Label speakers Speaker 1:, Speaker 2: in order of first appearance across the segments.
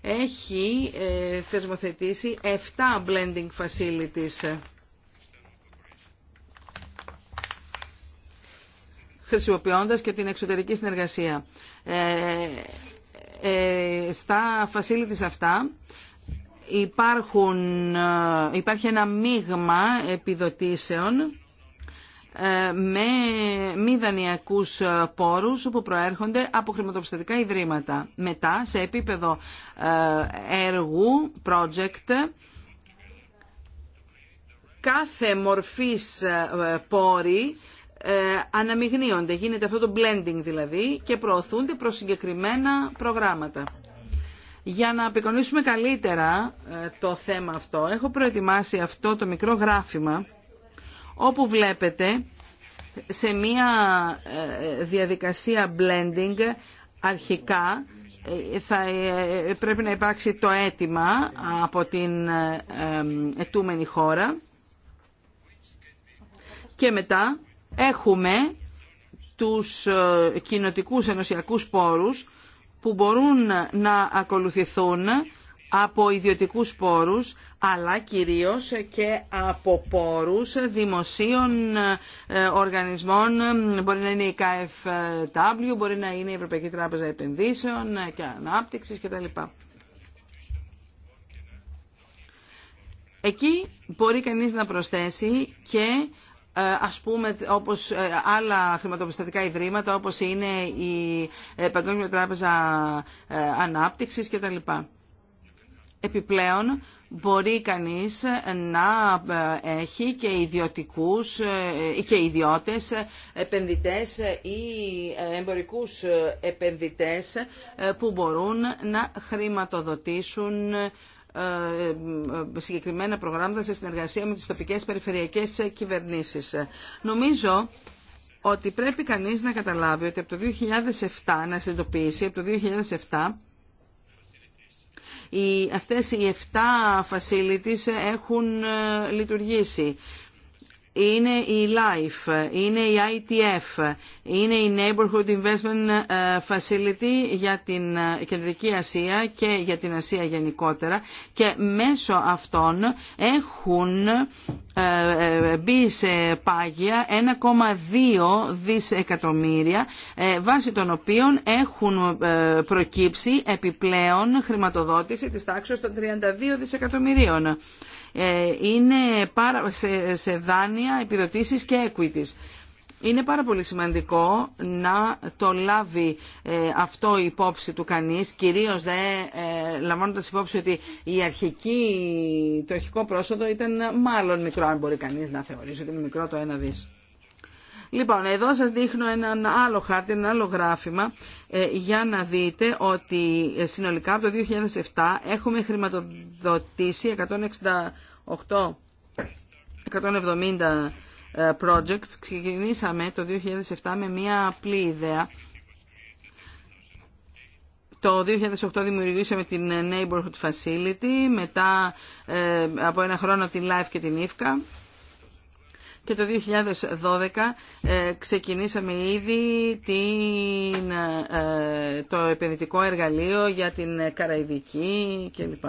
Speaker 1: έχει ε, θεσμοθετήσει 7 blending facilities. χρησιμοποιώντας και την εξωτερική συνεργασία. Ε, ε, στα facilities αυτά υπάρχουν, υπάρχει ένα μείγμα επιδοτήσεων ε, με μη δανειακούς ε, πόρους που προέρχονται από χρηματοπιστωτικά ιδρύματα. Μετά, σε επίπεδο ε, έργου, project, κάθε μορφής πόρη αναμειγνύονται. Γίνεται αυτό το blending δηλαδή και προωθούνται προς συγκεκριμένα προγράμματα. Για να απεικονίσουμε καλύτερα το θέμα αυτό, έχω προετοιμάσει αυτό το μικρό γράφημα όπου βλέπετε σε μια ε, διαδικασία blending αρχικά ε, θα ε, πρέπει να υπάρξει το αίτημα από την ετούμενη χώρα και μετά έχουμε τους κοινοτικούς ενωσιακούς πόρους που μπορούν να ακολουθηθούν από ιδιωτικούς πόρους, αλλά κυρίως και από πόρους δημοσίων ε, οργανισμών. Μπορεί να είναι η KFW, μπορεί να είναι η Ευρωπαϊκή Τράπεζα Επενδύσεων ε, και Ανάπτυξης κτλ. Εκεί μπορεί κανείς να προσθέσει και ε, ας πούμε όπως άλλα χρηματοπιστωτικά ιδρύματα όπως είναι η Παγκόσμια Τράπεζα Ανάπτυξης κτλ. Επιπλέον, μπορεί κανείς να ε, έχει και ιδιωτικούς ε, και ιδιώτες ε, επενδυτές ή εμπορικούς επενδυτές που μπορούν να χρηματοδοτήσουν συγκεκριμένα προγράμματα σε συνεργασία με τις τοπικές περιφερειακές κυβερνήσεις. Νομίζω ότι πρέπει κανείς να καταλάβει ότι από το 2007, να συνειδητοποιήσει, από το 2007 οι, αυτές οι 7 facilities έχουν ε, λειτουργήσει. Είναι η LIFE, είναι η ITF, είναι η Neighborhood Investment ε, Facility για την ε, Κεντρική Ασία και για την Ασία γενικότερα και μέσω αυτών έχουν μπει σε πάγια 1,2 δισεκατομμύρια ε, βάσει των οποίων έχουν ε, προκύψει επιπλέον χρηματοδότηση της τάξης των 32 δισεκατομμυρίων. Ε, είναι σε δάνεια, επιδοτήσεις και equities είναι πάρα πολύ σημαντικό να το λάβει ε, αυτό η υπόψη του κανείς, κυρίως δε, ε, λαμβάνοντας υπόψη ότι η αρχική, το αρχικό πρόσωπο ήταν μάλλον μικρό, αν μπορεί κανείς να θεωρήσει ότι είναι μικρό το ένα δις. Λοιπόν, εδώ σας δείχνω ένα άλλο χάρτη, ένα άλλο γράφημα, ε, για να δείτε ότι συνολικά από το 2007 έχουμε χρηματοδοτήσει 168, 170 projects ξεκινήσαμε το 2007 με μία απλή ιδέα. Το 2008 δημιουργήσαμε την Neighborhood Facility, μετά ε, από ένα χρόνο την Life και την IFCA και το 2012 ε, ξεκινήσαμε ήδη την, ε, το επενδυτικό εργαλείο για την Καραϊδική κλπ.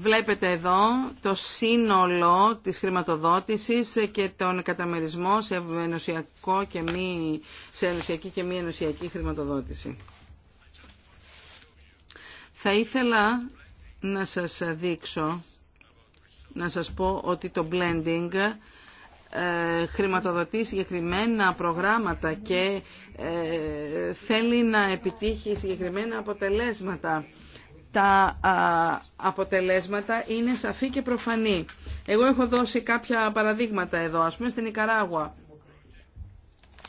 Speaker 1: Βλέπετε εδώ το σύνολο της χρηματοδότησης και τον καταμερισμό σε, ενωσιακό και μη, σε ενωσιακή και μη ενωσιακή χρηματοδότηση. Θα ήθελα να σας δείξω, να σας πω ότι το blending ε, χρηματοδοτεί συγκεκριμένα προγράμματα και ε, θέλει να επιτύχει συγκεκριμένα αποτελέσματα τα αποτελέσματα είναι σαφή και προφανή. Εγώ έχω δώσει κάποια παραδείγματα εδώ, ας πούμε στην Ικαράγουα.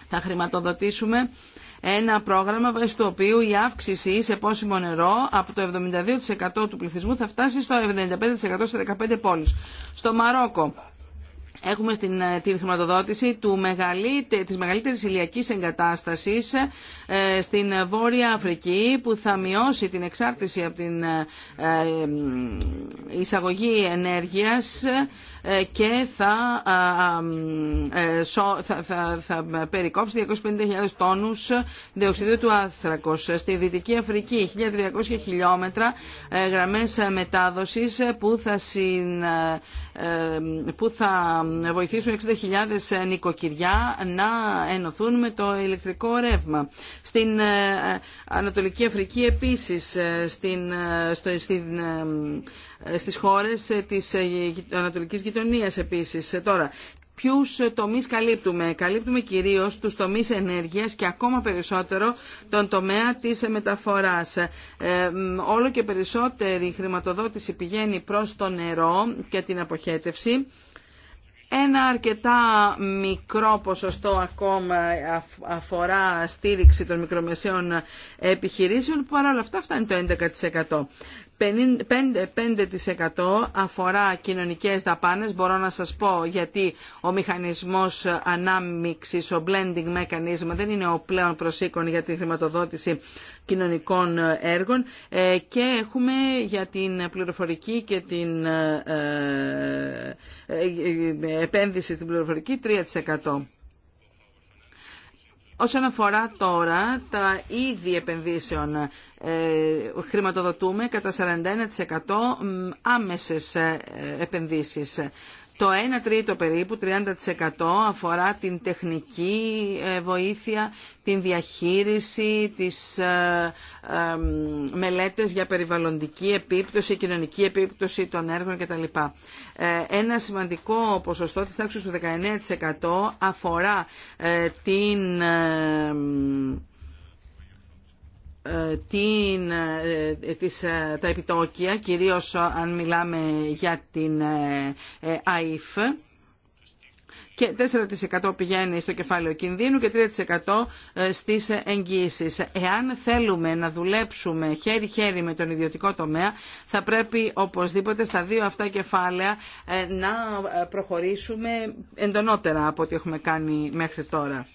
Speaker 1: Θα χρηματοδοτήσουμε ένα πρόγραμμα βάσει του οποίου η αύξηση σε πόσιμο νερό από το 72% του πληθυσμού θα φτάσει στο 75% σε 15 πόλεις. Στο Μαρόκο Έχουμε στην, ε, την χρηματοδότηση του μεγαλύτε, της μεγαλύτερης ηλιακής εγκατάστασης ε, στην Βόρεια Αφρική που θα μειώσει την εξάρτηση από την ε, εισαγωγή ενέργειας και θα, θα, θα, περικόψει 250.000 τόνους διοξιδίου του άνθρακος. Στη Δυτική Αφρική 1.300 χιλιόμετρα γραμμές μετάδοσης που θα, συν, που θα βοηθήσουν 60.000 νοικοκυριά να ενωθούν με το ηλεκτρικό ρεύμα. Στην ε, Ανατολική Αφρική επίσης, ε, στην, ε, στο, στην, στις χώρες της Ανατολικής Γειτονίας επίσης. Τώρα, ποιους τομείς καλύπτουμε. Καλύπτουμε κυρίως τους τομείς ενέργειας και ακόμα περισσότερο τον τομέα της μεταφοράς. όλο και περισσότερη χρηματοδότηση πηγαίνει προς το νερό και την αποχέτευση ένα αρκετά μικρό ποσοστό ακόμα αφορά στήριξη των μικρομεσαίων επιχειρήσεων, που παρόλα αυτά φτάνει το 11%. 5% αφορά κοινωνικές δαπάνες, μπορώ να σας πω γιατί ο μηχανισμός ανάμιξης, ο blending mechanism δεν είναι ο πλέον προσήκον για τη χρηματοδότηση κοινωνικών έργων ε, και έχουμε για την πληροφορική και την ε, ε, επένδυση στην πληροφορική 3%. Όσον αφορά τώρα τα είδη επενδύσεων, ε, χρηματοδοτούμε κατά 41% άμεσες ε, επενδύσεις. Το 1 τρίτο περίπου, 30% αφορά την τεχνική ε, βοήθεια, την διαχείριση, τις ε, μελέτες για περιβαλλοντική επίπτωση, κοινωνική επίπτωση των έργων κτλ. Ε, ένα σημαντικό ποσοστό της τάξης του 19% αφορά την την, ε, τις, ε, τα επιτόκια, κυρίως αν μιλάμε για την ε, ΑΕΦ και 4% πηγαίνει στο κεφάλαιο κινδύνου και 3% στις εγγύησεις. Εάν θέλουμε να δουλέψουμε χέρι-χέρι με τον ιδιωτικό τομέα, θα πρέπει οπωσδήποτε στα δύο αυτά κεφάλαια να προχωρήσουμε εντονότερα από ό,τι έχουμε κάνει μέχρι τώρα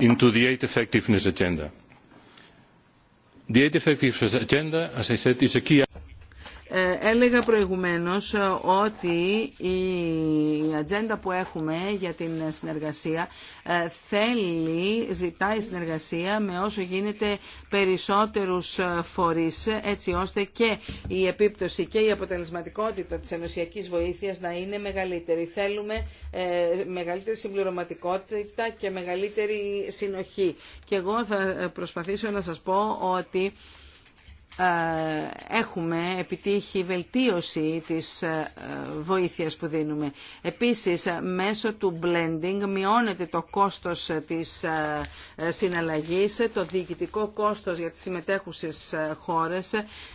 Speaker 1: into the Eight effectiveness agenda. The aid effectiveness agenda, as I said, is a key ε, έλεγα προηγουμένως ε, ότι η ατζέντα που έχουμε για την συνεργασία ε, θέλει, ζητάει συνεργασία με όσο γίνεται περισσότερους φορείς έτσι ώστε και η επίπτωση και η αποτελεσματικότητα της ενωσιακής βοήθειας να είναι μεγαλύτερη. Θέλουμε μεγαλύτερη συμπληρωματικότητα και μεγαλύτερη συνοχή. Και εγώ θα προσπαθήσω να σας πω ότι ε, έχουμε επιτύχει βελτίωση της ε, βοήθειας που δίνουμε. Επίσης, ε, μέσω του blending μειώνεται το κόστος της συναλλαγής, το διοικητικό κόστος για τις συμμετέχουσες χώρες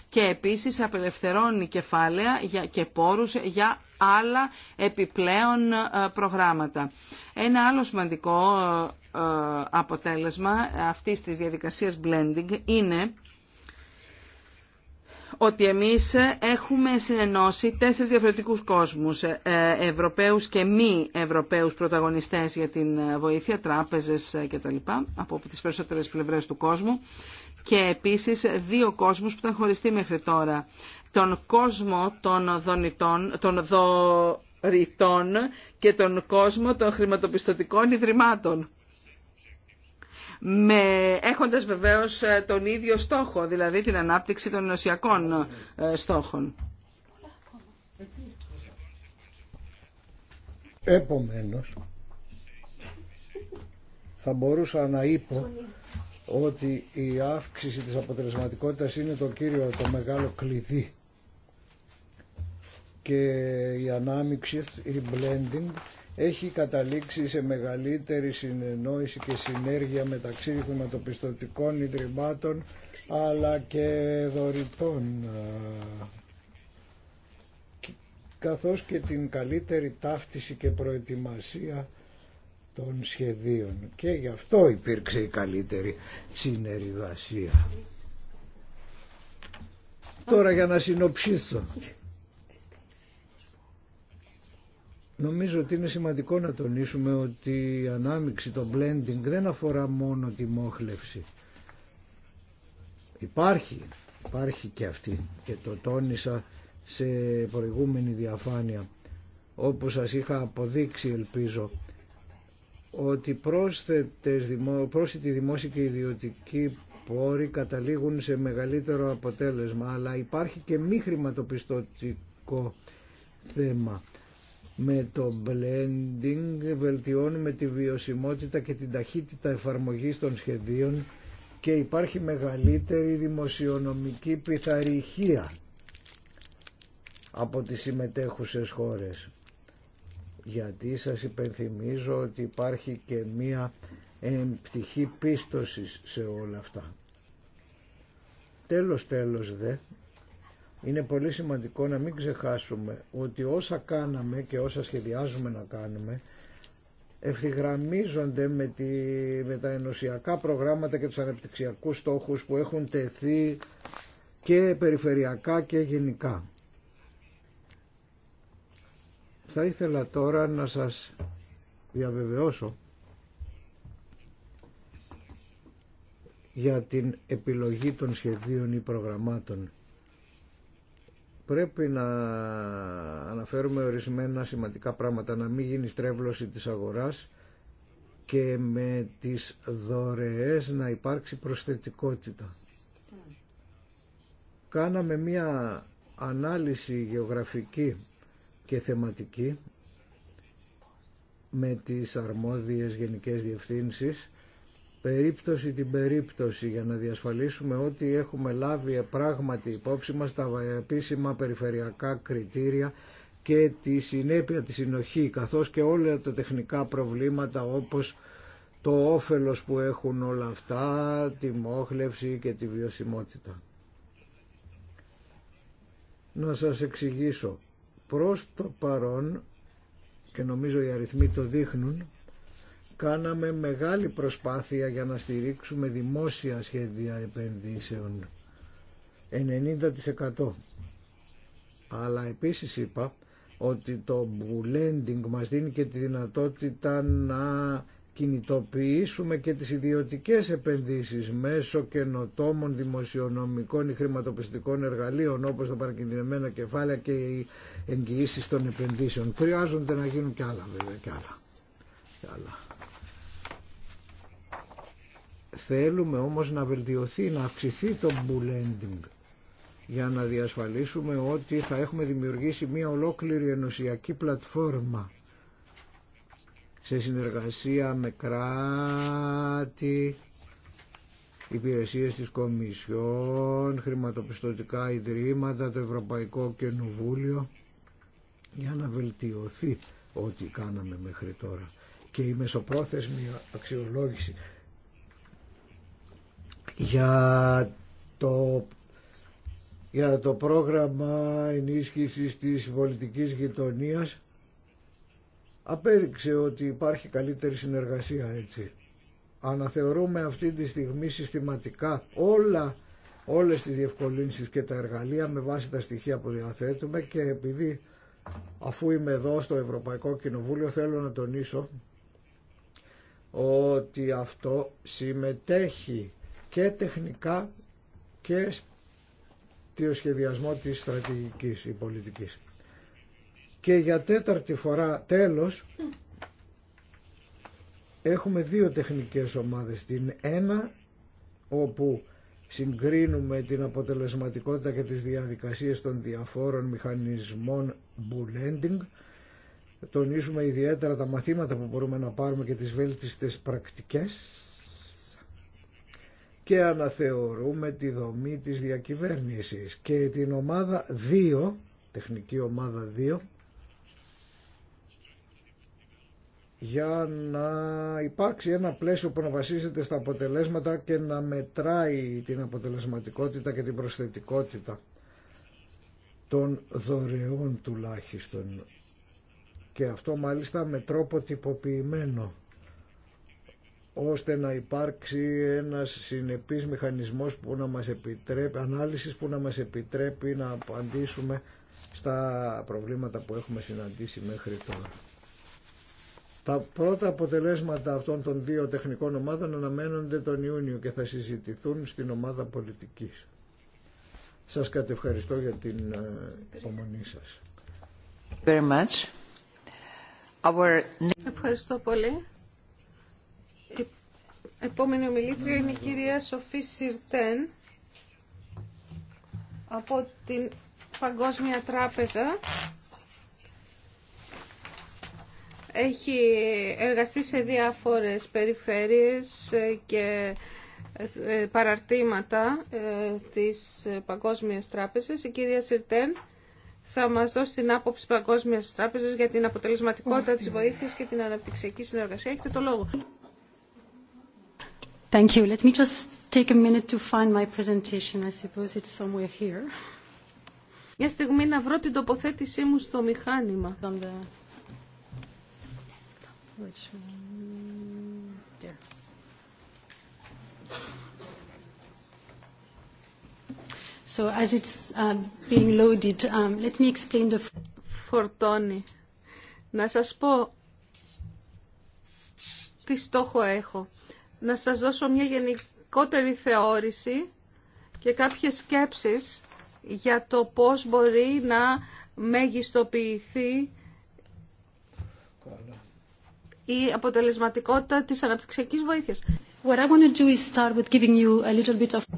Speaker 1: και επίσης απελευθερώνει κεφάλαια και πόρους για άλλα επιπλέον προγράμματα. Ένα άλλο σημαντικό αποτέλεσμα αυτής της διαδικασίας blending είναι ότι εμείς έχουμε συνενώσει τέσσερις διαφορετικούς κόσμους, ε, Ευρωπαίους και μη Ευρωπαίους πρωταγωνιστές για την βοήθεια, τράπεζες κτλ. από τις περισσότερες πλευρές του κόσμου και επίσης δύο κόσμους που ήταν χωριστοί μέχρι τώρα. Τον κόσμο των δονητών, των δωρητών και τον κόσμο των χρηματοπιστωτικών ιδρυμάτων με, έχοντας βεβαίως ε, τον ίδιο στόχο, δηλαδή την ανάπτυξη των ενωσιακών ε, στόχων.
Speaker 2: Επομένως, θα μπορούσα να είπω ότι η αύξηση της αποτελεσματικότητας είναι το κύριο, το μεγάλο κλειδί και η ανάμειξη, η blending έχει καταλήξει σε μεγαλύτερη συνεννόηση και συνέργεια μεταξύ χρηματοπιστωτικών ιδρυμάτων αλλά και δωρητών καθώς και την καλύτερη ταύτιση και προετοιμασία των σχεδίων και γι' αυτό υπήρξε η καλύτερη συνεργασία. Τώρα για να συνοψίσω. Νομίζω ότι είναι σημαντικό να τονίσουμε ότι η ανάμιξη, το blending δεν αφορά μόνο τη μόχλευση. Υπάρχει, υπάρχει και αυτή και το τόνισα σε προηγούμενη διαφάνεια όπως σας είχα αποδείξει ελπίζω ότι πρόσθετες, πρόσθετη δημόσια και ιδιωτική πόροι καταλήγουν σε μεγαλύτερο αποτέλεσμα αλλά υπάρχει και μη χρηματοπιστωτικό θέμα με το blending βελτιώνουμε τη βιωσιμότητα και την ταχύτητα εφαρμογής των σχεδίων και υπάρχει μεγαλύτερη δημοσιονομική πειθαρχία από τις συμμετέχουσες χώρες. Γιατί σας υπενθυμίζω ότι υπάρχει και μία πτυχή πίστοσης σε όλα αυτά. Τέλος τέλος δε, είναι πολύ σημαντικό να μην ξεχάσουμε ότι όσα κάναμε και όσα σχεδιάζουμε να κάνουμε ευθυγραμμίζονται με, τη, με τα ενωσιακά προγράμματα και τους ανεπτυξιακούς στόχους που έχουν τεθεί και περιφερειακά και γενικά. Θα ήθελα τώρα να σας διαβεβαιώσω για την επιλογή των σχεδίων ή προγραμμάτων πρέπει να αναφέρουμε ορισμένα σημαντικά πράγματα, να μην γίνει στρέβλωση της αγοράς και με τις δωρεές να υπάρξει προσθετικότητα. Κάναμε μία ανάλυση γεωγραφική και θεματική με τις αρμόδιες γενικές διευθύνσεις περίπτωση την περίπτωση για να διασφαλίσουμε ότι έχουμε λάβει πράγματι υπόψη μας τα επίσημα περιφερειακά κριτήρια και τη συνέπεια τη συνοχή καθώς και όλα τα τεχνικά προβλήματα όπως το όφελος που έχουν όλα αυτά, τη μόχλευση και τη βιωσιμότητα. Να σας εξηγήσω. Προς το παρόν, και νομίζω οι αριθμοί το δείχνουν, κάναμε μεγάλη προσπάθεια για να στηρίξουμε δημόσια σχέδια επενδύσεων 90% αλλά επίσης είπα ότι το blending μας δίνει και τη δυνατότητα να κινητοποιήσουμε και τις ιδιωτικές επενδύσεις μέσω καινοτόμων δημοσιονομικών ή χρηματοπιστικών εργαλείων όπως τα παρακινημένα κεφάλαια και οι εγγυήσεις των επενδύσεων. Χρειάζονται να γίνουν κι άλλα βέβαια άλλα. Θέλουμε όμως να βελτιωθεί, να αυξηθεί το bullending για να διασφαλίσουμε ότι θα έχουμε δημιουργήσει μια ολόκληρη ενωσιακή πλατφόρμα σε συνεργασία με κράτη, υπηρεσίες της Κομισιόν, χρηματοπιστωτικά ιδρύματα, το Ευρωπαϊκό Κοινοβούλιο για να βελτιωθεί ό,τι κάναμε μέχρι τώρα και η μεσοπρόθεσμη αξιολόγηση για το, για το πρόγραμμα ενίσχυσης της πολιτικής γειτονίας απέδειξε ότι υπάρχει καλύτερη συνεργασία έτσι. Αναθεωρούμε αυτή τη στιγμή συστηματικά όλα, όλες τις διευκολύνσεις και τα εργαλεία με βάση τα στοιχεία που διαθέτουμε και επειδή αφού είμαι εδώ στο Ευρωπαϊκό Κοινοβούλιο θέλω να τονίσω ότι αυτό συμμετέχει και τεχνικά και στο σχεδιασμό της στρατηγικής ή πολιτικής. Και για τέταρτη φορά τέλος έχουμε δύο τεχνικές ομάδες. Την ένα όπου συγκρίνουμε την αποτελεσματικότητα και τις διαδικασίες των διαφόρων μηχανισμών bullending τονίζουμε ιδιαίτερα τα μαθήματα που μπορούμε να πάρουμε και τις βέλτιστες πρακτικές και αναθεωρούμε τη δομή της διακυβέρνησης και την ομάδα 2, τεχνική ομάδα 2, για να υπάρξει ένα πλαίσιο που να βασίζεται στα αποτελέσματα και να μετράει την αποτελεσματικότητα και την προσθετικότητα των δωρεών τουλάχιστον και αυτό μάλιστα με τρόπο τυποποιημένο ώστε να υπάρξει ένας συνεπής μηχανισμός που να μας επιτρέπει, ανάλυσης που να μας επιτρέπει να απαντήσουμε στα προβλήματα που έχουμε συναντήσει μέχρι τώρα. Τα πρώτα αποτελέσματα αυτών των δύο τεχνικών ομάδων αναμένονται τον Ιούνιο και θα συζητηθούν στην ομάδα πολιτικής. Σας κατευχαριστώ για την ε, υπομονή σας.
Speaker 3: Ευχαριστώ πολύ. Επόμενη ομιλήτρια είναι η κυρία Σοφή Σιρτέν από την Παγκόσμια Τράπεζα. Έχει εργαστεί σε διάφορες περιφέρειες και ε, παραρτήματα ε, της Παγκόσμιας Τράπεζας. Η κυρία Σιρτέν θα μας δώσει την άποψη Παγκόσμιας Τράπεζας για την αποτελεσματικότητα της ναι. βοήθειας και την αναπτυξιακή συνεργασία. Έχετε το λόγο. Thank you. Let me just take a minute to find my presentation. I suppose it's somewhere here. Μια στιγμή να βρω την τοποθέτησή μου στο μηχάνημα. So as it's being loaded, um, let me explain the... Φορτώνει. Να σας πω τι στόχο έχω να σας δώσω μια γενικότερη θεώρηση και κάποιες σκέψεις για το πώς μπορεί να μεγιστοποιηθεί η αποτελεσματικότητα της αναπτυξιακής βοήθειας.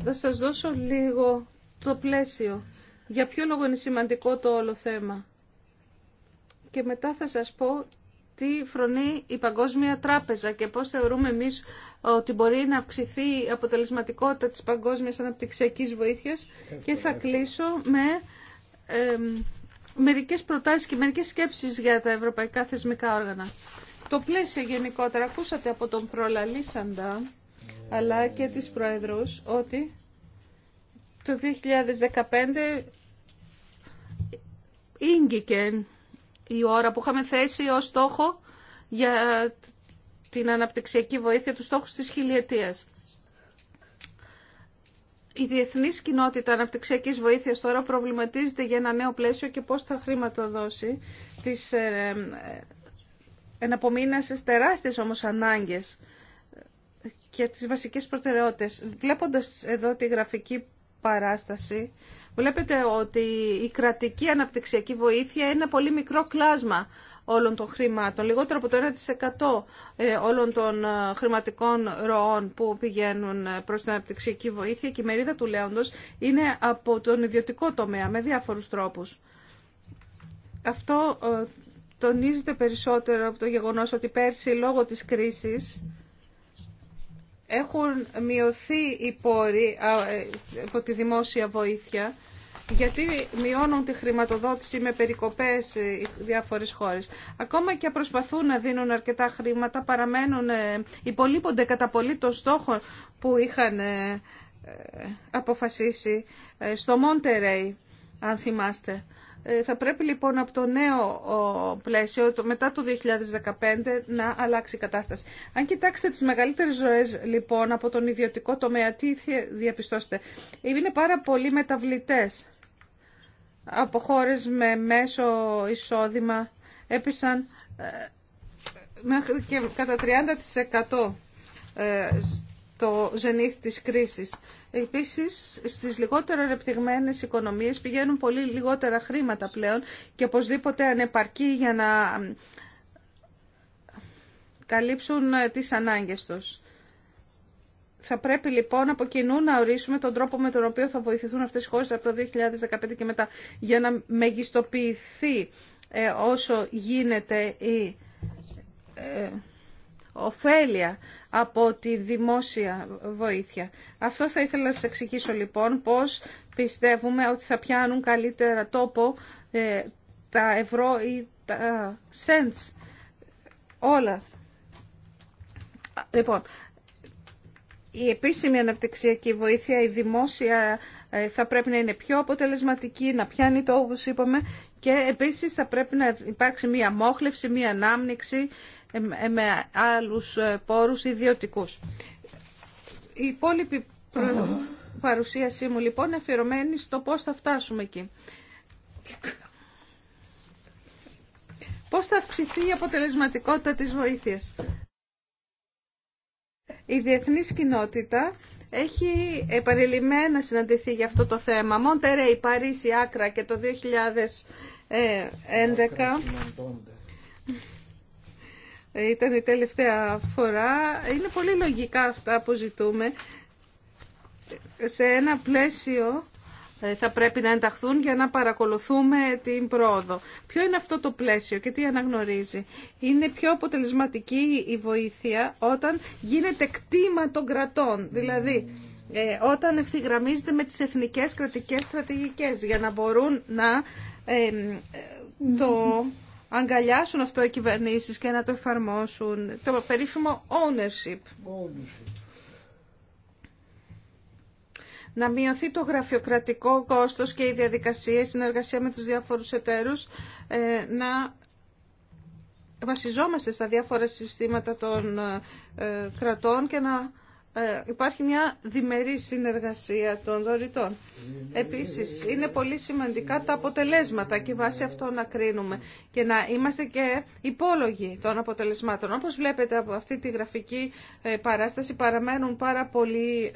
Speaker 3: Θα σας δώσω λίγο το πλαίσιο. Για ποιο λόγο είναι σημαντικό το όλο θέμα. Και μετά θα σας πω τι φρονεί η Παγκόσμια Τράπεζα και πώς θεωρούμε εμείς ότι μπορεί να αυξηθεί η αποτελεσματικότητα της παγκόσμιας αναπτυξιακής βοήθειας και θα κλείσω με ε, μερικές προτάσεις και μερικές σκέψεις για τα ευρωπαϊκά θεσμικά όργανα. Το πλαίσιο γενικότερα, ακούσατε από τον προλαλήσαντα, αλλά και τις Προεδρούς, ότι το 2015 ήγγηκε η ώρα που είχαμε θέσει ως στόχο για ...την αναπτυξιακή βοήθεια του στόχου της χιλιετίας. Η διεθνή κοινότητα αναπτυξιακή βοήθεια τώρα προβληματίζεται για ένα νέο πλαίσιο και πώ θα χρηματοδώσει τι ε, ε εναπομείνασε τεράστιε όμω ανάγκε και τις βασικέ προτεραιότητε. Βλέποντα εδώ τη γραφική παράσταση, βλέπετε ότι η κρατική αναπτυξιακή βοήθεια είναι ένα πολύ μικρό κλάσμα όλων των χρημάτων. Λιγότερο από το 1% ε, όλων των ε, χρηματικών ροών που πηγαίνουν ε, προς την αναπτυξιακή βοήθεια και η μερίδα του λέοντος είναι από τον ιδιωτικό τομέα με διάφορους τρόπους. Αυτό τονίζεται περισσότερο από το γεγονός ότι πέρσι λόγω της κρίσης έχουν μειωθεί οι πόροι από τη δημόσια βοήθεια γιατί μειώνουν τη χρηματοδότηση με περικοπές οι διάφορες χώρες. Ακόμα και προσπαθούν να δίνουν αρκετά χρήματα, παραμένουν, ε, υπολείπονται κατά πολύ των στόχων που είχαν ε, ε, αποφασίσει στο Μόντερεϊ. αν θυμάστε. Θα πρέπει λοιπόν από το νέο πλαίσιο, μετά το 2015, να αλλάξει η κατάσταση. Αν κοιτάξετε τις μεγαλύτερες ζωές λοιπόν από τον ιδιωτικό τομέα, τι διαπιστώσετε. Είναι πάρα πολλοί μεταβλητές από χώρε με μέσο εισόδημα έπεσαν ε, μέχρι και κατά 30% ε, στο ζενήθ της κρίσης. Επίσης, στις λιγότερο ρεπτυγμένες οικονομίες πηγαίνουν πολύ λιγότερα χρήματα πλέον και οπωσδήποτε ανεπαρκεί για να καλύψουν ε, τις ανάγκες τους. Θα πρέπει λοιπόν από κοινού να ορίσουμε τον τρόπο με τον οποίο θα βοηθηθούν αυτές οι χώρες από το 2015 και μετά για να μεγιστοποιηθεί ε, όσο γίνεται η ε, ωφέλεια από τη δημόσια βοήθεια. Αυτό θα ήθελα να σας εξηγήσω λοιπόν πώς πιστεύουμε ότι θα πιάνουν καλύτερα τόπο ε, τα ευρώ ή τα cents όλα. Λοιπόν, η επίσημη αναπτυξιακή βοήθεια, η δημόσια, ε, θα πρέπει να είναι πιο αποτελεσματική, να πιάνει το όπως είπαμε και επίσης θα πρέπει να υπάρξει μία μόχλευση, μία ανάμνηξη ε, ε, με άλλους πόρους ιδιωτικούς. Η υπόλοιπη παρουσίασή μου λοιπόν αφιερωμένη στο πώς θα φτάσουμε εκεί. Πώς θα αυξηθεί η αποτελεσματικότητα της βοήθειας η διεθνής κοινότητα έχει επαρελειμμένα συναντηθεί για αυτό το θέμα. Μοντερέι, Παρίσι, Άκρα και το 2011 ήταν η τελευταία φορά. Είναι πολύ λογικά αυτά που ζητούμε σε ένα πλαίσιο ε, θα πρέπει να ενταχθούν για να παρακολουθούμε την πρόοδο. Ποιο είναι αυτό το πλαίσιο και τι αναγνωρίζει. Είναι πιο αποτελεσματική η βοήθεια όταν γίνεται κτήμα των κρατών. Δηλαδή, ε, όταν ευθυγραμμίζεται με τις εθνικές κρατικές στρατηγικές για να μπορούν να ε, το αγκαλιάσουν αυτό οι κυβερνήσεις και να το εφαρμόσουν. Το περίφημο ownership. ownership να μειωθεί το γραφειοκρατικό κόστος και η διαδικασία, η συνεργασία με τους διάφορους εταίρους, ε, να βασιζόμαστε στα διάφορα συστήματα των ε, ε, κρατών και να υπάρχει μια διμερή συνεργασία των δωρητών. Επίσης, είναι πολύ σημαντικά τα αποτελέσματα και βάσει αυτό να κρίνουμε και να είμαστε και υπόλογοι των αποτελεσμάτων. Όπως βλέπετε από αυτή τη γραφική παράσταση παραμένουν πάρα πολλοί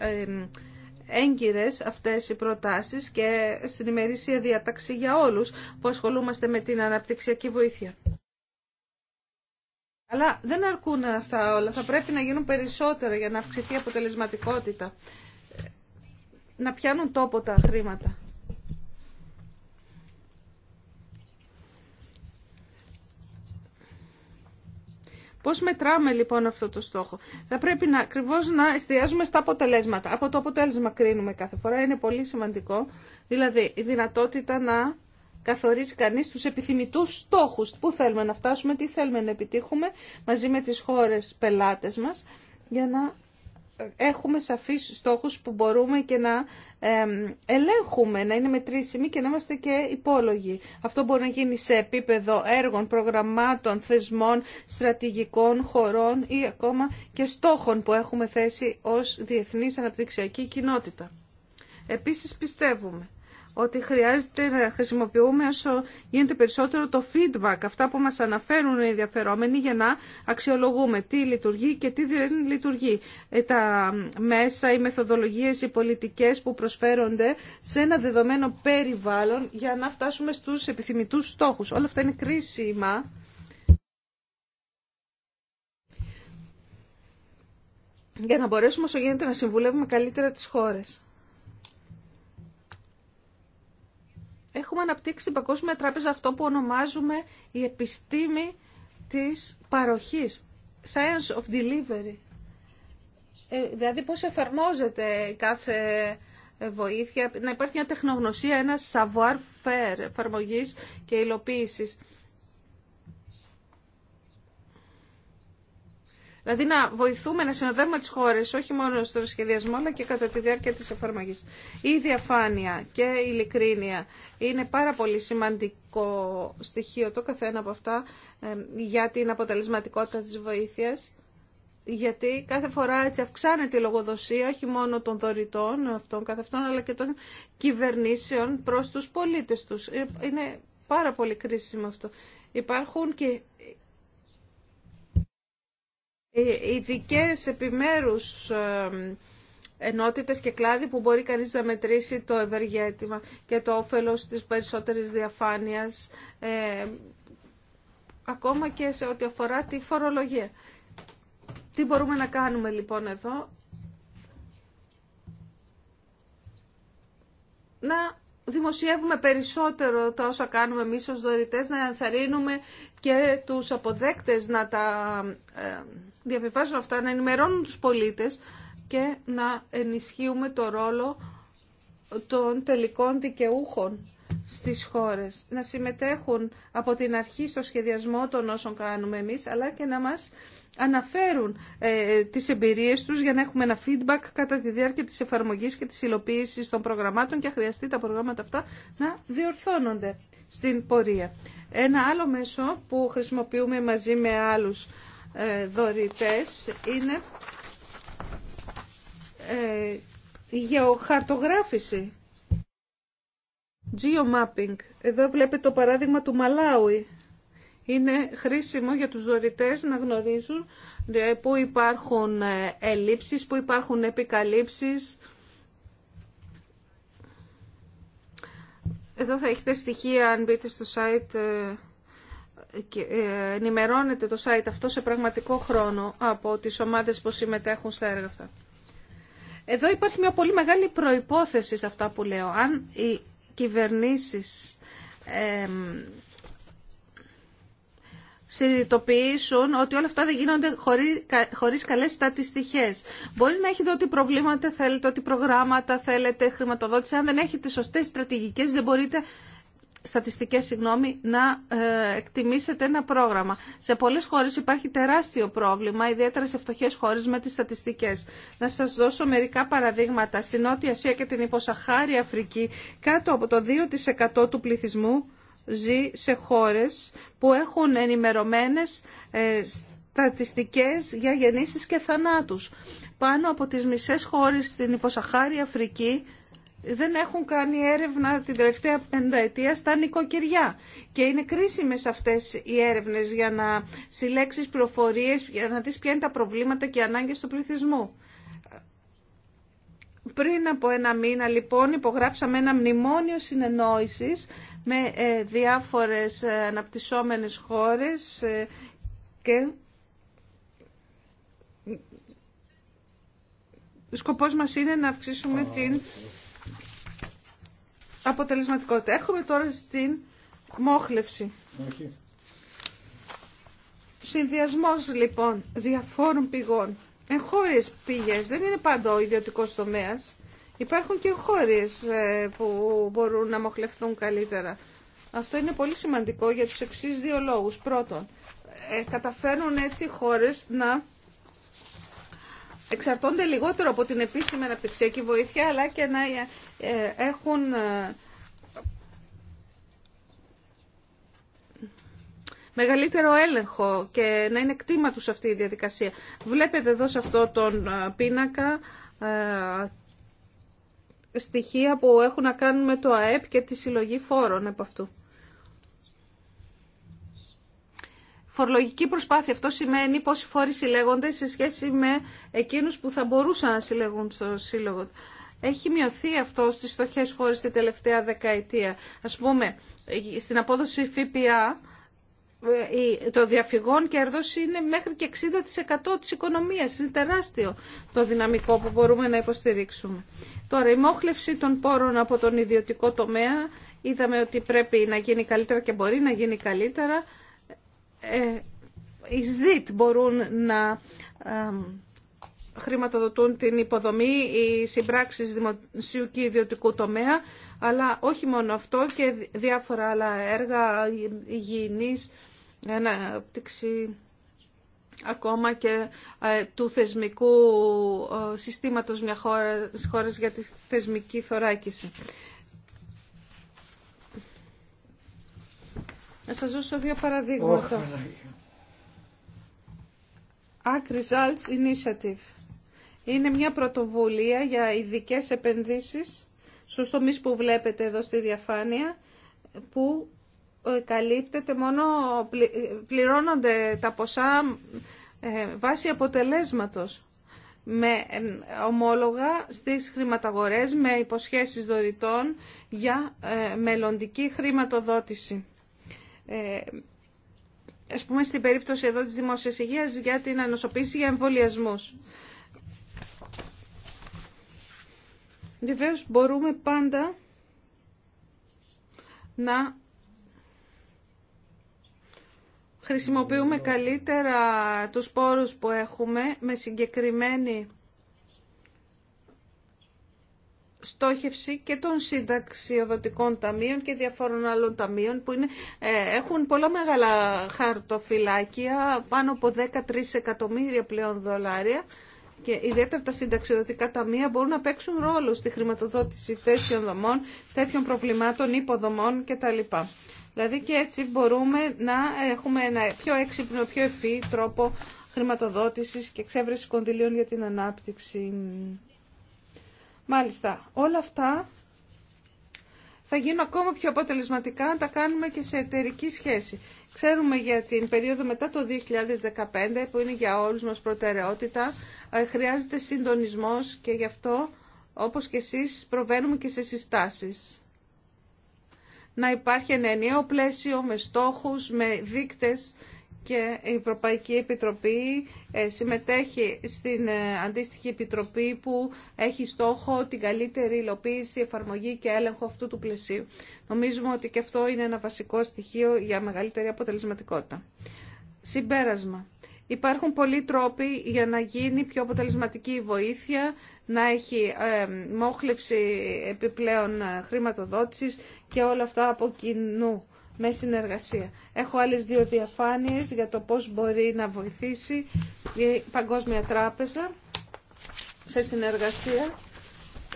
Speaker 3: έγκυρες αυτές οι προτάσεις και στην ημερήσια διάταξη για όλους που ασχολούμαστε με την αναπτυξιακή βοήθεια. Αλλά δεν αρκούν αυτά όλα. Θα πρέπει να γίνουν περισσότερα για να αυξηθεί η αποτελεσματικότητα. Να πιάνουν τόπο τα χρήματα. Πώς μετράμε λοιπόν αυτό το στόχο. Θα πρέπει να, ακριβώς να εστιάζουμε στα αποτελέσματα. Από το αποτέλεσμα κρίνουμε κάθε φορά, είναι πολύ σημαντικό. Δηλαδή η δυνατότητα να καθορίσει κανείς τους επιθυμητούς στόχους. Πού θέλουμε να φτάσουμε, τι θέλουμε να επιτύχουμε μαζί με τις χώρες πελάτες μας για να έχουμε σαφείς στόχους που μπορούμε και να ελέγχουμε, να είναι μετρήσιμοι και να είμαστε και υπόλογοι. Αυτό μπορεί να γίνει σε επίπεδο έργων, προγραμμάτων, θεσμών, στρατηγικών, χωρών ή ακόμα και στόχων που έχουμε θέσει ως διεθνής αναπτυξιακή κοινότητα. Επίσης πιστεύουμε ότι χρειάζεται να χρησιμοποιούμε όσο γίνεται περισσότερο το feedback, αυτά που μας αναφέρουν οι ενδιαφερόμενοι για να αξιολογούμε τι λειτουργεί και τι δεν λειτουργεί. Ε, τα μέσα, οι μεθοδολογίες, οι πολιτικές που προσφέρονται σε ένα δεδομένο περιβάλλον για να φτάσουμε στους επιθυμητούς στόχους. Όλα αυτά είναι κρίσιμα. για να μπορέσουμε όσο γίνεται να συμβουλεύουμε καλύτερα τις χώρες. έχουμε αναπτύξει στην Παγκόσμια Τράπεζα αυτό που ονομάζουμε η επιστήμη της παροχής, science of delivery. Ε, δηλαδή πώς εφαρμόζεται κάθε βοήθεια, να υπάρχει μια τεχνογνωσία, ένα savoir-faire εφαρμογής και υλοποίησης. Δηλαδή να βοηθούμε να συνοδεύουμε τις χώρες όχι μόνο στο σχεδιασμό αλλά και κατά τη διάρκεια της εφαρμογής. Η διαφάνεια και η ειλικρίνεια είναι πάρα πολύ σημαντικό στοιχείο το καθένα από αυτά για την αποτελεσματικότητα της βοήθειας γιατί κάθε φορά έτσι αυξάνεται η λογοδοσία όχι μόνο των δωρητών αυτών καθ' αλλά και των κυβερνήσεων προς τους πολίτες τους. Ε, είναι πάρα πολύ κρίσιμο αυτό. Υπάρχουν και ε, ειδικέ επιμέρους ενότητες και κλάδοι που μπορεί κανείς να μετρήσει το ευεργέτημα και το όφελος της περισσότερης διαφάνειας, ακόμα και σε ό,τι αφορά τη φορολογία. Τι μπορούμε να κάνουμε λοιπόν εδώ. Να δημοσιεύουμε περισσότερο τα όσα κάνουμε εμείς ως δωρητές, να ενθαρρύνουμε και τους αποδέκτες να τα διαβιβάζουν αυτά, να ενημερώνουν τους πολίτες και να ενισχύουμε το ρόλο των τελικών δικαιούχων στις χώρες. Να συμμετέχουν από την αρχή στο σχεδιασμό των όσων κάνουμε εμείς, αλλά και να μας αναφέρουν ε, τις εμπειρίες τους για να έχουμε ένα feedback κατά τη διάρκεια της εφαρμογής και της υλοποίησης των προγραμμάτων και χρειαστεί τα προγράμματα αυτά να διορθώνονται στην πορεία. Ένα άλλο μέσο που χρησιμοποιούμε μαζί με άλλους ε, δωρητές είναι ε, η γεωχαρτογράφηση. Geomapping. Εδώ βλέπετε το παράδειγμα του Μαλάουι. Είναι χρήσιμο για τους δωρητές να γνωρίζουν ε, που υπάρχουν ελλείψεις, που υπάρχουν επικαλύψεις. Εδώ θα έχετε στοιχεία αν μπείτε στο site ε, ενημερώνεται το site αυτό σε πραγματικό χρόνο από τις ομάδες που συμμετέχουν στα έργα αυτά. Εδώ υπάρχει μια πολύ μεγάλη προϋπόθεση σε αυτά που λέω. Αν οι κυβερνήσεις ε, συνειδητοποιήσουν ότι όλα αυτά δεν γίνονται χωρίς, χωρίς καλές στατιστικές. Μπορεί να έχετε ό,τι προβλήματα θέλετε, ό,τι προγράμματα θέλετε, χρηματοδότηση. Αν δεν έχετε σωστές στρατηγικές δεν μπορείτε στατιστικές συγγνώμη, να ε, εκτιμήσετε ένα πρόγραμμα. Σε πολλές χώρες υπάρχει τεράστιο πρόβλημα, ιδιαίτερα σε φτωχές χώρες με τις στατιστικές. Να σας δώσω μερικά παραδείγματα. Στην Νότια Ασία και την Υποσαχάρη Αφρική, κάτω από το 2% του πληθυσμού ζει σε χώρες που έχουν ενημερωμένες ε, στατιστικές για γεννήσεις και θανάτους. Πάνω από τις μισές χώρες στην Υποσαχάρη Αφρική δεν έχουν κάνει έρευνα την τελευταία πενταετία στα νοικοκυριά. Και είναι κρίσιμες αυτές οι έρευνες για να συλλέξεις πληροφορίες, για να δεις ποια είναι τα προβλήματα και οι ανάγκες του πληθυσμού. Πριν από ένα μήνα λοιπόν υπογράψαμε ένα μνημόνιο συνεννόησης με ε, διάφορες ε, αναπτυσσόμενες χώρες ε, και σκοπός μας είναι να αυξήσουμε την αποτελεσματικότητα. Έχουμε τώρα στην μόχλευση. Okay. Συνδυασμός λοιπόν διαφόρων πηγών. Εγχώριες πηγές, δεν είναι πάντα ο ιδιωτικός τομέας. Υπάρχουν και εγχώριες ε, που μπορούν να μοχλευθούν καλύτερα. Αυτό είναι πολύ σημαντικό για τους εξής δύο λόγους. Πρώτον, ε, καταφέρνουν έτσι οι χώρες να εξαρτώνται λιγότερο από την επίσημη αναπτυξιακή βοήθεια, αλλά και να ε, ε, έχουν ε, μεγαλύτερο έλεγχο και να είναι κτήμα τους αυτή η διαδικασία. Βλέπετε εδώ σε αυτό τον πίνακα στοιχεία που έχουν να κάνουν με το ΑΕΠ και τη συλλογή φόρων από αυτού. φορολογική προσπάθεια. Αυτό σημαίνει πόσοι φόροι συλλέγονται σε σχέση με εκείνους που θα μπορούσαν να συλλεγούν στο σύλλογο. Έχει μειωθεί αυτό στις φτωχές χώρες την τελευταία δεκαετία. Ας πούμε, στην απόδοση ΦΠΑ ε, το διαφυγόν κέρδος είναι μέχρι και 60% της οικονομίας. Είναι τεράστιο το δυναμικό που μπορούμε να υποστηρίξουμε. Τώρα, η μόχλευση των πόρων από τον ιδιωτικό τομέα, είδαμε ότι πρέπει να γίνει καλύτερα και μπορεί να γίνει καλύτερα εις δίτ μπορούν να χρηματοδοτούν την υποδομή, οι συμπράξεις δημοσίου και ιδιωτικού τομέα, αλλά όχι μόνο αυτό και διάφορα άλλα έργα υγιεινής, ανάπτυξη ακόμα και ε, του θεσμικού ε, συστήματος μια χώρα, χώρας για τη θεσμική θωράκιση. Να σας δώσω δύο παραδείγματα. Act Initiative. Είναι μια πρωτοβουλία για ειδικέ επενδύσεις στους τομείς που βλέπετε εδώ στη διαφάνεια που ε, καλύπτεται μόνο, πληρώνονται τα ποσά ε, βάσει αποτελέσματος με ε, ομόλογα στις χρηματαγορές με υποσχέσεις δωρητών για μελλοντική χρηματοδότηση. Ε, ας πούμε στην περίπτωση εδώ της δημόσιας υγείας για την ανοσοποίηση για εμβολιασμούς. Βεβαίω μπορούμε πάντα να χρησιμοποιούμε καλύτερα τους πόρους που έχουμε με συγκεκριμένη στόχευση και των συνταξιοδοτικών ταμείων και διαφόρων άλλων ταμείων που είναι, ε, έχουν πολλά μεγάλα χαρτοφυλάκια, πάνω από 13 εκατομμύρια πλέον δολάρια και ιδιαίτερα τα συνταξιοδοτικά ταμεία μπορούν να παίξουν ρόλο στη χρηματοδότηση τέτοιων δομών, τέτοιων προβλημάτων, υποδομών κτλ. Δηλαδή και έτσι μπορούμε να έχουμε ένα πιο έξυπνο, πιο ευφύ τρόπο χρηματοδότησης και εξέβρεση κονδυλίων για την ανάπτυξη. Μάλιστα, όλα αυτά θα γίνουν ακόμα πιο αποτελεσματικά αν τα κάνουμε και σε εταιρική σχέση. Ξέρουμε για την περίοδο μετά το 2015 που είναι για όλους μας προτεραιότητα, ε, χρειάζεται συντονισμός και γι' αυτό όπως και εσείς προβαίνουμε και σε συστάσεις. Να υπάρχει ένα ενιαίο πλαίσιο με στόχους, με δείκτες και η Ευρωπαϊκή Επιτροπή ε, συμμετέχει στην ε, αντίστοιχη επιτροπή που έχει στόχο την καλύτερη υλοποίηση, εφαρμογή και έλεγχο αυτού του πλαισίου. Νομίζουμε ότι και αυτό είναι ένα βασικό στοιχείο για μεγαλύτερη αποτελεσματικότητα. Συμπέρασμα. Υπάρχουν πολλοί τρόποι για να γίνει πιο αποτελεσματική η βοήθεια, να έχει ε, μόχλευση επιπλέον χρηματοδότησης και όλα αυτά από κοινού με συνεργασία. Έχω άλλες δύο διαφάνειες για το πώς μπορεί να βοηθήσει η Παγκόσμια Τράπεζα σε συνεργασία.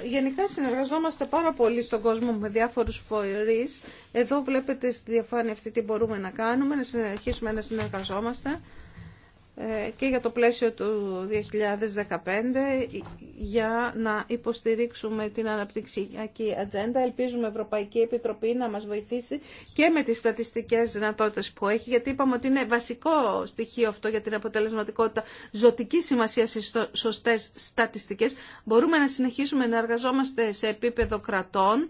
Speaker 3: Γενικά συνεργαζόμαστε πάρα πολύ στον κόσμο με διάφορους φορείς. Εδώ βλέπετε στη διαφάνεια αυτή τι μπορούμε να κάνουμε, να συνεχίσουμε να συνεργαζόμαστε. Ε, και για το πλαίσιο του 2015 ε, για να υποστηρίξουμε την αναπτυξιακή ατζέντα. Ελπίζουμε η Ευρωπαϊκή Επιτροπή να μας βοηθήσει και με τις στατιστικές δυνατότητες που έχει, γιατί είπαμε ότι είναι βασικό στοιχείο αυτό για την αποτελεσματικότητα ζωτική σημασία στις σωστές στατιστικές. Μπορούμε να συνεχίσουμε να εργαζόμαστε σε επίπεδο κρατών,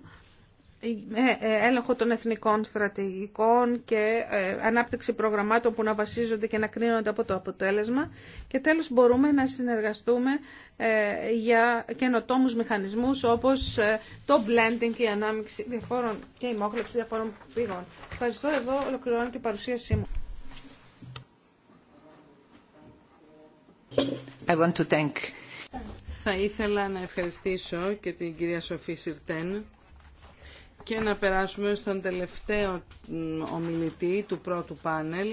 Speaker 3: ε, έλεγχο των εθνικών στρατηγικών και ε, ανάπτυξη προγραμμάτων που να βασίζονται και να κρίνονται από το αποτέλεσμα. Και τέλος μπορούμε να συνεργαστούμε ε, για καινοτόμους μηχανισμούς όπως το blending, η ανάμειξη διαφόρων και η μόχλευση διαφόρων πηγών. Ευχαριστώ. Εδώ ολοκληρώνω την παρουσίασή μου.
Speaker 1: Θα ήθελα να ευχαριστήσω και την κυρία Σοφή Σιρτέν και να περάσουμε στον τελευταίο ομιλητή του πρώτου πάνελ,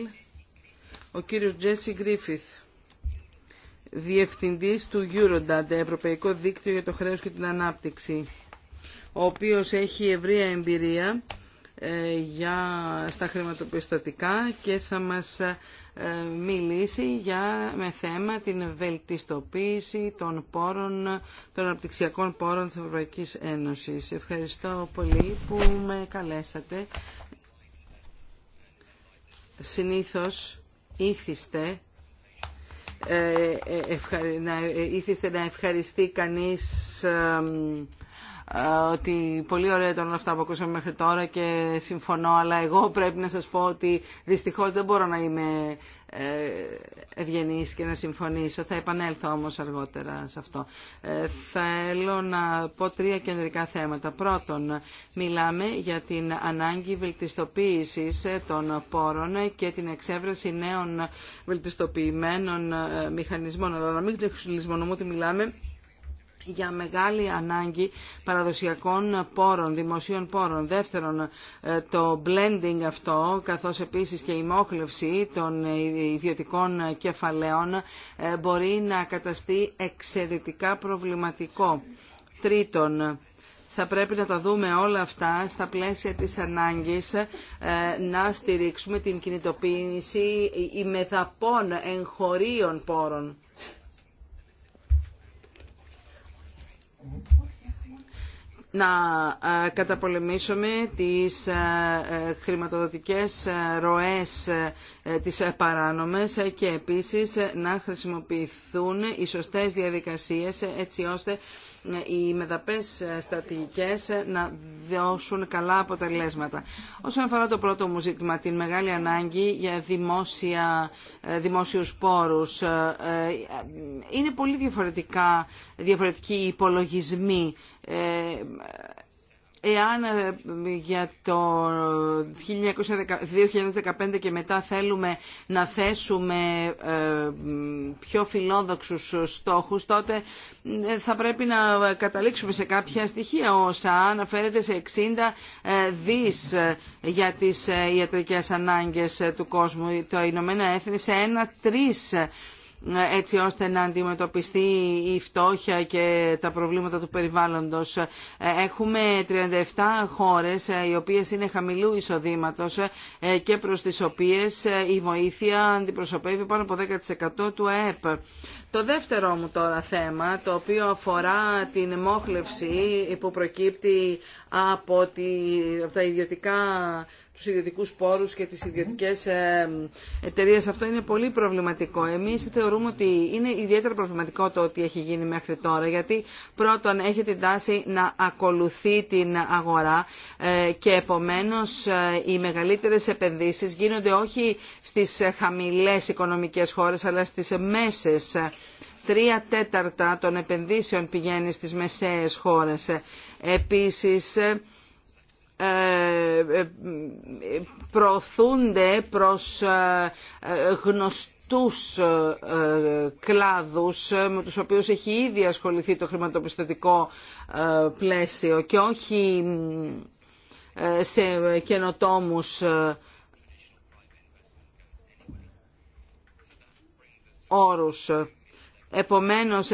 Speaker 1: ο κύριος Τζέσι Γκρίφιθ, διευθυντής του Eurodad, Ευρωπαϊκό Δίκτυο για το Χρέος και την Ανάπτυξη, ο οποίος έχει ευρεία εμπειρία ε, για, στα χρηματοπιστωτικά και θα μας ε, μιλήσει για, με θέμα την βελτιστοποίηση των πόρων, των αναπτυξιακών πόρων της Ευρωπαϊκής Ένωσης. Ευχαριστώ πολύ που με καλέσατε. Συνήθως ήθιστε ε, ε, να, ήθιστε να ευχαριστεί κανείς ότι πολύ ωραία ήταν αυτά που ακούσαμε μέχρι τώρα και συμφωνώ, αλλά εγώ πρέπει να σας πω ότι δυστυχώς δεν μπορώ να είμαι ε, ευγενής και να συμφωνήσω. Θα επανέλθω όμως αργότερα σε αυτό. Ε, θέλω να πω τρία κεντρικά θέματα. Πρώτον, μιλάμε για την ανάγκη βελτιστοποίησης ε, των πόρων και την εξέβρεση νέων βελτιστοποιημένων ε, μηχανισμών. Αλλά να μην ξεχνήσουμε ότι μιλάμε για μεγάλη ανάγκη παραδοσιακών πόρων, δημοσίων πόρων. Δεύτερον, ε, το blending αυτό, καθώς επίσης και η μόχλευση των ε, ιδιωτικών κεφαλαίων ε, μπορεί να καταστεί εξαιρετικά προβληματικό. Τρίτον, θα πρέπει να τα δούμε όλα αυτά στα πλαίσια της ανάγκης να στηρίξουμε την κινητοποίηση ημεδαπών εγχωρίων πόρων. να ε, καταπολεμήσουμε τις ε, ε, χρηματοδοτικές ροές τις παράνομες και επίσης να χρησιμοποιηθούν οι σωστές διαδικασίες έτσι ώστε ε, οι μεδαπές ε, στατικές ε, να δώσουν καλά αποτελέσματα. Όσον αφορά το πρώτο μου ζήτημα, την μεγάλη ανάγκη για δημόσια, δημόσιους πόρους, είναι πολύ διαφορετικά, διαφορετικοί υπολογισμοί Εάν ε, για το 2015 και μετά θέλουμε να θέσουμε ε, πιο φιλόδοξους στόχους, τότε ε, θα πρέπει να καταλήξουμε σε κάποια στοιχεία. όσα ΣΑΑ αναφέρεται σε 60 δις για τις ιατρικές ανάγκες του κόσμου. Το Ηνωμένα Έθνη σε ένα τρεις έτσι ώστε να αντιμετωπιστεί η φτώχεια και τα προβλήματα του περιβάλλοντος. Έχουμε 37 χώρες ε, οι οποίες είναι χαμηλού εισοδήματος ε, και προς τις οποίες ε, η βοήθεια αντιπροσωπεύει πάνω από 10% του ΑΕΠ. Το δεύτερο μου τώρα θέμα, το οποίο αφορά την μόχλευση που προκύπτει από τα ιδιωτικά τους ιδιωτικούς πόρους και τις ιδιωτικές ε, εταιρείες. Αυτό είναι πολύ προβληματικό. Εμείς θεωρούμε ότι είναι ιδιαίτερα προβληματικό το ότι έχει γίνει μέχρι τώρα, γιατί πρώτον έχει την τάση να ακολουθεί την αγορά ε, και επομένως ε, οι μεγαλύτερες επενδύσεις γίνονται όχι στις χαμηλές οικονομικές χώρες, αλλά στις μέσες τρία τέταρτα των επενδύσεων πηγαίνει στις μεσαίες χώρες. Επίσης, ε, ε, προωθούνται προς ε, γνωστούς κλάδους με τους οποίους έχει ήδη ασχοληθεί το χρηματοπιστωτικό πλαίσιο και όχι σε καινοτόμους όρους. Επομένως,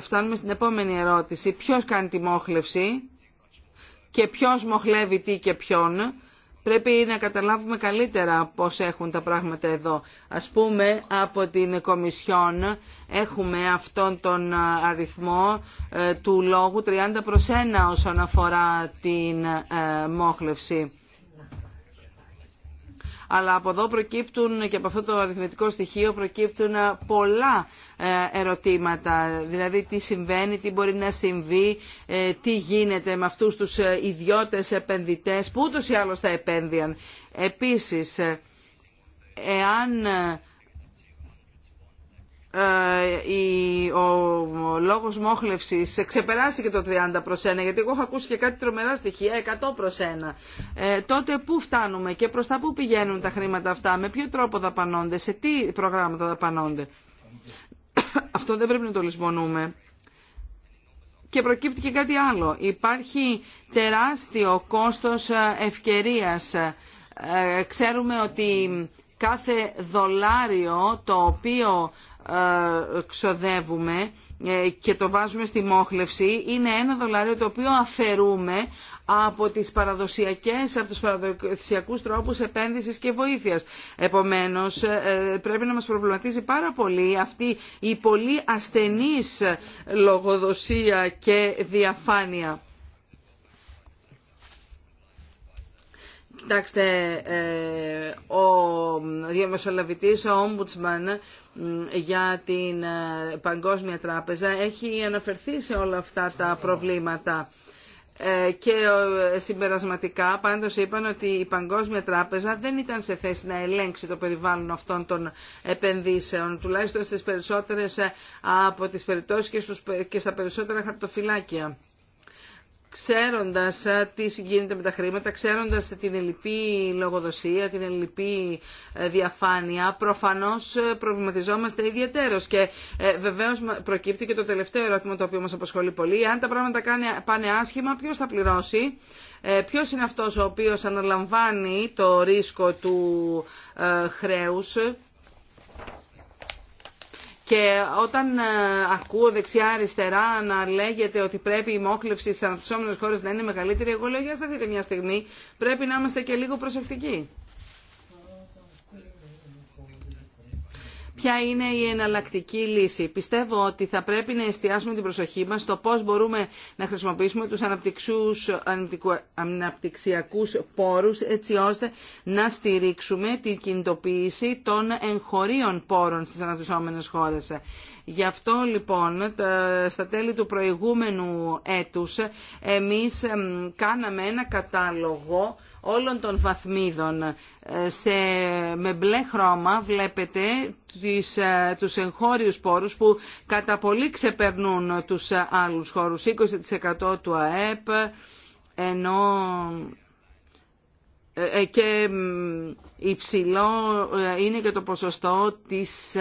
Speaker 1: φτάνουμε στην επόμενη ερώτηση. Ποιος κάνει τη μόχλευση? και ποιος μοχλεύει τι και ποιον, πρέπει να καταλάβουμε καλύτερα πώς έχουν τα πράγματα εδώ. Ας πούμε, από την Κομισιόν έχουμε αυτόν τον αριθμό ε, του λόγου 30 προς 1 όσον αφορά την ε, μόχλευση αλλά από εδώ προκύπτουν και από αυτό το αριθμητικό στοιχείο προκύπτουν ε, πολλά ε, ερωτήματα, δηλαδή τι συμβαίνει, τι μπορεί να συμβεί, ε, τι γίνεται με αυτούς τους ιδιώτες επενδυτές που ούτως ή άλλως θα επένδυαν. Επίσης, εάν ε, ο λόγος μόχλευσης ξεπεράσει και το 30 προς 1, γιατί εγώ έχω ακούσει και κάτι τρομερά στοιχεία, 100 προς 1, ε, τότε πού φτάνουμε και προς τα πού πηγαίνουν τα χρήματα αυτά, με ποιο τρόπο δαπανώνται, σε τι προγράμματα δαπανώνται. Αυτό δεν πρέπει να το λησμονούμε. Και προκύπτει και κάτι άλλο. Υπάρχει τεράστιο κόστος ευκαιρίας. Ε, ξέρουμε ότι κάθε δολάριο το οποίο ε, ξοδεύουμε ε, και το βάζουμε στη μόχλευση είναι ένα δολάριο το οποίο αφαιρούμε από τις παραδοσιακές, από τους παραδοσιακούς τρόπους επένδυσης και βοήθειας. Επομένως, ε, πρέπει να μας προβληματίζει πάρα πολύ αυτή η πολύ ασθενής λογοδοσία και διαφάνεια. Κοιτάξτε, ε, ο διαμεσολαβητής, ο Ombudsman για την ε, Παγκόσμια Τράπεζα έχει αναφερθεί σε όλα αυτά τα προβλήματα ε, και συμπερασματικά πάντως είπαν ότι η Παγκόσμια Τράπεζα δεν ήταν σε θέση να ελέγξει το περιβάλλον αυτών των επενδύσεων, τουλάχιστον στις περισσότερες από τις περιπτώσεις και, και στα περισσότερα χαρτοφυλάκια ξέροντας ε, τι συγκίνεται με τα χρήματα, ξέροντας την ελληπή λογοδοσία, την ελληπή ε, διαφάνεια, προφανώς ε, προβληματιζόμαστε ιδιαίτερος. Και βεβαίω βεβαίως προκύπτει και το τελευταίο ερώτημα το οποίο μας απασχολεί πολύ. Αν τα πράγματα πάνε άσχημα, ποιος θα πληρώσει, ε, ποιος είναι αυτός ο οποίος αναλαμβάνει το ρίσκο του ε, χρέους, και όταν ε, ακούω δεξιά-αριστερά να λέγεται ότι πρέπει η μόχλευση στι αναπτυσσόμενε χώρε να είναι μεγαλύτερη, εγώ λέω για σταθείτε μια στιγμή, πρέπει να είμαστε και λίγο προσεκτικοί. ποια είναι η εναλλακτική λύση. Πιστεύω ότι θα πρέπει να εστιάσουμε την προσοχή μας στο πώς μπορούμε να χρησιμοποιήσουμε τους αναπτυξιακούς πόρους έτσι ώστε να στηρίξουμε την κινητοποίηση των εγχωρίων πόρων στις αναπτυσσόμενες χώρες. Γι' αυτό λοιπόν στα τέλη του προηγούμενου έτους εμείς κάναμε ένα κατάλογο όλων των βαθμίδων. Ε, σε, με μπλε χρώμα βλέπετε τις, ε, τους εγχώριους πόρους που κατά πολύ ξεπερνούν τους ε, άλλους χώρους. 20% του ΑΕΠ ενώ και υψηλό είναι και το ποσοστό της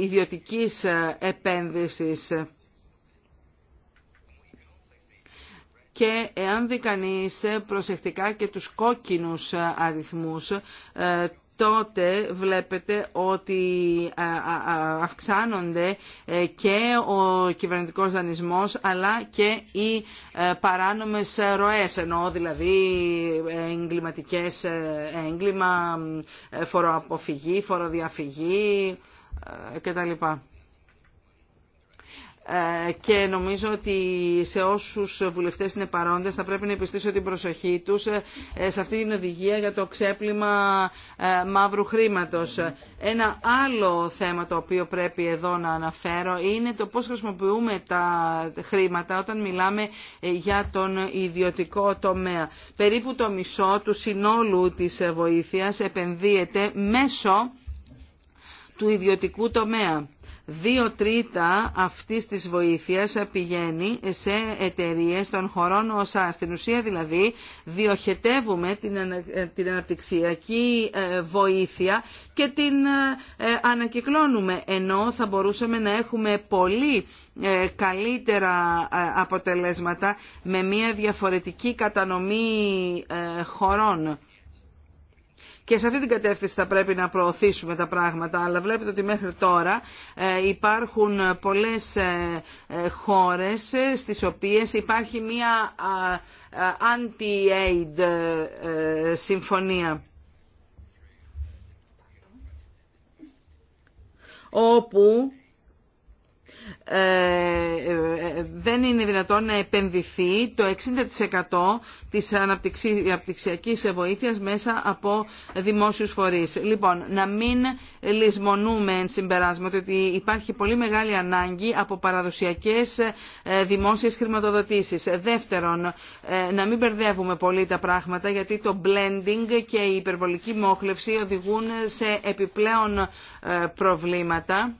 Speaker 1: ιδιωτικής επένδυσης. και εάν δει κανείς προσεκτικά και τους κόκκινους ε, αριθμούς, ε, τότε βλέπετε ότι ε, αυξάνονται και ο κυβερνητικός δανεισμός αλλά και οι παράνομες ροές, ενώ δηλαδή εγκληματικές έγκλημα, φοροαποφυγή, φοροδιαφυγή κτλ. Ε, και νομίζω ότι σε όσους βουλευτές είναι παρόντες θα πρέπει να επιστήσω την προσοχή τους ε, σε αυτή την οδηγία για το ξέπλυμα ε, μαύρου χρήματος. Ένα άλλο θέμα το οποίο πρέπει εδώ να αναφέρω είναι το πώς χρησιμοποιούμε τα χρήματα όταν μιλάμε για τον ιδιωτικό τομέα. Περίπου το μισό του συνόλου της βοήθειας επενδύεται μέσω του ιδιωτικού τομέα. Δύο τρίτα αυτής της βοήθειας πηγαίνει σε εταιρείε των χωρών ΩΣΑ. Στην ουσία δηλαδή διοχετεύουμε την ε, αναπτυξιακή ε, βοήθεια και την ε, ανακυκλώνουμε. Ενώ θα μπορούσαμε να έχουμε πολύ καλύτερα αποτελέσματα με μια διαφορετική κατανομή χωρών. Και σε αυτή την κατεύθυνση θα πρέπει να προωθήσουμε τα πράγματα. Αλλά βλέπετε ότι μέχρι τώρα ε, υπάρχουν πολλές ε, ε, χώρες στις οποίες υπάρχει μία anti-aid συμφωνία. όπου δεν είναι δυνατόν να επενδυθεί το 60% της αναπτυξιακής βοήθειας μέσα από δημόσιους φορείς. Λοιπόν, να μην λησμονούμε εν συμπεράσματο ότι υπάρχει πολύ μεγάλη ανάγκη από παραδοσιακές ε, δημόσιες χρηματοδοτήσεις. Δεύτερον, ε, να μην μπερδεύουμε πολύ τα πράγματα γιατί το blending και η υπερβολική μόχλευση οδηγούν σε επιπλέον ε, προβλήματα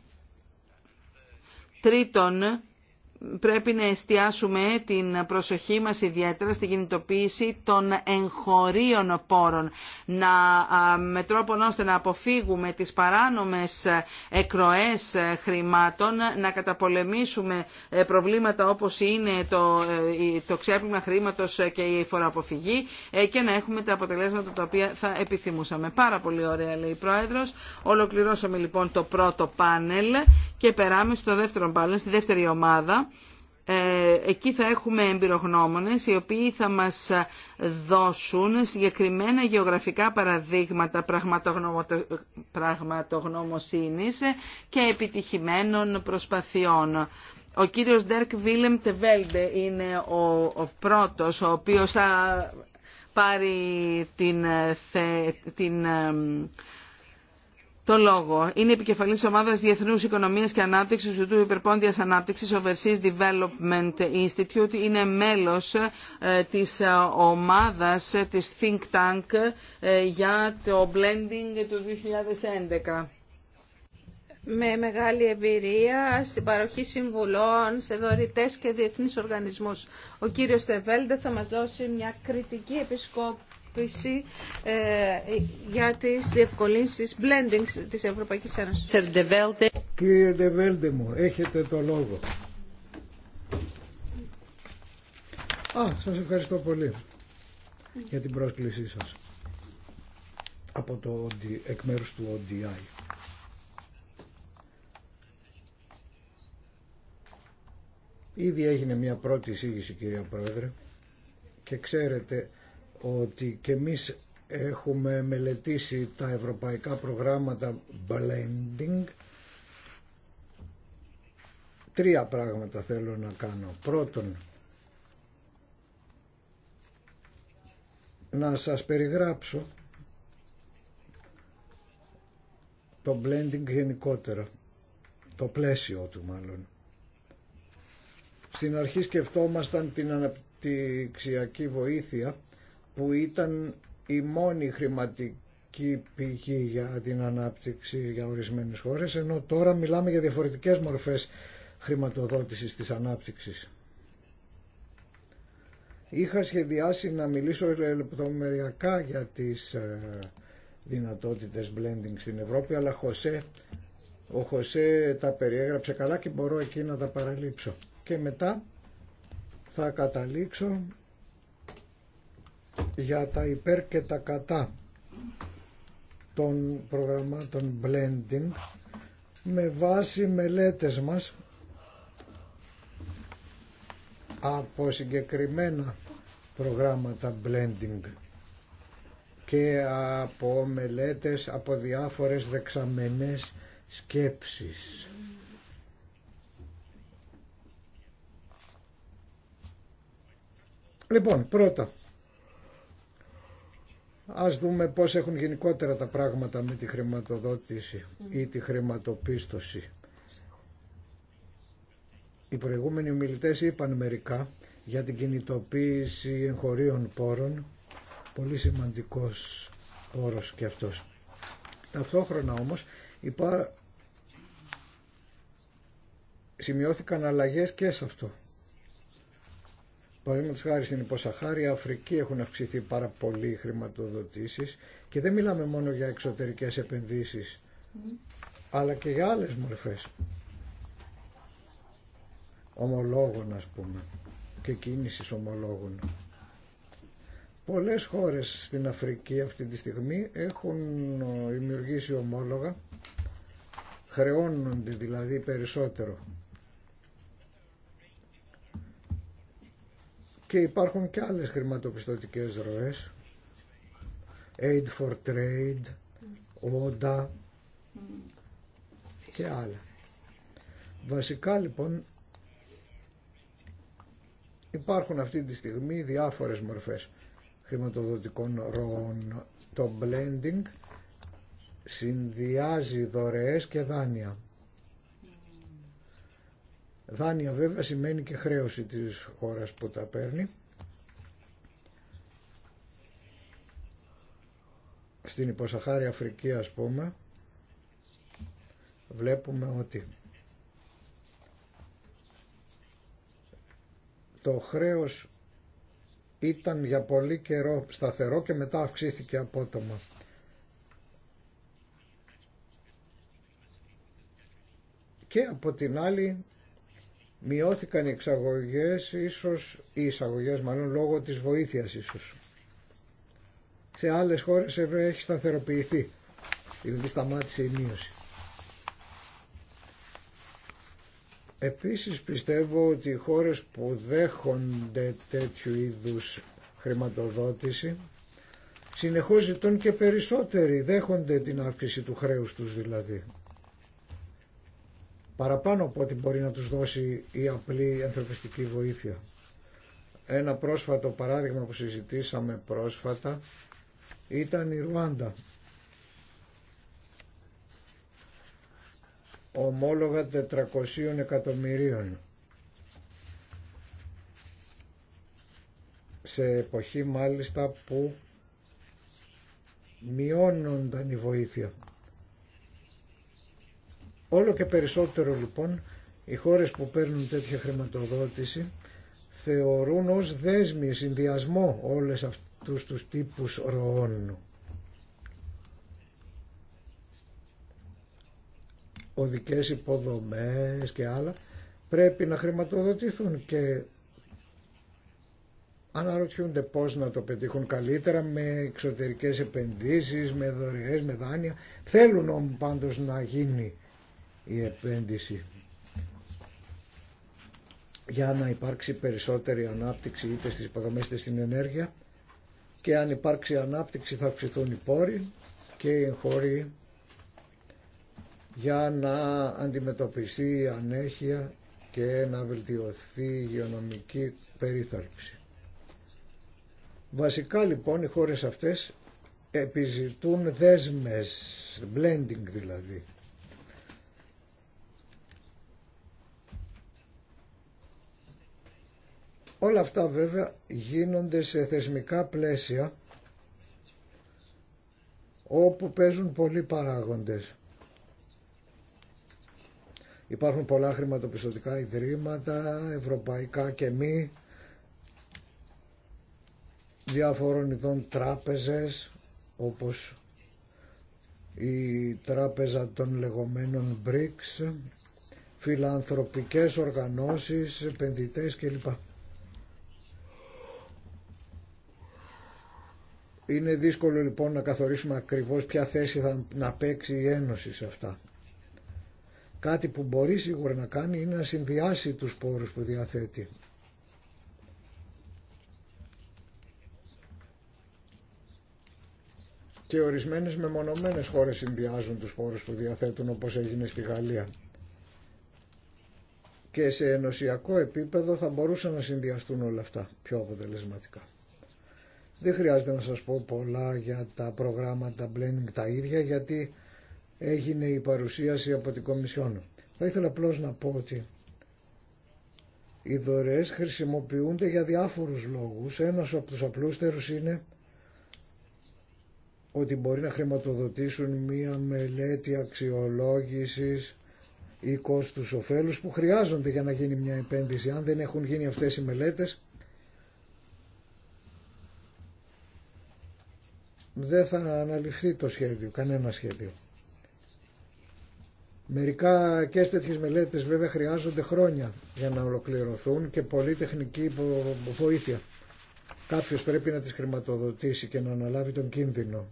Speaker 1: Τρίτον, πρέπει να εστιάσουμε την προσοχή μας ιδιαίτερα στην κινητοποίηση των εγχωρίων πόρων να, με τρόπο ώστε να αποφύγουμε τις παράνομες εκροές χρημάτων να καταπολεμήσουμε ε, προβλήματα όπως είναι το, ε, το ξέπλυμα χρήματος και η φοροαποφυγή ε, και να έχουμε τα αποτελέσματα τα οποία θα επιθυμούσαμε. Πάρα πολύ ωραία λέει η Πρόεδρος. Ολοκληρώσαμε λοιπόν το πρώτο πάνελ και περάμε στο δεύτερο πάνελ, στη δεύτερη ομάδα ε, εκεί θα έχουμε εμπειρογνώμονες οι οποίοι θα μας δώσουν συγκεκριμένα γεωγραφικά παραδείγματα πραγματογνωμοσύνης και επιτυχημένων προσπαθειών. Ο κύριος Ντέρκ Βίλεμ Τεβέλντε είναι ο, ο πρώτος, ο οποίος θα πάρει την, την το λόγο. Είναι επικεφαλής ομάδας Διεθνούς Οικονομίας και ανάπτυξη του Υπερπόντιας Ανάπτυξης Overseas Development Institute. Είναι μέλος ε, της ε, ομάδας ε, της Think Tank για το blending του
Speaker 3: 2011 με μεγάλη εμπειρία στην παροχή συμβουλών σε δωρητές και διεθνείς οργανισμούς. Ο κύριος Τεβέλντε θα μας δώσει μια κριτική επισκόπηση ε, για τις διευκολύνσεις blending της Ευρωπαϊκής Ένωσης.
Speaker 2: Κύριε Ντεβέλτε μου, έχετε το λόγο. Α, σας ευχαριστώ πολύ για την πρόσκλησή σας από το εκ μέρους του ODI. Ήδη έγινε μια πρώτη εισήγηση κυρία Πρόεδρε και ξέρετε ότι και εμείς έχουμε μελετήσει τα ευρωπαϊκά προγράμματα blending. Τρία πράγματα θέλω να κάνω. Πρώτον, να σας περιγράψω το blending γενικότερα, το πλαίσιο του μάλλον. Στην αρχή σκεφτόμασταν την αναπτυξιακή βοήθεια που ήταν η μόνη χρηματική πηγή για την ανάπτυξη για ορισμένες χώρες, ενώ τώρα μιλάμε για διαφορετικές μορφές χρηματοδότησης της ανάπτυξης. Είχα σχεδιάσει να μιλήσω λεπτομεριακά για τις ε, δυνατότητες blending στην Ευρώπη, αλλά Χωσέ, ο Χωσέ τα περιέγραψε καλά και μπορώ εκεί να τα παραλείψω. Και μετά θα καταλήξω για τα υπέρ και τα κατά των προγραμμάτων blending με βάση μελέτες μας από συγκεκριμένα προγράμματα blending και από μελέτες από διάφορες δεξαμενές σκέψεις. Λοιπόν, πρώτα, Ας δούμε πώς έχουν γενικότερα τα πράγματα με τη χρηματοδότηση ή τη χρηματοπίστωση. Οι προηγούμενοι ομιλητές είπαν μερικά για την κινητοποίηση εγχωρίων πόρων, πολύ σημαντικός πόρος και αυτός. Ταυτόχρονα όμως υπά... σημειώθηκαν αλλαγές και σε αυτό. Παραδείγματο χάρη στην Υποσαχάρη Αφρική έχουν αυξηθεί πάρα πολύ οι χρηματοδοτήσεις και δεν μιλάμε μόνο για εξωτερικές επενδύσεις αλλά και για άλλε μορφές ομολόγων α πούμε και κίνησης ομολόγων. Πολλές χώρες στην Αφρική αυτή τη στιγμή έχουν ε, δημιουργήσει ομόλογα χρεώνονται δηλαδή περισσότερο και υπάρχουν και άλλες χρηματοπιστωτικές ροές Aid for Trade, ODA και άλλα. Βασικά λοιπόν υπάρχουν αυτή τη στιγμή διάφορες μορφές χρηματοδοτικών ροών. Το blending συνδυάζει δωρεές και δάνεια. Δάνεια βέβαια σημαίνει και χρέωση της χώρας που τα παίρνει. Στην υποσαχάρη Αφρική ας πούμε βλέπουμε ότι το χρέος ήταν για πολύ καιρό σταθερό και μετά αυξήθηκε απότομα. Και από την άλλη Μειώθηκαν οι εξαγωγές, ίσως, οι εισαγωγές μάλλον, λόγω της βοήθειας ίσως. Σε άλλες χώρες έχει σταθεροποιηθεί, δηλαδή σταμάτησε η μείωση. Επίσης πιστεύω ότι οι χώρες που δέχονται τέτοιου είδους χρηματοδότηση συνεχώς ζητούν και περισσότεροι, δέχονται την αύξηση του χρέους τους δηλαδή παραπάνω από ό,τι μπορεί να τους δώσει η απλή ανθρωπιστική βοήθεια. Ένα πρόσφατο παράδειγμα που συζητήσαμε πρόσφατα ήταν η Ρουάντα. Ομόλογα 400 εκατομμυρίων. Σε εποχή μάλιστα που μειώνονταν η βοήθεια. Όλο και περισσότερο λοιπόν οι χώρες που παίρνουν τέτοια χρηματοδότηση θεωρούν ως δέσμη, συνδυασμό όλες αυτούς τους τύπους ροών. Οδικές υποδομές και άλλα πρέπει να χρηματοδοτηθούν και αναρωτιούνται πώς να το πετύχουν καλύτερα με εξωτερικές επενδύσεις, με δωρεές, με δάνεια. Θέλουν όμως πάντως να γίνει η επένδυση για να υπάρξει περισσότερη ανάπτυξη είτε στις υποδομές είτε στην ενέργεια και αν υπάρξει ανάπτυξη θα αυξηθούν οι πόροι και οι χώροι για να αντιμετωπιστεί η ανέχεια και να βελτιωθεί η υγειονομική περίθαλψη. Βασικά λοιπόν οι χώρες αυτές επιζητούν δέσμες, blending δηλαδή, Όλα αυτά βέβαια γίνονται σε θεσμικά πλαίσια όπου παίζουν πολλοί παράγοντες. Υπάρχουν πολλά χρηματοπιστωτικά ιδρύματα, ευρωπαϊκά και μη, διάφορων ειδών τράπεζες όπως η τράπεζα των λεγόμενων BRICS, φιλανθρωπικές οργανώσεις, επενδυτές κλπ. Είναι δύσκολο λοιπόν να καθορίσουμε ακριβώς ποια θέση θα να παίξει η Ένωση σε αυτά. Κάτι που μπορεί σίγουρα να κάνει είναι να συνδυάσει τους πόρους που διαθέτει. Και ορισμένες μεμονωμένες χώρες συνδυάζουν τους πόρους που διαθέτουν όπως έγινε στη Γαλλία. Και σε ενωσιακό επίπεδο θα μπορούσαν να συνδυαστούν όλα αυτά πιο αποτελεσματικά. Δεν χρειάζεται να σας πω πολλά για τα προγράμματα blending τα ίδια γιατί έγινε η παρουσίαση από την Κομισιόν. Θα ήθελα απλώ να πω ότι οι δωρεές χρησιμοποιούνται για διάφορους λόγους. Ένας από τους απλούστερους είναι ότι μπορεί να χρηματοδοτήσουν μία μελέτη αξιολόγησης ή κόστους οφέλους που χρειάζονται για να γίνει μια επένδυση. Αν δεν έχουν γίνει αυτές οι μελέτες δεν θα αναλυφθεί το σχέδιο, κανένα σχέδιο. Μερικά και τέτοιε μελέτες βέβαια χρειάζονται χρόνια για να ολοκληρωθούν και πολύ τεχνική βοήθεια. Κάποιος πρέπει να τις χρηματοδοτήσει και να αναλάβει τον κίνδυνο.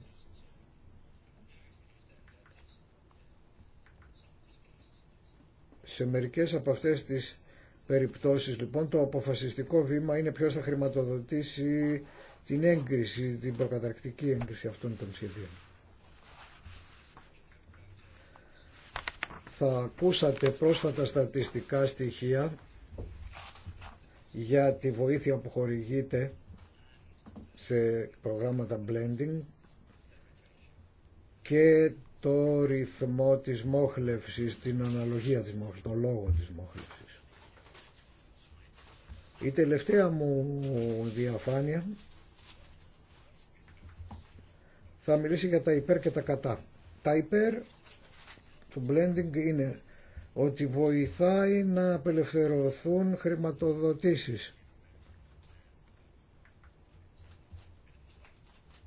Speaker 2: Σε μερικές από αυτές τις περιπτώσεις λοιπόν το αποφασιστικό βήμα είναι ποιος θα χρηματοδοτήσει την έγκριση, την προκαταρκτική έγκριση αυτών των σχεδίων. Θα ακούσατε πρόσφατα στατιστικά στοιχεία για τη βοήθεια που χορηγείται σε προγράμματα blending και το ρυθμό της μόχλευσης, την αναλογία της μόχλευσης, τον λόγο της μόχλευσης. Η τελευταία μου διαφάνεια θα μιλήσει για τα υπέρ και τα κατά. Τα υπέρ του blending είναι ότι βοηθάει να απελευθερωθούν χρηματοδοτήσεις.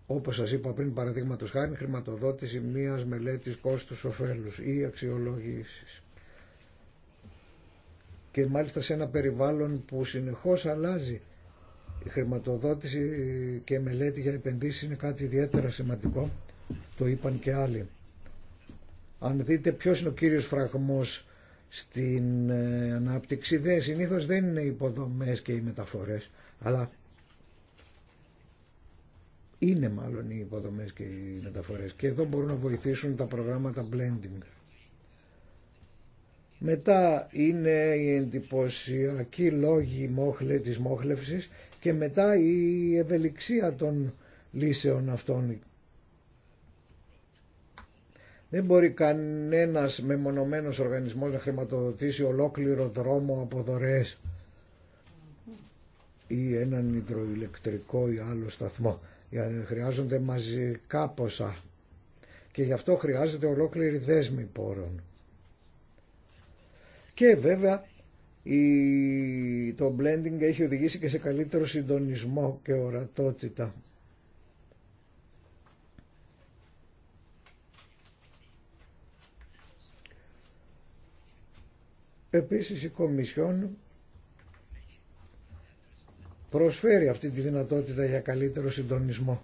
Speaker 2: Όπως σας είπα πριν παραδείγματο χάρη χρηματοδότηση μίας μελέτης κόστους ωφέλους ή αξιολογήσεις. Και μάλιστα σε ένα περιβάλλον που συνεχώς αλλάζει η χρηματοδότηση και μελέτη για επενδύσεις είναι κάτι ιδιαίτερα σημαντικό, το είπαν και άλλοι. Αν δείτε ποιος είναι ο κύριος φραγμός στην ε, ανάπτυξη, δε, συνήθως δεν είναι οι υποδομές και οι μεταφορές, αλλά είναι μάλλον οι υποδομές και οι μεταφορές και εδώ μπορούν να βοηθήσουν τα προγράμματα blending. Μετά είναι οι εντυπωσιακοί λόγοι μόχλε, της μόχλευσης και μετά η ευελιξία των λύσεων αυτών. Δεν μπορεί κανένας μεμονωμένος οργανισμός να χρηματοδοτήσει ολόκληρο δρόμο από δωρεές ή έναν υδροηλεκτρικό ή άλλο σταθμό. Χρειάζονται μαζικά ποσά και γι' αυτό χρειάζεται ολόκληρη δέσμη πόρων. Και βέβαια η, το blending έχει οδηγήσει και σε καλύτερο συντονισμό και ορατότητα. Επίσης η Κομισιόν προσφέρει αυτή τη δυνατότητα για καλύτερο συντονισμό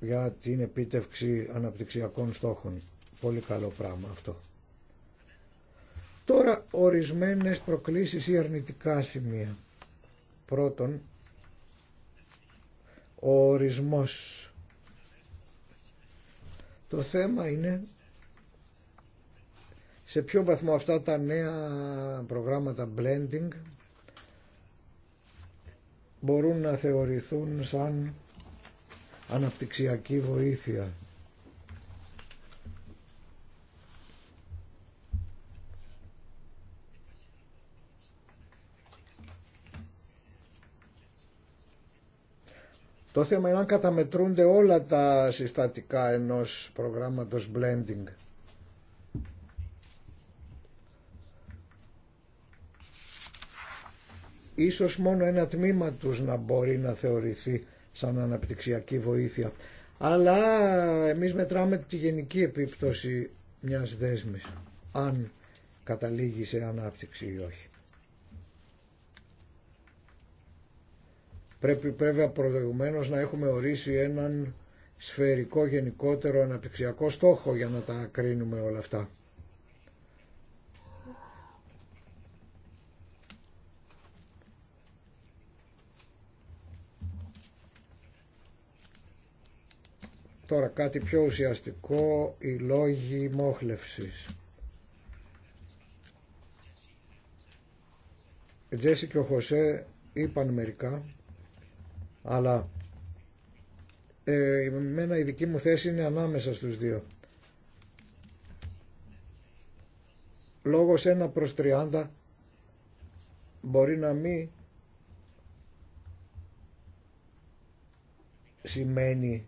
Speaker 2: για την επίτευξη αναπτυξιακών στόχων. Πολύ καλό πράγμα αυτό. Τώρα ορισμένες προκλήσεις ή αρνητικά σημεία. Πρώτον, ο ορισμός. Το θέμα είναι σε ποιο βαθμό αυτά τα νέα προγράμματα blending μπορούν να θεωρηθούν σαν αναπτυξιακή βοήθεια. Το θέμα είναι αν καταμετρούνται όλα τα συστατικά ενός προγράμματος blending. Ίσως μόνο ένα τμήμα τους να μπορεί να θεωρηθεί σαν αναπτυξιακή βοήθεια. Αλλά εμείς μετράμε τη γενική επίπτωση μιας δέσμης, αν καταλήγει σε ανάπτυξη ή όχι. Πρέπει πρέπει προηγουμένως να έχουμε ορίσει έναν σφαιρικό γενικότερο αναπτυξιακό στόχο για να τα κρίνουμε όλα αυτά. Τώρα κάτι πιο ουσιαστικό, οι λόγοι μόχλευσης. Τζέσι και ο Χωσέ είπαν μερικά αλλά ε, η δική μου θέση είναι ανάμεσα στους δύο. Λόγος 1 προς 30 μπορεί να μην σημαίνει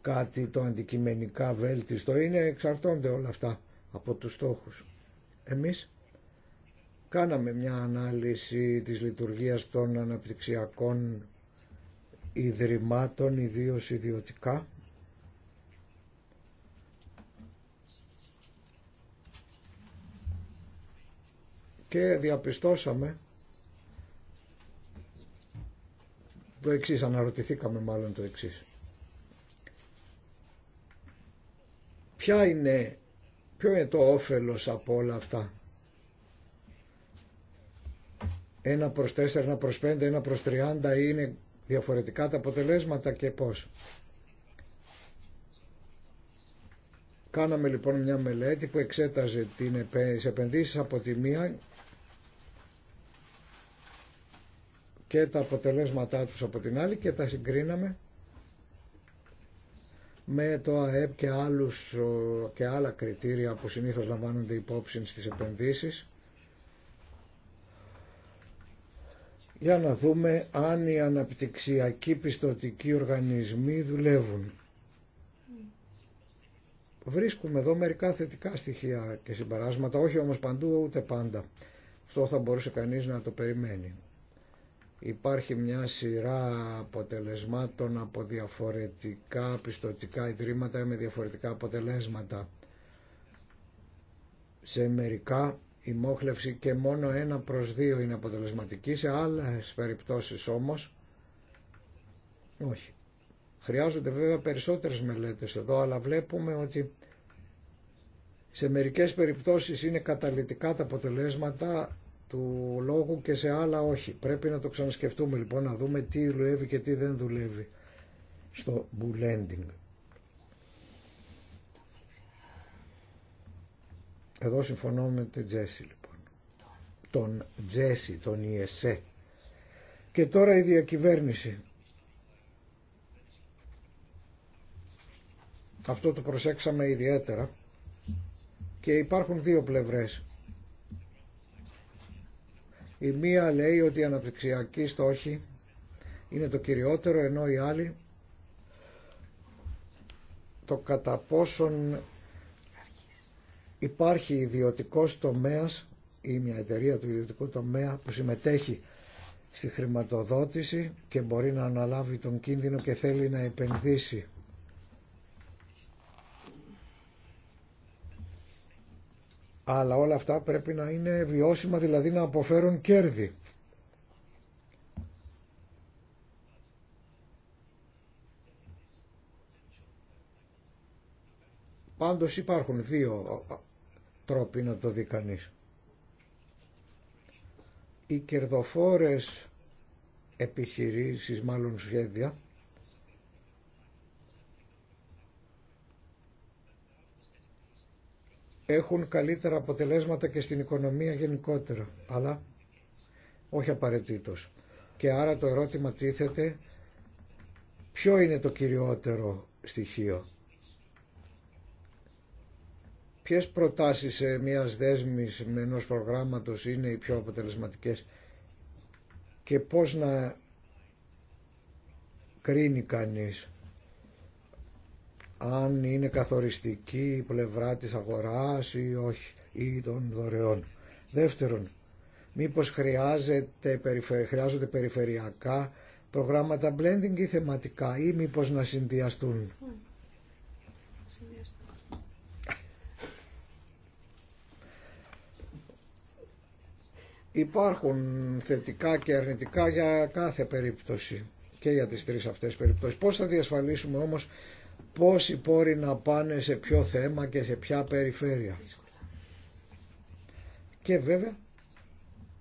Speaker 2: κάτι το αντικειμενικά βέλτιστο. Είναι εξαρτώνται όλα αυτά από τους στόχους. Εμείς κάναμε μια ανάλυση της λειτουργίας των αναπτυξιακών ιδρυμάτων ιδίω ιδιωτικά και διαπιστώσαμε το εξής, αναρωτηθήκαμε μάλλον το εξής ποια είναι ποιο είναι το όφελος από όλα αυτά ένα προς τέσσερα, ένα προς πέντε, ένα προς τριάντα είναι διαφορετικά τα αποτελέσματα και πώς. Κάναμε λοιπόν μια μελέτη που εξέταζε τις επενδύσεις από τη μία και τα αποτελέσματά τους από την άλλη και τα συγκρίναμε με το ΑΕΠ και, άλλους, και άλλα κριτήρια που συνήθως λαμβάνονται υπόψη στις επενδύσεις για να δούμε αν οι αναπτυξιακοί πιστοτικοί οργανισμοί δουλεύουν. Βρίσκουμε εδώ μερικά θετικά στοιχεία και συμπαράσματα, όχι όμως παντού ούτε πάντα. Αυτό θα μπορούσε κανείς να το περιμένει. Υπάρχει μια σειρά αποτελεσμάτων από διαφορετικά πιστοτικά ιδρύματα με διαφορετικά αποτελέσματα. Σε μερικά η μόχλευση και μόνο ένα προς δύο είναι αποτελεσματική. Σε άλλες περιπτώσεις όμως, όχι. Χρειάζονται βέβαια περισσότερες μελέτες εδώ, αλλά βλέπουμε ότι σε μερικές περιπτώσεις είναι καταλητικά τα αποτελέσματα του λόγου και σε άλλα όχι. Πρέπει να το ξανασκεφτούμε λοιπόν, να δούμε τι δουλεύει και τι δεν δουλεύει στο blending. Εδώ συμφωνώ με τον Τζέσι λοιπόν. Τον Τζέσι, τον Ιεσέ. Και τώρα η διακυβέρνηση. Αυτό το προσέξαμε ιδιαίτερα και υπάρχουν δύο πλευρές. Η μία λέει ότι η αναπτυξιακή στόχη είναι το κυριότερο ενώ η άλλη το κατά πόσον υπάρχει ιδιωτικός τομέας ή μια εταιρεία του ιδιωτικού τομέα που συμμετέχει στη χρηματοδότηση και μπορεί να αναλάβει τον κίνδυνο και θέλει να επενδύσει. Αλλά όλα αυτά πρέπει να είναι βιώσιμα, δηλαδή να αποφέρουν κέρδη. Πάντως υπάρχουν δύο τρόποι να το δει Οι κερδοφόρες επιχειρήσεις, μάλλον σχέδια, έχουν καλύτερα αποτελέσματα και στην οικονομία γενικότερα, αλλά όχι απαραίτητο. Και άρα το ερώτημα τίθεται ποιο είναι το κυριότερο στοιχείο, Ποιες προτάσεις ε, μιας δέσμης με ενός προγράμματος είναι οι πιο αποτελεσματικές και πώς να κρίνει κανείς αν είναι καθοριστική η πλευρά της αγοράς ή όχι ή των δωρεών. Δεύτερον, μήπως χρειάζεται, χρειάζονται περιφερειακά προγράμματα blending ή θεματικά ή μήπως να συνδυαστούν. Υπάρχουν θετικά και αρνητικά για κάθε περίπτωση και για τις τρεις αυτές περιπτώσεις. Πώς θα διασφαλίσουμε όμως πώς οι πόροι να πάνε σε ποιο θέμα και σε ποια περιφέρεια. Και βέβαια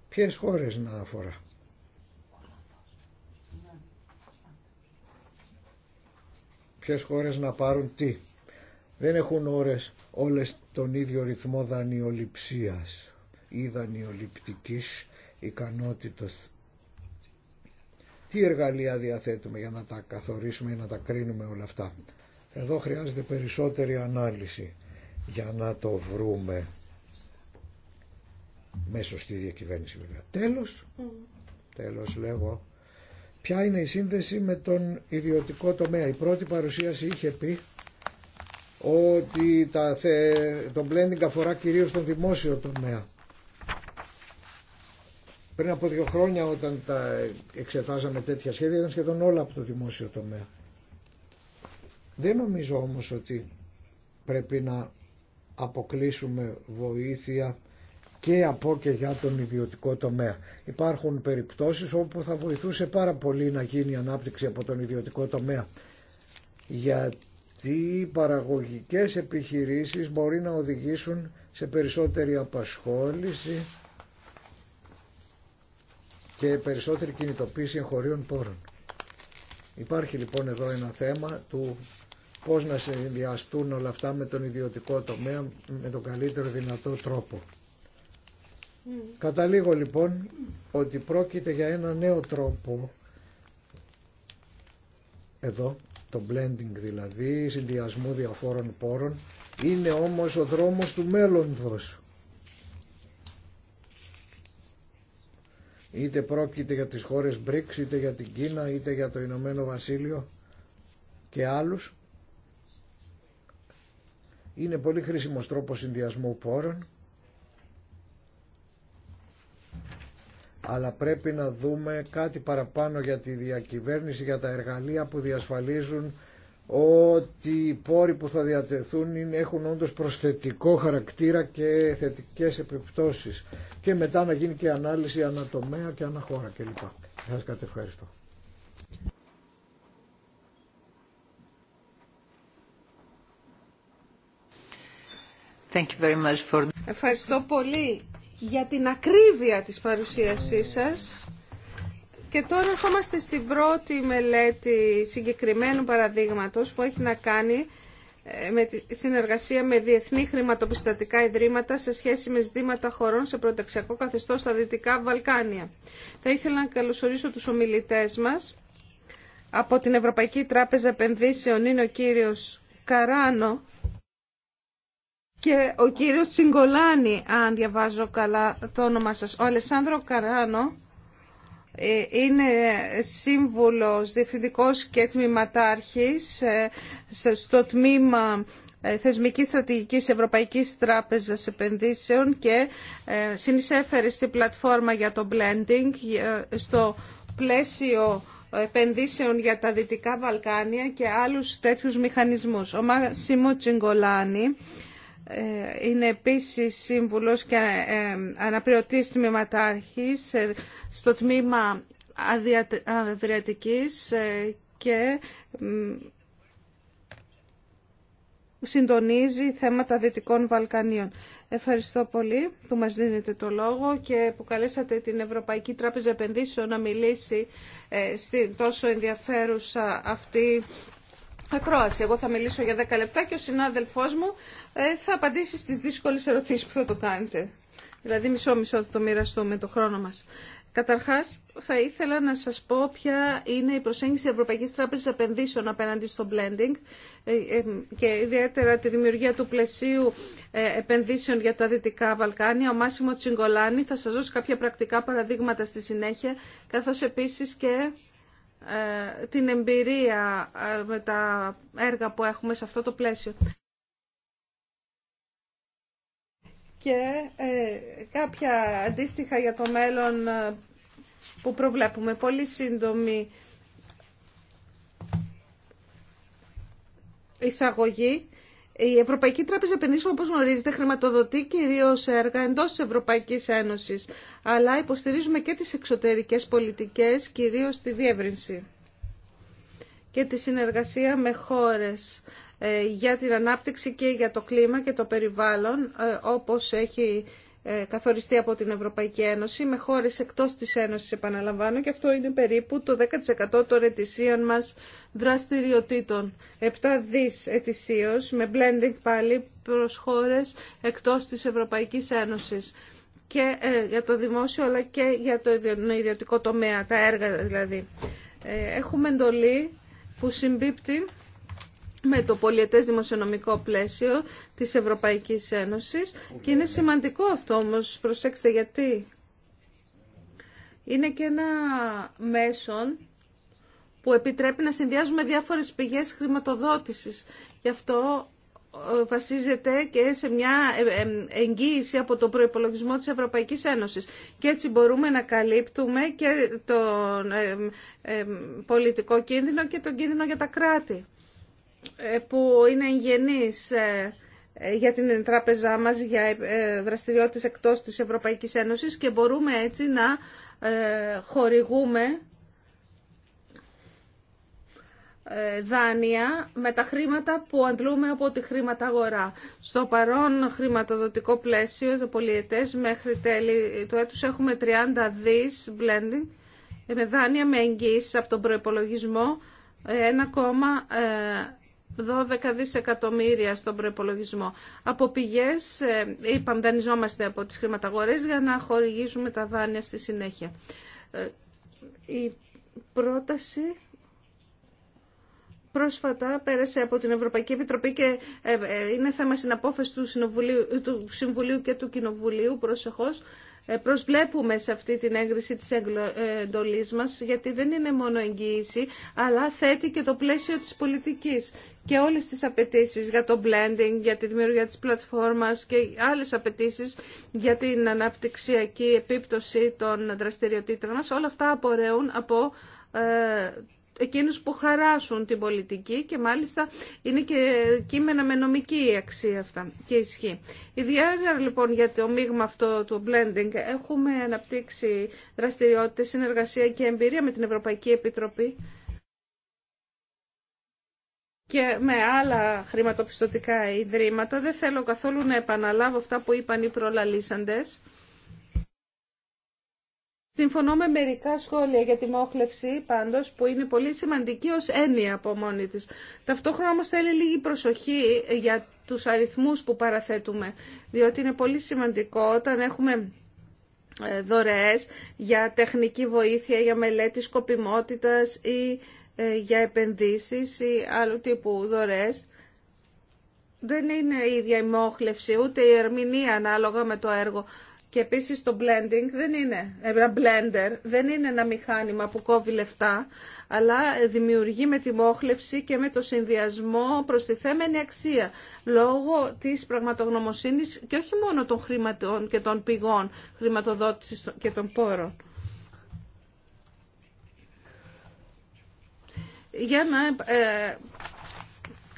Speaker 2: ποιες χώρες να αφορά. Ποιες χώρες να πάρουν τι. Δεν έχουν ώρες όλες τον ίδιο ρυθμό δανειοληψίας ή δανειοληπτικής ικανότητας. Τι εργαλεία διαθέτουμε για να τα καθορίσουμε ή να τα κρίνουμε όλα αυτά. Εδώ χρειάζεται περισσότερη ανάλυση για να το βρούμε μέσω στη διακυβέρνηση βέβαια. Τέλος, τέλος λέγω, ποια είναι η σύνδεση με τον ιδιωτικό τομέα. Η πρώτη παρουσίαση είχε πει ότι τα θε... blending αφορά κυρίως τον δημόσιο τομέα. Πριν από δύο χρόνια όταν τα εξετάζαμε τέτοια σχέδια ήταν σχεδόν όλα από το δημόσιο τομέα. Δεν νομίζω όμως ότι πρέπει να αποκλείσουμε βοήθεια και από και για τον ιδιωτικό τομέα. Υπάρχουν περιπτώσεις όπου θα βοηθούσε πάρα πολύ να γίνει η ανάπτυξη από τον ιδιωτικό τομέα. Γιατί οι παραγωγικές επιχειρήσεις μπορεί να οδηγήσουν σε περισσότερη απασχόληση και περισσότερη κινητοποίηση εγχωρίων πόρων. Υπάρχει λοιπόν εδώ ένα θέμα του πώς να συνδυαστούν όλα αυτά με τον ιδιωτικό τομέα με τον καλύτερο δυνατό τρόπο. Mm. Καταλήγω λοιπόν ότι πρόκειται για ένα νέο τρόπο εδώ, το blending δηλαδή, συνδυασμού διαφόρων πόρων, είναι όμως ο δρόμος του μέλλοντος. είτε πρόκειται για τις χώρες BRICS, είτε για την Κίνα, είτε για το Ηνωμένο Βασίλειο και άλλους. Είναι πολύ χρήσιμος τρόπος συνδυασμού πόρων, αλλά πρέπει να δούμε κάτι παραπάνω για τη διακυβέρνηση, για τα εργαλεία που διασφαλίζουν ότι οι πόροι που θα διατεθούν είναι, έχουν όντως προσθετικό χαρακτήρα και θετικές επιπτώσεις και μετά να γίνει και ανάλυση ανατομέα και αναχώρα κλπ. Σας κατευχαριστώ.
Speaker 3: Thank you very Ευχαριστώ πολύ για την ακρίβεια της παρουσίασής σας και τώρα ερχόμαστε στην πρώτη μελέτη συγκεκριμένου παραδείγματος που έχει να κάνει ε, με τη συνεργασία με διεθνή χρηματοπιστωτικά ιδρύματα σε σχέση με ζητήματα χωρών σε προταξιακό καθεστώς στα Δυτικά Βαλκάνια. Θα ήθελα να καλωσορίσω τους ομιλητές μας. Από την Ευρωπαϊκή Τράπεζα Επενδύσεων είναι ο κύριος Καράνο και ο κύριος Τσιγκολάνη, αν διαβάζω καλά το όνομα σας. Ο Αλεσάνδρο Καράνο ε, είναι σύμβουλος διευθυντικός και τμήματάρχης ε, στο τμήμα ε, θεσμικής στρατηγικής Ευρωπαϊκής Τράπεζας Επενδύσεων και συνεισέφερε στη πλατφόρμα για το blending στο πλαίσιο επενδύσεων για τα Δυτικά Βαλκάνια και άλλους τέτοιους μηχανισμούς. Ο Μάσιμο Τσιγκολάνη ε, είναι επίσης σύμβουλος και ε, αναπληρωτής τμήματάρχης ε, στο τμήμα Αδριατικής και συντονίζει θέματα Δυτικών Βαλκανίων. Ευχαριστώ πολύ που μας δίνετε το λόγο και που καλέσατε την Ευρωπαϊκή Τράπεζα Επενδύσεων να μιλήσει στην τόσο ενδιαφέρουσα αυτή ακρόαση. Εγώ θα μιλήσω για 10 λεπτά και ο συνάδελφό μου ε, θα απαντήσει στις δύσκολε ερωτήσει που θα το κάνετε. Δηλαδή μισό-μισό θα το μοιραστούμε το χρόνο μα. Καταρχά θα ήθελα να σα πω ποια είναι η προσέγγιση της Ευρωπαϊκής Τράπεζας Επενδύσεων απέναντι στο blending ε, ε, και ιδιαίτερα τη δημιουργία του πλαισίου επενδύσεων για τα Δυτικά Βαλκάνια. Ο Μάσιμο Τσιγκολάνη θα σα δώσει κάποια πρακτικά παραδείγματα στη συνέχεια, καθώ επίση και ε, την εμπειρία ε, με τα έργα που έχουμε σε αυτό το πλαίσιο. Και ε, κάποια αντίστοιχα για το μέλλον που προβλέπουμε. Πολύ σύντομη εισαγωγή. Η Ευρωπαϊκή Τράπεζα Επενδύσεων, όπω γνωρίζετε, χρηματοδοτεί κυρίω έργα εντός της Ευρωπαϊκής Ένωσης, αλλά υποστηρίζουμε και τις εξωτερικές πολιτικές, κυρίω τη διεύρυνση και τη συνεργασία με χώρες ε, για την ανάπτυξη και για το κλίμα και το περιβάλλον, ε, όπως έχει ε, καθοριστεί από την Ευρωπαϊκή Ένωση με χώρες εκτός της Ένωσης επαναλαμβάνω και αυτό είναι περίπου το 10% των ετησίων μας δραστηριοτήτων. 7 δις ετησίως με blending πάλι προς χώρες εκτός της Ευρωπαϊκής Ένωσης και ε, για το δημόσιο αλλά και για το ιδιωτικό τομέα, τα έργα δηλαδή. Ε, έχουμε εντολή που συμπίπτει με το πολιετές δημοσιονομικό πλαίσιο της Ευρωπαϊκής Ένωσης και είναι σημαντικό αυτό όμως, προσέξτε γιατί. Είναι και ένα μέσον που επιτρέπει να συνδυάζουμε διάφορες πηγές χρηματοδότησης. Γι' αυτό ε, βασίζεται και σε μια ε, ε, εγγύηση από τον προϋπολογισμό της Ευρωπαϊκής Ένωσης. Και έτσι μπορούμε να καλύπτουμε και τον πολιτικό κίνδυνο και τον κίνδυνο για τα κράτη. Ε, που είναι εγγενής ε, ε, για την τράπεζά μας για δραστηριότητες εκτός της Ευρωπαϊκής Ένωσης και μπορούμε έτσι να χορηγούμε δάνεια με τα χρήματα που αντλούμε από τη χρήματα αγορά. Στο παρόν χρηματοδοτικό πλαίσιο, το πολιετές, μέχρι τέλη του έτους έχουμε 30 δις blending με δάνεια με εγγύηση από τον προϋπολογισμό κόμμα 12 δισεκατομμύρια στον προπολογισμό. Από πηγέ ε, είπαμε, δανειζόμαστε από τις χρηματαγορέ για να χορηγήσουμε τα δάνεια στη συνέχεια. Ε, η πρόταση πρόσφατα πέρασε από την Ευρωπαϊκή Επιτροπή και ε, είναι θέμα συναπόφαση του, του Συμβουλίου και του Κοινοβουλίου προσεχώς ε, προσβλέπουμε σε αυτή την έγκριση της ε, εντολής μας, γιατί δεν είναι μόνο εγγύηση, αλλά θέτει και το πλαίσιο της πολιτικής και όλες τις απαιτήσεις για το blending, για τη δημιουργία της πλατφόρμας και άλλες απαιτήσεις για την αναπτυξιακή επίπτωση των δραστηριοτήτων μας. Όλα αυτά απορρέουν από ε, εκείνους που χαράσουν την πολιτική και μάλιστα είναι και κείμενα με νομική αξία αυτά και ισχύ. Ιδιαίτερα λοιπόν για το μείγμα αυτό του blending έχουμε αναπτύξει δραστηριότητες, συνεργασία και εμπειρία με την Ευρωπαϊκή Επιτροπή και με άλλα χρηματοπιστωτικά ιδρύματα. Δεν θέλω καθόλου να επαναλάβω αυτά που είπαν οι προλαλήσαντες Συμφωνώ με μερικά σχόλια για τη μόχλευση πάντως που είναι πολύ σημαντική ως έννοια από μόνη της. Ταυτόχρονα όμως θέλει λίγη προσοχή για τους αριθμούς που παραθέτουμε διότι είναι πολύ σημαντικό όταν έχουμε ε, δωρεές για τεχνική βοήθεια, για μελέτη σκοπιμότητας ή ε, για επενδύσεις ή άλλου τύπου δωρεές. Δεν είναι η ίδια η μόχλευση ούτε η ερμηνεία ανάλογα με το έργο και επίσης το blending δεν είναι, ένα blender δεν είναι ένα μηχάνημα που κόβει λεφτά, αλλά δημιουργεί με τη μόχλευση και με το συνδυασμό προστιθέμενη αξία λόγω της πραγματογνωμοσύνης και όχι μόνο των χρηματών και των πηγών χρηματοδότησης και των πόρων. Για να ε,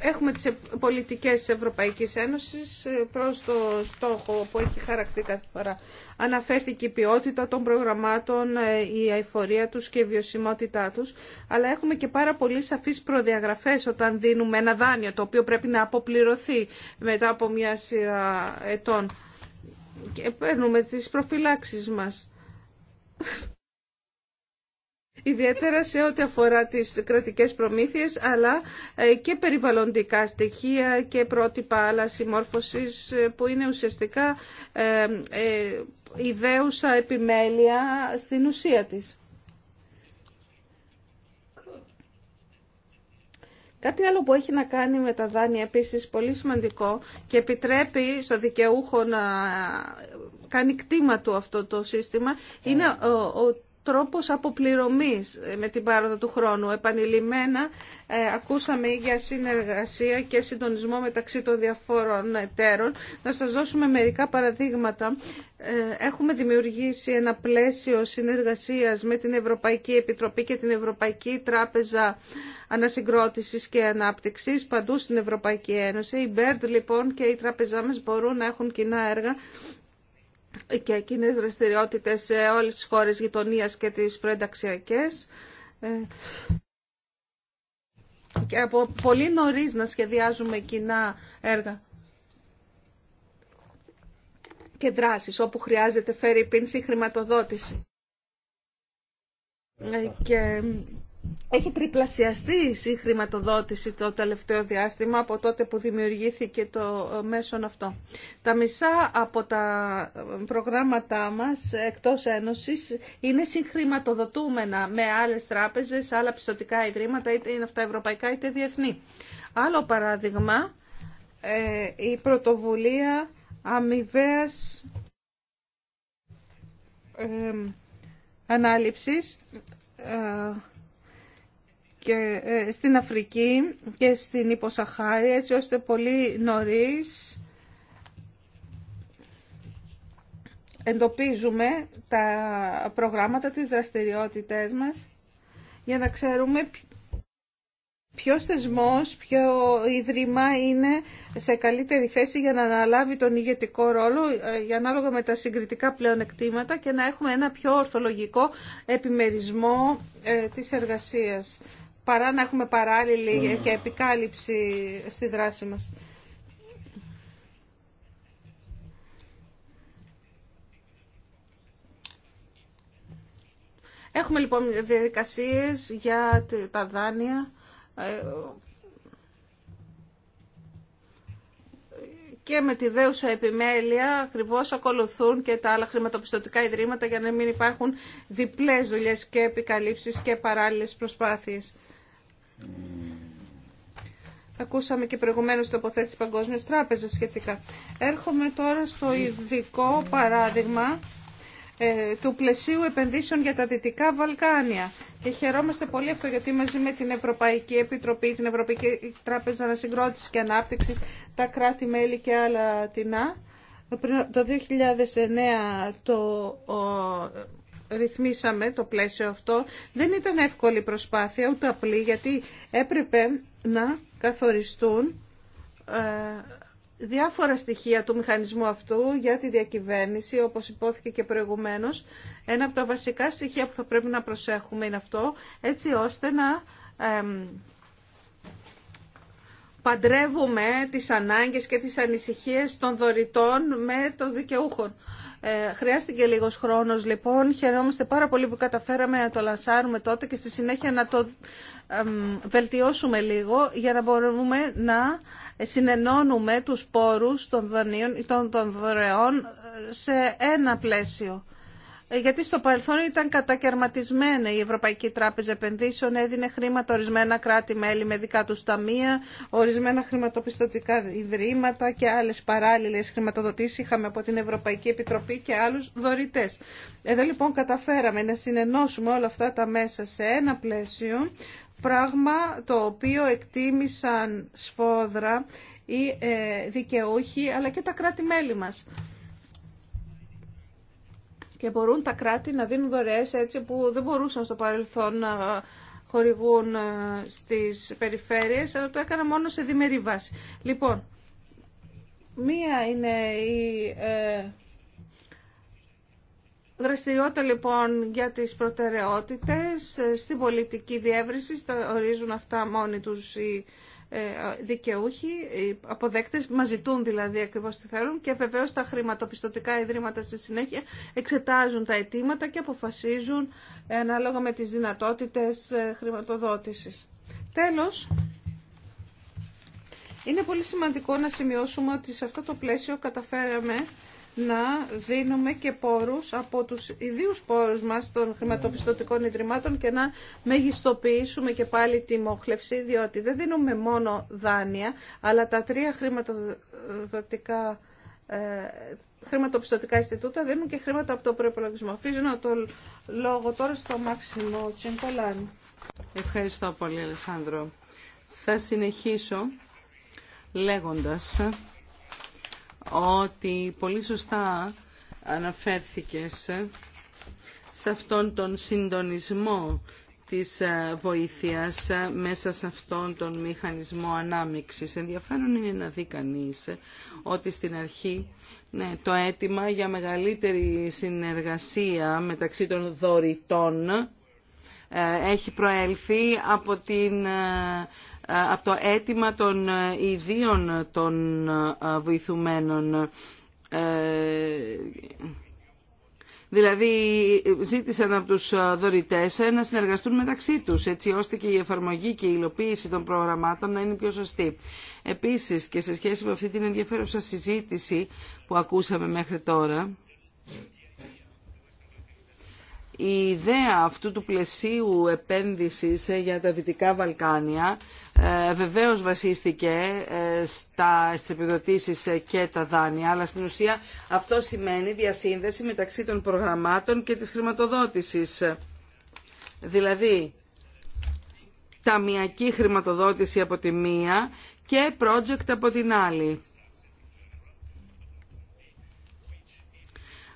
Speaker 3: Έχουμε τις πολιτικές της Ευρωπαϊκής Ένωσης ε, προς το στόχο που έχει χαρακτεί κάθε φορά. Αναφέρθηκε η ποιότητα των προγραμμάτων, ε, η αηφορία τους και η βιωσιμότητά τους, αλλά έχουμε και πάρα πολύ σαφείς προδιαγραφές όταν δίνουμε ένα δάνειο, το οποίο πρέπει να αποπληρωθεί μετά από μια σειρά ετών. Και παίρνουμε τις προφυλάξεις μας ιδιαίτερα σε ό,τι αφορά τις κρατικές προμήθειες, αλλά ε, και περιβαλλοντικά στοιχεία και πρότυπα άλλα συμμόρφωσης ε, που είναι ουσιαστικά ε, ιδέουσα επιμέλεια στην ουσία της. Κάτι άλλο που έχει να κάνει με τα δάνεια επίσης πολύ σημαντικό και επιτρέπει στο δικαιούχο να κάνει κτήμα του αυτό το σύστημα είναι ο τρόπος αποπληρωμής ε, με την πάροδο του χρόνου. Επανειλημμένα ε, ακούσαμε για συνεργασία και συντονισμό μεταξύ των διαφόρων εταίρων. Να σας δώσουμε μερικά παραδείγματα. Ε, έχουμε δημιουργήσει ένα πλαίσιο συνεργασίας με την Ευρωπαϊκή Επιτροπή και την Ευρωπαϊκή Τράπεζα Ανασυγκρότησης και Ανάπτυξης παντού στην Ευρωπαϊκή Ένωση. Η BERD λοιπόν και οι τράπεζά μας μπορούν να έχουν κοινά έργα και κοινέ δραστηριότητε σε όλες τις χώρε γειτονία και τις προενταξιακέ. Ε, και από πολύ νωρί να σχεδιάζουμε κοινά έργα και δράσεις όπου χρειάζεται φέρει πίνση χρηματοδότηση. Ε, και έχει τριπλασιαστεί η χρηματοδότηση το τελευταίο διάστημα από τότε που δημιουργήθηκε το ε, μέσον αυτό. Τα μισά από τα ε, προγράμματά μας εκτός Ένωσης είναι συγχρηματοδοτούμενα με άλλες τράπεζες, άλλα πιστοτικά ιδρύματα, είτε είναι αυτά ευρωπαϊκά είτε διεθνή. Άλλο παράδειγμα, ε, η πρωτοβουλία αμοιβαίας ανάληψης και ε, στην Αφρική και στην Υποσαχάρη έτσι ώστε πολύ νωρίς εντοπίζουμε τα προγράμματα της δραστηριότητές μας για να ξέρουμε ποιο θεσμός, ποιο ίδρυμα είναι σε καλύτερη θέση για να αναλάβει τον ηγετικό ρόλο ε, για ανάλογα με τα συγκριτικά πλεονεκτήματα και να έχουμε ένα πιο ορθολογικό επιμερισμό ε, της εργασίας παρά να έχουμε παράλληλη ναι, ναι. και επικάλυψη στη δράση μας. Έχουμε λοιπόν διαδικασίες για τα δάνεια ε, και με τη δέουσα επιμέλεια ακριβώς ακολουθούν και τα άλλα χρηματοπιστωτικά ιδρύματα για να μην υπάρχουν διπλές δουλειές και επικαλύψεις και παράλληλες προσπάθειες. Ακούσαμε και προηγουμένως τοποθέτηση Παγκόσμιας Τράπεζας σχετικά. Έρχομαι τώρα στο ειδικό παράδειγμα ε, του πλαισίου επενδύσεων για τα Δυτικά Βαλκάνια. Και χαιρόμαστε πολύ αυτό γιατί μαζί με την Ευρωπαϊκή Επιτροπή, την Ευρωπαϊκή Τράπεζα Ανασυγκρότησης και Ανάπτυξης, τα κράτη-μέλη και άλλα τεινά, το 2009 το ρυθμίσαμε το πλαίσιο αυτό. Δεν ήταν εύκολη προσπάθεια, ούτε απλή, γιατί έπρεπε να καθοριστούν ε, διάφορα στοιχεία του μηχανισμού αυτού για τη διακυβέρνηση, όπως υπόθηκε και προηγουμένως. Ένα από τα βασικά στοιχεία που θα πρέπει να προσέχουμε είναι αυτό, έτσι ώστε να ε, παντρεύουμε τις ανάγκες και τις ανησυχίες των δωρητών με των δικαιούχων. Ε, χρειάστηκε λίγος χρόνος λοιπόν, χαιρόμαστε πάρα πολύ που καταφέραμε να το λασάρουμε τότε και στη συνέχεια να το βελτιώσουμε λίγο για να μπορούμε να συνενώνουμε τους πόρους των δανείων ή των, των δωρεών ε, σε ένα πλαίσιο γιατί στο παρελθόν ήταν κατακαιρματισμένα. η Ευρωπαϊκή Τράπεζα Επενδύσεων, έδινε χρήματα ορισμένα κράτη-μέλη με δικά τους ταμεία, ορισμένα χρηματοπιστωτικά ιδρύματα και άλλες παράλληλες χρηματοδοτήσεις είχαμε από την Ευρωπαϊκή Επιτροπή και άλλους δωρητές. Εδώ λοιπόν καταφέραμε να συνενώσουμε όλα αυτά τα μέσα σε ένα πλαίσιο, πράγμα το οποίο εκτίμησαν σφόδρα οι ε, δικαιούχοι αλλά και τα κράτη-μέλη μας και μπορούν τα κράτη να δίνουν δωρεές έτσι που δεν μπορούσαν στο παρελθόν να χορηγούν ε, στις περιφέρειες, αλλά το έκανα μόνο σε διμερή βάση. Λοιπόν, μία είναι η ε, δραστηριότητα λοιπόν για τις προτεραιότητες ε, στην πολιτική διεύρυνση, τα ορίζουν αυτά μόνοι τους οι ε, δικαιούχοι, αποδέκτες, μας ζητούν δηλαδή ακριβώς τι θέλουν και βεβαίως τα χρηματοπιστωτικά ιδρύματα στη συνέχεια εξετάζουν τα αιτήματα και αποφασίζουν ανάλογα με τις δυνατότητες ε, χρηματοδότησης. Τέλος, είναι πολύ σημαντικό να σημειώσουμε ότι σε αυτό το πλαίσιο καταφέραμε να δίνουμε και πόρους από τους ιδίους πόρους μας των χρηματοπιστωτικών ιδρυμάτων και να μεγιστοποιήσουμε και πάλι τη μόχλευση, διότι δεν δίνουμε μόνο δάνεια, αλλά τα τρία χρηματοδοτικά ε, χρηματοπιστωτικά Ινστιτούτα δίνουν και χρήματα από το προπολογισμό. Αφήνω να το λόγο τώρα στο Μάξιμο Τσιμπολάν. Ευχαριστώ πολύ, Αλεσάνδρο. Θα συνεχίσω
Speaker 1: λέγοντας ότι πολύ σωστά αναφέρθηκες σε αυτόν τον συντονισμό της ε, βοήθειας ε, μέσα σε αυτόν τον μηχανισμό ανάμειξης. Ενδιαφέρον είναι να δει κανεί ε, ότι στην αρχή ναι, το αίτημα για μεγαλύτερη συνεργασία μεταξύ των δωρητών έχει προέλθει από την από το αίτημα των ε, ιδίων των ε, βοηθουμένων. Ε, δηλαδή ζήτησαν από τους δωρητές να συνεργαστούν μεταξύ τους, έτσι ώστε και η εφαρμογή και η υλοποίηση των προγραμμάτων να είναι πιο σωστή. Επίσης και σε σχέση με αυτή την ενδιαφέρουσα συζήτηση που ακούσαμε μέχρι τώρα, η ιδέα αυτού του πλαισίου επένδυσης ε, για τα Δυτικά Βαλκάνια ε, βεβαίως βασίστηκε ε, στα, στις και τα δάνεια, αλλά στην ουσία αυτό σημαίνει διασύνδεση μεταξύ των προγραμμάτων και της χρηματοδότησης. Δηλαδή, ταμιακή χρηματοδότηση από τη μία και project από την άλλη.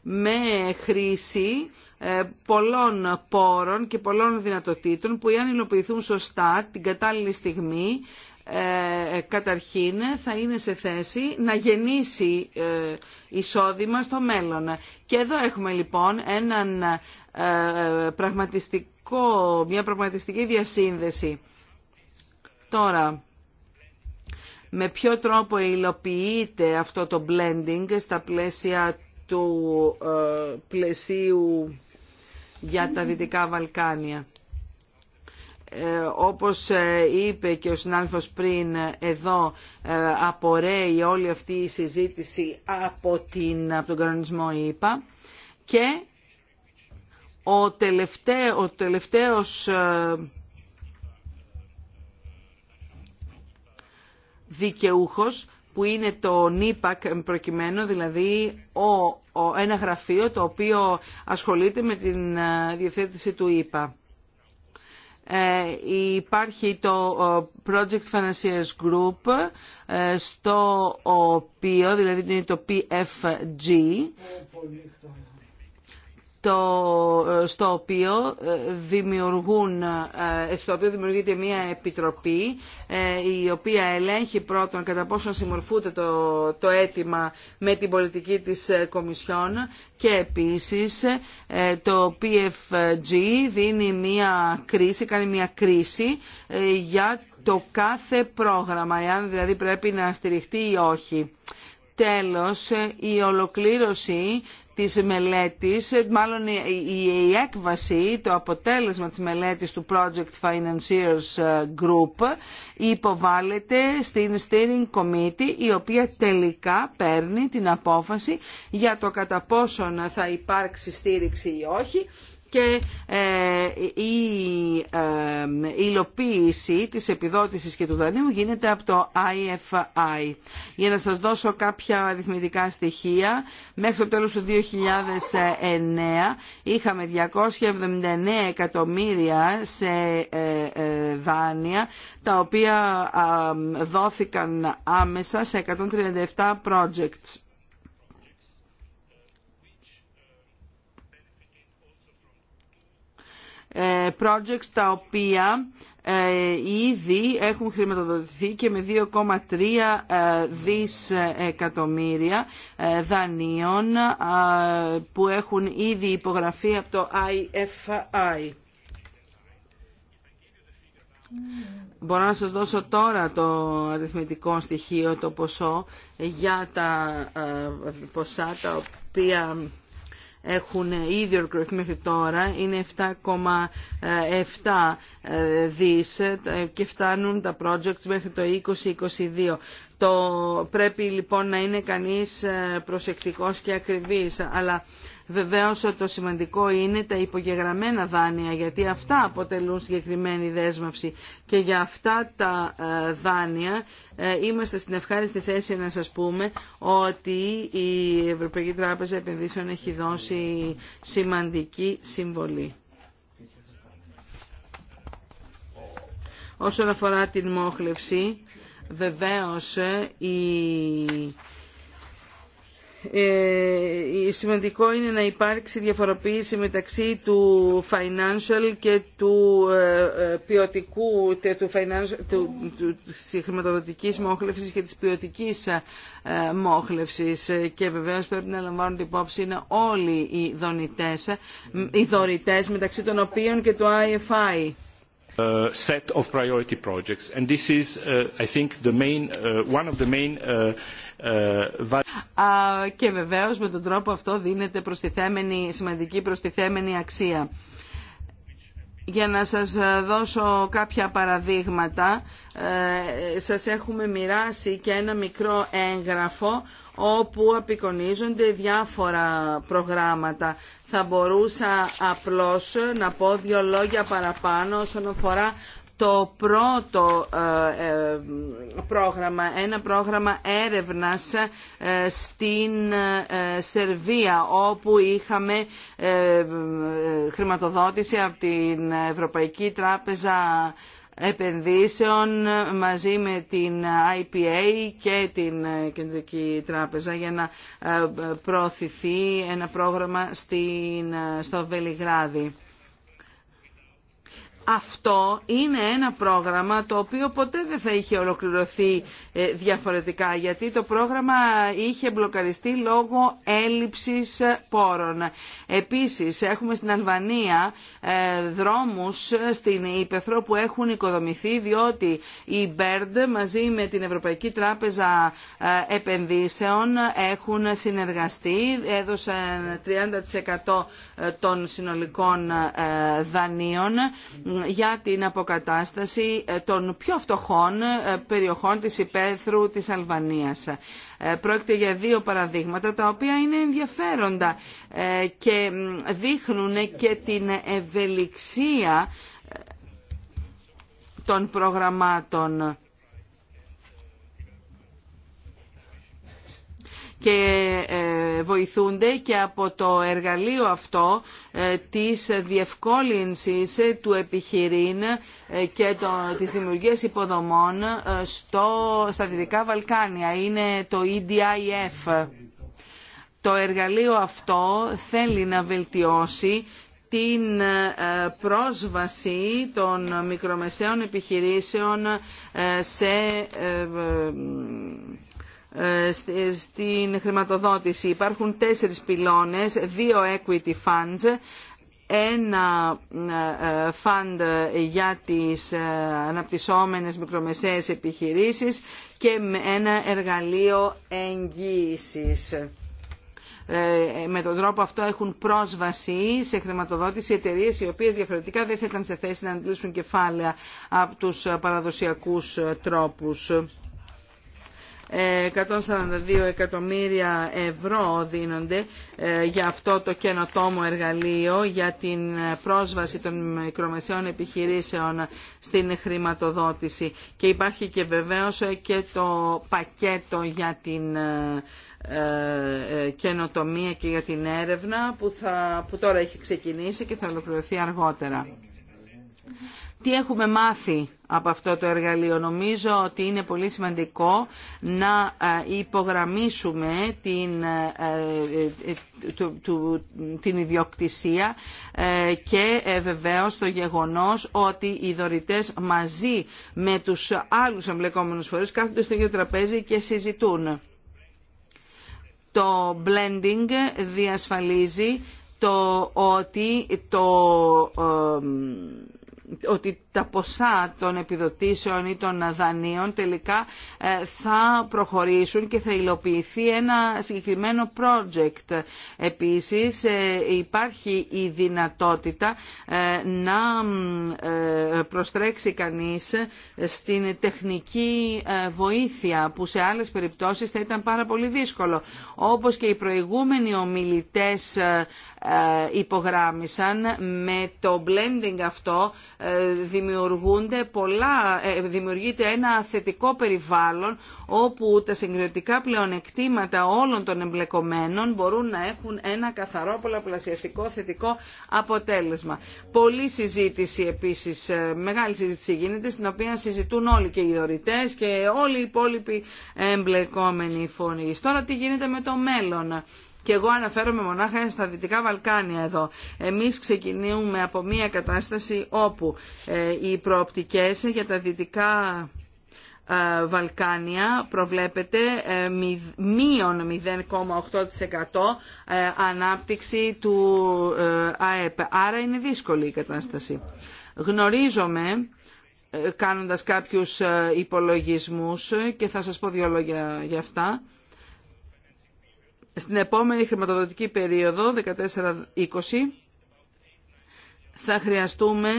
Speaker 1: Με χρήση ε, πολλών πόρων και πολλών δυνατοτήτων που αν υλοποιηθούν σωστά την κατάλληλη στιγμή ε, καταρχήν θα είναι σε θέση να γεννήσει ε, εισόδημα στο μέλλον. Και εδώ έχουμε λοιπόν έναν πραγματιστικό, μια πραγματιστική διασύνδεση. Τώρα, με ποιο τρόπο υλοποιείται αυτό το blending στα πλαίσια του ε, πλαισίου για τα Δυτικά Βαλκάνια. Ε, όπως ε, είπε και ο συνάδελφος πριν εδώ, απορρέει όλη αυτή η συζήτηση από, την, από τον κανονισμό ΕΙΠΑ και ο, τελευταίο, ο τελευταίος δικαιούχος που είναι το NIPAC προκειμένου, δηλαδή ο, ο, ένα γραφείο το οποίο ασχολείται με την ε, διευθέτηση του ΙΠΑ. Ε, υπάρχει το Project Financiers Group, ε, στο οποίο, δηλαδή είναι το PFG, στο οποίο ε, δημιουργούν, ε, στο οποίο δημιουργείται μια επιτροπή ε, η οποία ελέγχει πρώτον κατά πόσο συμμορφούνται το, το αίτημα με την πολιτική της Κομισιόν και επίσης το PFG δίνει μια κρίση, κάνει μια κρίση για το κάθε πρόγραμμα, εάν δηλαδή πρέπει να στηριχτεί ή όχι τέλος η ολοκλήρωση της μελέτης, μάλλον η έκβαση, το αποτέλεσμα της μελέτης του Project Financiers ε, Group υποβάλλεται στην Steering Committee η οποία τελικά παίρνει την απόφαση για το κατά πόσον θα υπάρξει στήριξη ή όχι και ε, ε, η υλοποίηση της επιδότησης και του δανείου γίνεται από το IFI. Για να σας δώσω κάποια αριθμητικά στοιχεία, μέχρι το τέλος του 2009 είχαμε 279 εκατομμύρια σε ε, δάνεια, τα οποία δόθηκαν άμεσα σε 137 projects. projects τα οποία ε, ήδη έχουν χρηματοδοτηθεί και με 2,3 ε, δις ε, εκατομμύρια δανείων που έχουν ήδη υπογραφεί από το IFI. Μπορώ να σας δώσω τώρα το αριθμητικό στοιχείο, το ποσό για τα ποσά τα οποία έχουν ήδη ολοκληρωθεί μέχρι τώρα είναι 7,7 ε, δις ε, και φτάνουν τα projects μέχρι το 2022. Το πρέπει λοιπόν να είναι κανείς ε, προσεκτικός και ακριβής, αλλά βεβαίως το σημαντικό είναι τα υπογεγραμμένα δάνεια, γιατί αυτά αποτελούν συγκεκριμένη δέσμευση και για αυτά τα ε, δάνεια ε, είμαστε στην ευχάριστη θέση να σας πούμε ότι η Ευρωπαϊκή Τράπεζα Επενδύσεων έχει δώσει σημαντική συμβολή. Όσον αφορά την μόχλευση, Βεβαίως ε, ε, η σημαντικό είναι να υπάρξει διαφοροποίηση μεταξύ του financial και του ε, ποιοτικού, του, financial, του, του, της χρηματοδοτικής μόχλευσης και της ποιοτικής μόχλευσης και βεβαίως πρέπει να την υπόψη είναι όλοι οι δονητές, οι δωρητές μεταξύ των οποίων και το IFI. Και βεβαίως με τον τρόπο αυτό δίνεται προστιθέμενη, σημαντική προστιθέμενη αξία. Για να σας ε, δώσω κάποια παραδείγματα, ε, σας έχουμε μοιράσει και ένα μικρό έγγραφο όπου απεικονίζονται διάφορα προγράμματα. Θα μπορούσα απλώς να πω δύο λόγια παραπάνω όσον αφορά το πρώτο ε, ε, πρόγραμμα, ένα πρόγραμμα έρευνας ε, στην Σερβία όπου είχαμε χρηματοδότηση από την Ευρωπαϊκή Τράπεζα επενδύσεων μαζί με την IPA και την Κεντρική Τράπεζα για να ε, προωθηθεί ένα πρόγραμμα στην, ε, στο Βελιγράδι αυτό είναι ένα πρόγραμμα το οποίο ποτέ δεν θα είχε ολοκληρωθεί ε, διαφορετικά γιατί το πρόγραμμα είχε μπλοκαριστεί λόγω έλλειψης πόρων. Επίσης έχουμε στην Αλβανία ε, δρόμους στην Ήπεθρο που έχουν οικοδομηθεί διότι η BERD μαζί με την Ευρωπαϊκή Τράπεζα ε, Επενδύσεων έχουν συνεργαστεί, έδωσαν 30% των συνολικών δανείων για την αποκατάσταση ε, των πιο φτωχών ε, περιοχών της υπαίθρου της Αλβανίας. Ε, πρόκειται για δύο παραδείγματα τα οποία είναι ενδιαφέροντα και δείχνουν και την ευελιξία των προγραμμάτων και ε, βοηθούνται και από το εργαλείο αυτό ε, της διευκόλυνσης του επιχειρήν ε, και το, της δημιουργίας υποδομών στο, στα Δυτικά Βαλκάνια. Είναι το EDIF. Το εργαλείο αυτό θέλει να βελτιώσει την πρόσβαση των μικρομεσαίων επιχειρήσεων σε ε, στην χρηματοδότηση. Υπάρχουν τέσσερις πυλώνες, δύο equity funds, ένα ε, ε, fund για τις αναπτυσσόμενες μικρομεσαίες επιχειρήσεις και ένα εργαλείο εγγύησης. Με τον τρόπο αυτό έχουν πρόσβαση σε χρηματοδότηση εταιρείε οι οποίες διαφορετικά δεν θα ήταν σε θέση να αντλήσουν κεφάλαια από τους παραδοσιακούς τρόπους. 142 εκατομμύρια ευρώ δίνονται ε, για αυτό το καινοτόμο εργαλείο για την ε, πρόσβαση των μικρομεσαίων επιχειρήσεων στην χρηματοδότηση. Και υπάρχει και βεβαίως ε, και το πακέτο για την καινοτομία και για την έρευνα που, που τώρα έχει ξεκινήσει και θα ολοκληρωθεί αργότερα τι έχουμε μάθει από αυτό το εργαλείο. Νομίζω ότι είναι πολύ σημαντικό να ε, υπογραμμίσουμε την, ε, ε, την ιδιοκτησία και βεβαίως το γεγονός ότι οι δωρητές μαζί με τους άλλους εμπλεκόμενους φορείς κάθονται στο ίδιο τραπέζι και συζητούν. Το blending διασφαλίζει το ότι το ότι τα ποσά των επιδοτήσεων ή των δανείων τελικά ε, θα προχωρήσουν και θα υλοποιηθεί ένα συγκεκριμένο project. Επίσης ε, υπάρχει η δυνατότητα ε, να προστρέξει κανείς στην τεχνική βοήθεια που σε άλλες περιπτώσεις θα ήταν πάρα πολύ δύσκολο. Όπως και οι προηγούμενοι ομιλητές υπογράμμισαν με το blending αυτό δημιουργούνται πολλά, ε, δημιουργείται ένα θετικό περιβάλλον όπου τα συγκριτικά πλεονεκτήματα όλων των εμπλεκομένων μπορούν να έχουν ένα καθαρό πολλαπλασιαστικό θετικό αποτέλεσμα. Πολλή συζήτηση επίσης, ε, μεγάλη συζήτηση γίνεται στην οποία συζητούν όλοι και οι δωρητές και όλοι οι υπόλοιποι εμπλεκόμενοι φωνείς. Τώρα τι γίνεται με το μέλλον και εγώ αναφέρομαι μονάχα στα Δυτικά Βαλκάνια εδώ. Εμείς ξεκινούμε από μια κατάσταση όπου ε, οι προοπτικές για τα Δυτικά ε, Βαλκάνια προβλέπεται ε, μείον 0,8% ανάπτυξη του ΑΕΠ. Άρα είναι δύσκολη η κατάσταση. Γνωρίζομαι κάνοντας κάποιους υπολογισμούς και θα σας πω δύο λόγια για αυτά στην επόμενη χρηματοδοτική περίοδο, 14-20, θα χρειαστούμε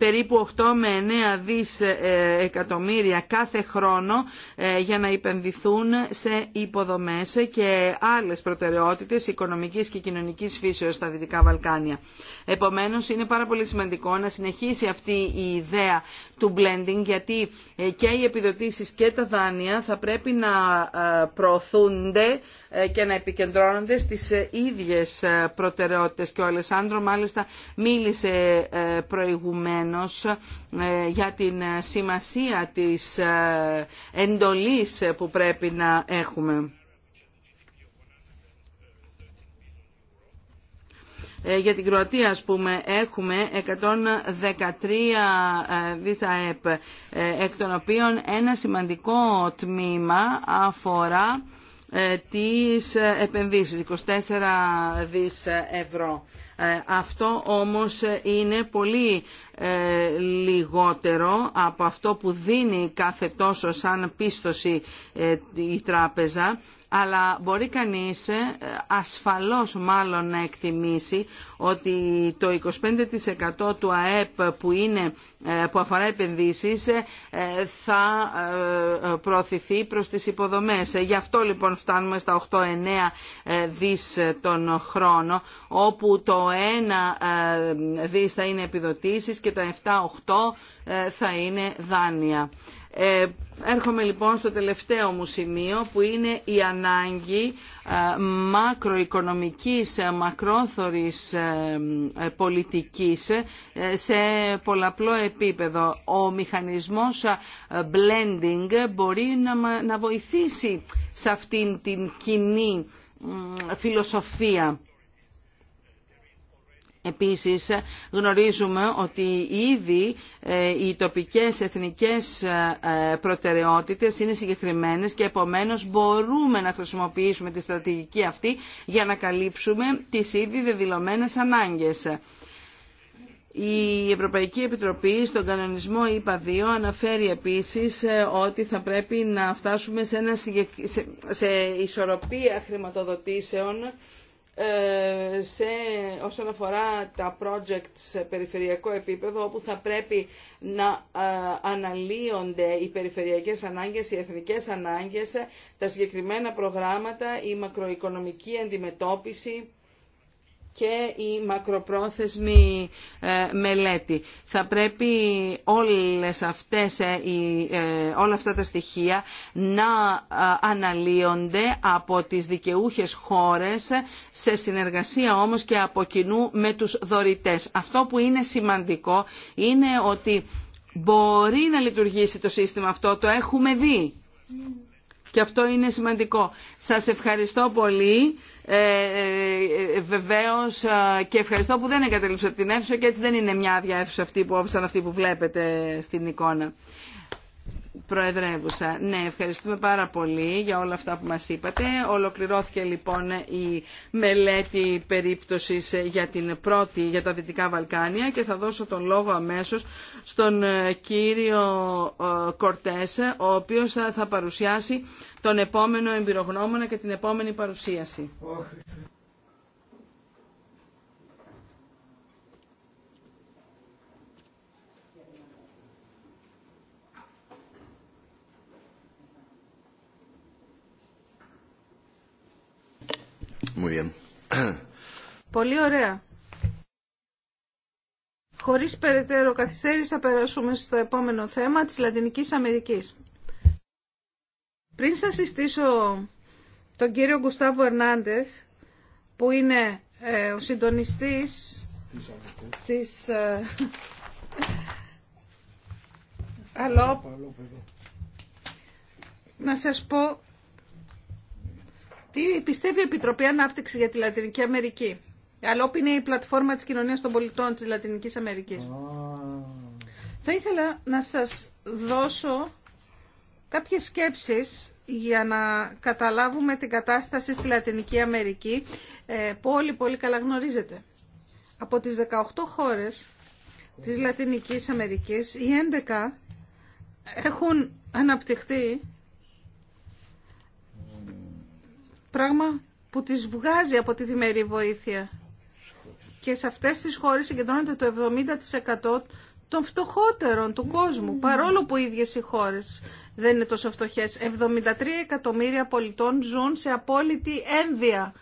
Speaker 1: περίπου 8 με 9 δις ε, εκατομμύρια κάθε χρόνο ε, για να επενδυθούν σε υποδομές και άλλες προτεραιότητες οικονομικής και κοινωνικής φύσεως στα Δυτικά Βαλκάνια. Επομένως, είναι πάρα πολύ σημαντικό να συνεχίσει αυτή η ιδέα του blending, γιατί ε, και οι επιδοτήσεις και τα δάνεια θα πρέπει να προωθούνται και να επικεντρώνονται στις ίδιες προτεραιότητες και ο Αλεσάνδρο μάλιστα μίλησε προηγουμένως ε, για την σημασία της ε, εντολής που πρέπει να έχουμε. Ε, για την Κροατία ας πούμε έχουμε 113 δις εκ των οποίων ένα σημαντικό τμήμα αφορά τις επενδύσεις 24 δις ευρώ. Αυτό όμως είναι πολύ ε, λιγότερο από αυτό που δίνει κάθε τόσο σαν πίστοση ε, η τράπεζα αλλά μπορεί κανείς ε, ασφαλώς μάλλον να εκτιμήσει ότι το 25% του ΑΕΠ που, είναι, που αφορά επενδύσεις θα προωθηθεί προς τις υποδομές. Γι' αυτό λοιπόν φτάνουμε στα 8-9 δις τον χρόνο όπου το 1 δις θα είναι επιδοτήσεις και και τα 7-8 ε, θα είναι δάνεια. Ε, έρχομαι λοιπόν στο τελευταίο μου σημείο που είναι η ανάγκη ε, μακροοικονομικής, μακρόθωρης πολιτικής σε πολλαπλό επίπεδο. Ο μηχανισμός blending μπορεί να βοηθήσει σε αυτήν την κοινή φιλοσοφία Επίσης γνωρίζουμε ότι ήδη ε, οι τοπικές εθνικές ε, προτεραιότητες είναι συγκεκριμένες και επομένως μπορούμε να χρησιμοποιήσουμε τη στρατηγική αυτή για να καλύψουμε τις ήδη δεδηλωμένες ανάγκες. Η Ευρωπαϊκή Επιτροπή στον κανονισμό ΙΠΑ 2 αναφέρει επίσης ε, ότι θα πρέπει να φτάσουμε σε, ένα, σε ισορροπία χρηματοδοτήσεων ε, σε, όσον αφορά τα project σε περιφερειακό επίπεδο όπου θα πρέπει να ε, αναλύονται οι περιφερειακές ανάγκες, οι εθνικές ανάγκες, τα συγκεκριμένα προγράμματα, η μακροοικονομική αντιμετώπιση και η μακροπρόθεσμη ε, μελέτη. Θα πρέπει όλες αυτές, ε, ε, όλα αυτά τα στοιχεία να αναλύονται από τις δικαιούχες χώρες σε συνεργασία όμως και από κοινού με τους δωρητές. Αυτό που είναι σημαντικό είναι ότι μπορεί να λειτουργήσει το σύστημα αυτό, το έχουμε δει. Mm. Και αυτό είναι σημαντικό. Σας ευχαριστώ πολύ. Ε, ε, ε βεβαίως ε, και ευχαριστώ που δεν εγκατέλειψα την αίθουσα και έτσι δεν είναι μια άδεια αίθουσα αυτή που όφησαν αυτή που βλέπετε στην εικόνα. Προεδρεύουσα. Ναι, ευχαριστούμε πάρα πολύ για όλα αυτά που μας είπατε. Ολοκληρώθηκε λοιπόν η μελέτη περίπτωσης για την πρώτη, για τα Δυτικά Βαλκάνια και θα δώσω τον λόγο αμέσως στον ε, κύριο ε, Κορτέσε, ο οποίος θα παρουσιάσει τον επόμενο εμπειρογνώμονα και την επόμενη παρουσίαση.
Speaker 3: Πολύ ωραία. Χωρίς περαιτέρω καθυστέρηση θα περάσουμε στο επόμενο θέμα της Λατινικής Αμερικής. Πριν σας συστήσω τον κύριο Γκουστάβο Ερνάντες, που είναι ε, ο συντονιστής της ε, Αλόπ, να σας πω τι πιστεύει η Επιτροπή Ανάπτυξη για τη Λατινική Αμερική. Αλλά είναι η πλατφόρμα της κοινωνίας των πολιτών της Λατινικής Αμερικής. Θα ήθελα να σας δώσω κάποιες σκέψεις για να καταλάβουμε την κατάσταση στη Λατινική Αμερική ε, που όλοι πολύ καλά γνωρίζετε. Από τις 18 χώρες της Λατινικής Αμερικής, οι 11 έχουν αναπτυχθεί Πράγμα που τις βγάζει από τη διμερή βοήθεια. Και σε αυτές τις χώρες συγκεντρώνεται το 70% των φτωχότερων του κόσμου, παρόλο που οι ίδιες οι χώρες δεν είναι τόσο φτωχές. 73 εκατομμύρια πολιτών ζουν σε απόλυτη ένδυα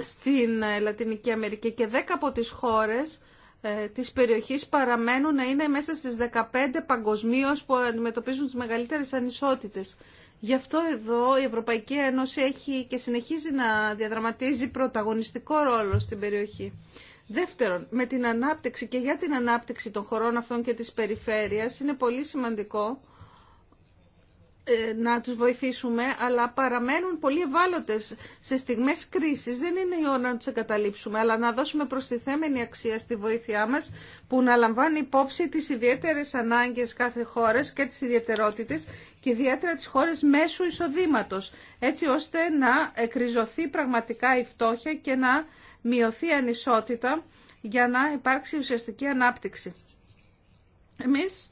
Speaker 3: στην ε, Λατινική Αμερική και 10 από τις χώρες ε, της περιοχής παραμένουν να είναι μέσα στις 15 παγκοσμίω που αντιμετωπίζουν τις μεγαλύτερες ανισότητες. Γι' αυτό εδώ η Ευρωπαϊκή Ένωση έχει και συνεχίζει να διαδραματίζει πρωταγωνιστικό ρόλο στην περιοχή. Δεύτερον, με την ανάπτυξη και για την ανάπτυξη των χωρών αυτών και της περιφέρειας είναι πολύ σημαντικό ε, να τους βοηθήσουμε, αλλά παραμένουν πολύ ευάλωτες σε στιγμές κρίσης. Δεν είναι η ώρα να τους εγκαταλείψουμε, αλλά να δώσουμε προστιθέμενη αξία στη βοήθειά μας, που να λαμβάνει υπόψη τις ιδιαίτερες ανάγκες κάθε χώρας και τις ιδιαιτερότητες και ιδιαίτερα τις χώρες μέσου εισοδήματος, έτσι ώστε να εκριζωθεί πραγματικά η φτώχεια και να μειωθεί η ανισότητα για να υπάρξει ουσιαστική ανάπτυξη. Εμείς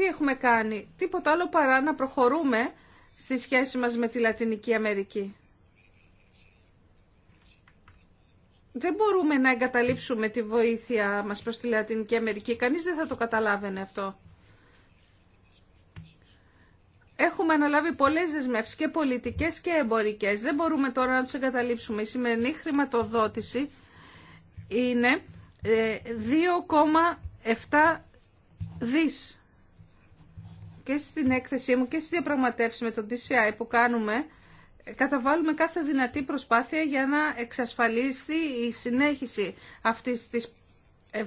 Speaker 3: τι έχουμε κάνει, τίποτα άλλο παρά να προχωρούμε στη σχέση μας με τη Λατινική Αμερική. Δεν μπορούμε να εγκαταλείψουμε τη βοήθεια μας προς τη Λατινική Αμερική. Κανείς δεν θα το καταλάβαινε αυτό. Έχουμε αναλάβει πολλές δεσμεύσεις και πολιτικές και εμπορικές. Δεν μπορούμε τώρα να τους εγκαταλείψουμε. Η σημερινή χρηματοδότηση είναι 2,7 ε, δις και στην έκθεσή μου και στη διαπραγματεύσεις με τον DCI που κάνουμε, καταβάλουμε κάθε δυνατή προσπάθεια για να εξασφαλίσει η συνέχιση αυτής της